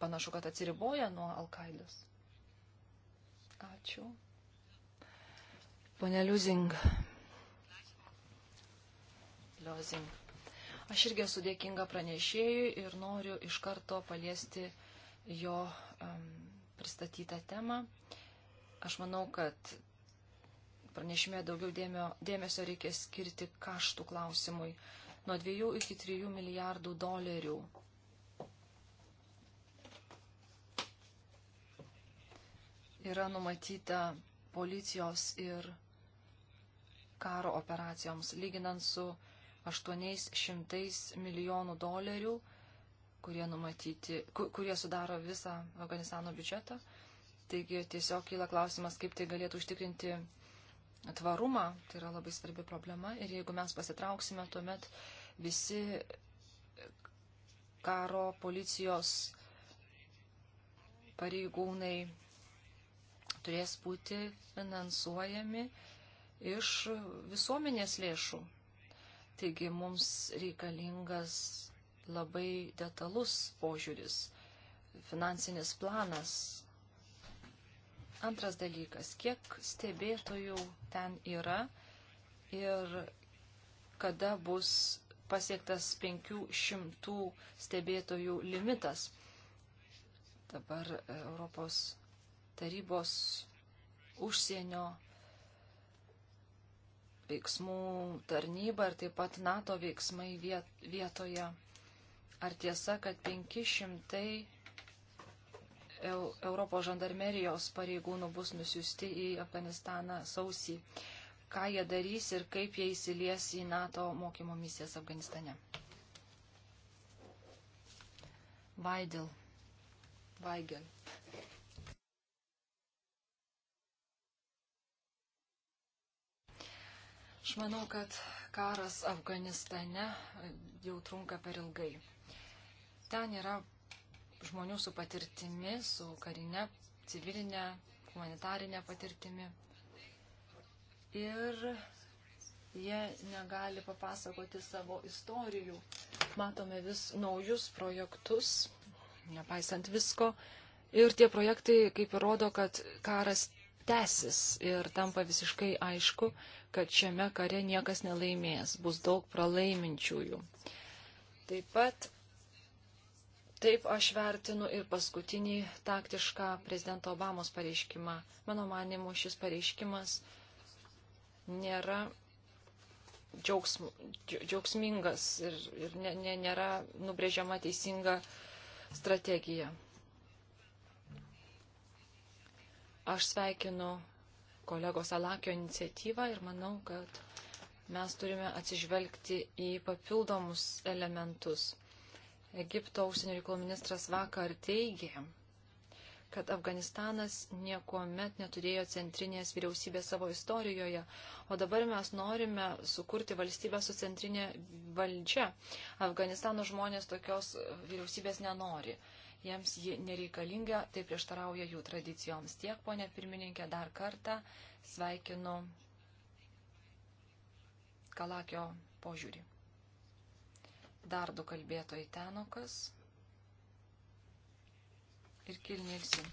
panašu, kad atsiriboja nuo Alkaidos. Ačiū. Pone Liuzing. Liuzing. Aš irgi esu dėkinga pranešėjui ir noriu iš karto paliesti jo um, pristatytą temą. Aš manau, kad Pranešime daugiau dėmio, dėmesio reikės skirti kaštų klausimui nuo 2 iki 3 milijardų dolerių. Yra numatyta policijos ir karo operacijoms, lyginant su 800 milijonų dolerių, kurie, numatyti, kurie sudaro visą Afganistano biudžetą. Taigi tiesiog kyla klausimas, kaip tai galėtų užtikrinti tvarumą, tai yra labai svarbi problema ir jeigu mes pasitrauksime, tuomet visi karo policijos pareigūnai turės būti finansuojami iš visuomenės lėšų. Taigi mums reikalingas labai detalus požiūris, finansinis planas, Antras dalykas, kiek stebėtojų ten yra ir kada bus pasiektas 500 stebėtojų limitas. Dabar Europos tarybos užsienio veiksmų tarnyba ir taip pat NATO veiksmai vietoje. Ar tiesa, kad 500 Europos žandarmerijos pareigūnų bus nusiusti į Afganistaną sausį. Ką jie darys ir kaip jie įsilies į NATO mokymo misijas Afganistane? Vaidil. Vaigel. Aš manau, kad karas Afganistane jau trunka per ilgai. Ten yra žmonių su patirtimi, su karinė, civilinė, humanitarinė patirtimi. Ir jie negali papasakoti savo istorijų. Matome vis naujus projektus, nepaisant visko. Ir tie projektai kaip ir rodo, kad karas tęsis ir tampa visiškai aišku, kad šiame kare niekas nelaimės, bus daug pralaiminčiųjų. Taip pat Taip aš vertinu ir paskutinį taktišką prezidento Obamos pareiškimą. Mano manimu, šis pareiškimas nėra džiaugsm, džiaugsmingas ir, ir ne, ne, nėra nubrėžiama teisinga strategija. Aš sveikinu kolegos Alakio iniciatyvą ir manau, kad mes turime atsižvelgti į papildomus elementus Egipto užsienio reikalų ministras vakar teigė, kad Afganistanas niekuomet neturėjo centrinės vyriausybės savo istorijoje, o dabar mes norime sukurti valstybę su centrinė valdžia. Afganistano žmonės tokios vyriausybės nenori. Jiems ji nereikalinga, tai prieštarauja jų tradicijoms. Tiek, ponė pirmininkė, dar kartą sveikinu Kalakio požiūrį. Dar du kalbėtojai Tenokas ir Kilnilsin.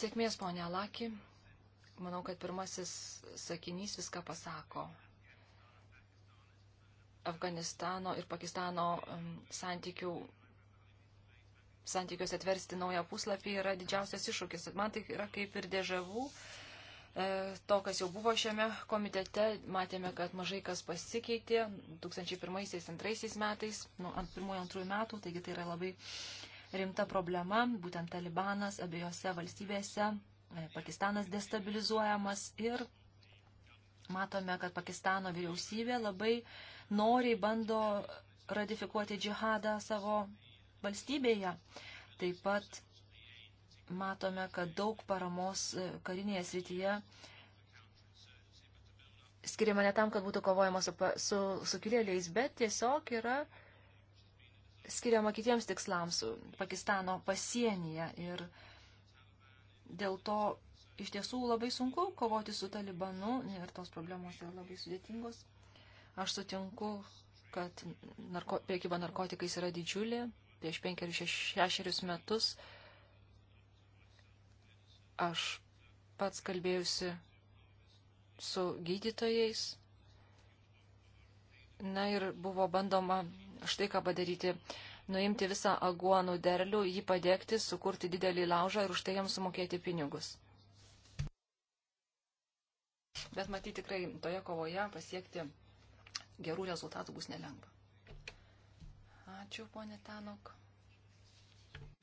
Sėkmės, ponė Laki. Manau, kad pirmasis sakinys viską pasako. Afganistano ir Pakistano um, santykių, santykiuose atversti naują puslapį yra didžiausias iššūkis. Man tai yra kaip ir dėžavų. Uh, E, to, kas jau buvo šiame komitete, matėme, kad mažai kas pasikeitė 2001-2002 metais, nu, ant pirmųjų antrųjų metų, taigi tai yra labai rimta problema, būtent Talibanas abiejose valstybėse, e, Pakistanas destabilizuojamas ir matome, kad Pakistano vyriausybė labai noriai bando ratifikuoti džihadą savo valstybėje. Taip pat matome, kad daug paramos e, karinėje srityje skiriama ne tam, kad būtų kovojama su, su sukilėliais, bet tiesiog yra skiriama kitiems tikslams Pakistano pasienyje. Ir dėl to iš tiesų labai sunku kovoti su talibanu ir tos problemos yra labai sudėtingos. Aš sutinku, kad narko, priekyba narkotikais yra didžiulė. Prieš penkerius šešerius metus uh, Aš pats kalbėjusi su gydytojais. Na ir buvo bandoma štai ką padaryti. Nuimti visą aguonų derlių, jį padėkti, sukurti didelį laužą ir už tai jam sumokėti pinigus. Bet matyti tikrai toje kovoje pasiekti gerų rezultatų bus nelengva. Ačiū, ponė Tanok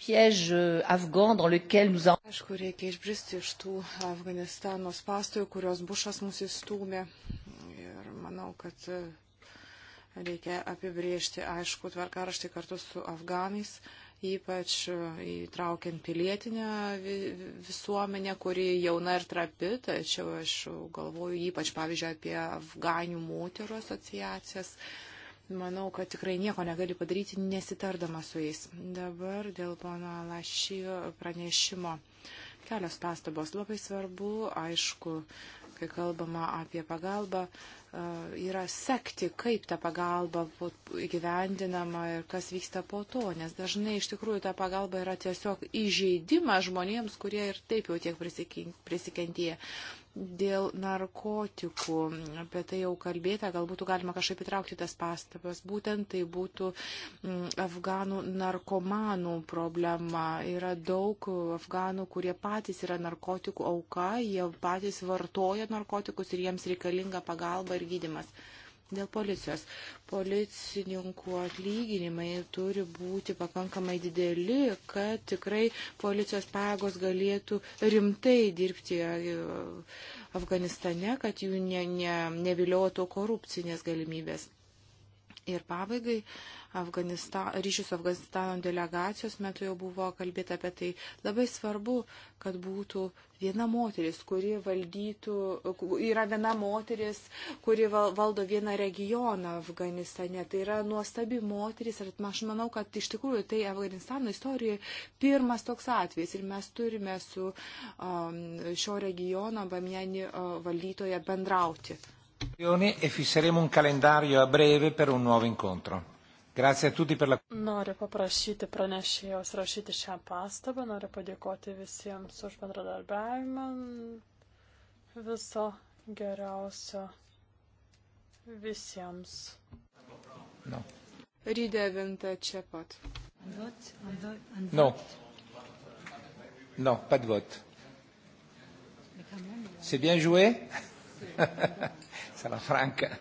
piège euh, afghan dans lequel nous en... Aišku, reikia išbristi iš tų Afganistano spastojų, kurios Bušas mus įstūmė. Ir manau, kad e, reikia apibriežti aišku tvarkaraštį kartu su afganais, ypač e, įtraukiant pilietinę visuomenę, kuri jauna ir trapi, tačiau aš galvoju ypač, pavyzdžiui, apie Afganių moterų asociacijas. Uh, manau, kad tikrai nieko negali padaryti nesitardama su jais. Dabar dėl pono Lašijo pranešimo. Kelios pastabos labai svarbu, aišku, kai kalbama apie pagalbą, e, yra sekti, kaip ta pagalba įgyvendinama ir kas vyksta po to, nes dažnai iš tikrųjų ta pagalba yra tiesiog įžeidimas žmonėms, kurie ir taip jau tiek prisikentėję dėl narkotikų. Apie tai jau kalbėta, gal būtų galima kažkaip įtraukti tas pastabas. Būtent tai būtų mm, afganų narkomanų problema. Yra daug afganų, kurie patys yra narkotikų auka, jie patys vartoja narkotikus ir jiems reikalinga pagalba ir gydimas. Dėl policijos. Policininkų atlyginimai turi būti pakankamai dideli, kad tikrai policijos pajėgos galėtų rimtai dirbti e, Afganistane, kad jų ne, ne, neviliotų korupcinės galimybės. Ir pabaigai ryšius Afganistano delegacijos metu jau buvo kalbėta apie tai. Labai svarbu, kad būtų viena moteris, kuri valdytų, yra viena moteris, kuri valdo vieną regioną Afganistane. Tai yra nuostabi moteris ir aš manau, kad iš tikrųjų tai Afganistano istorijoje pirmas toks atvejis ir mes turime su um, šio regiono Bamiani uh, valdytoje bendrauti. E fisseremo un calendario a breve per un nuovo incontro. La... Noriu paprašyti pranešėjos rašyti šią pastabą, noriu padėkoti visiems už bendradarbiavimą. Viso geriausio visiems. No. Rydevinta čia pat. No. No, pas de vote. C'est bien joué? C'est la franca.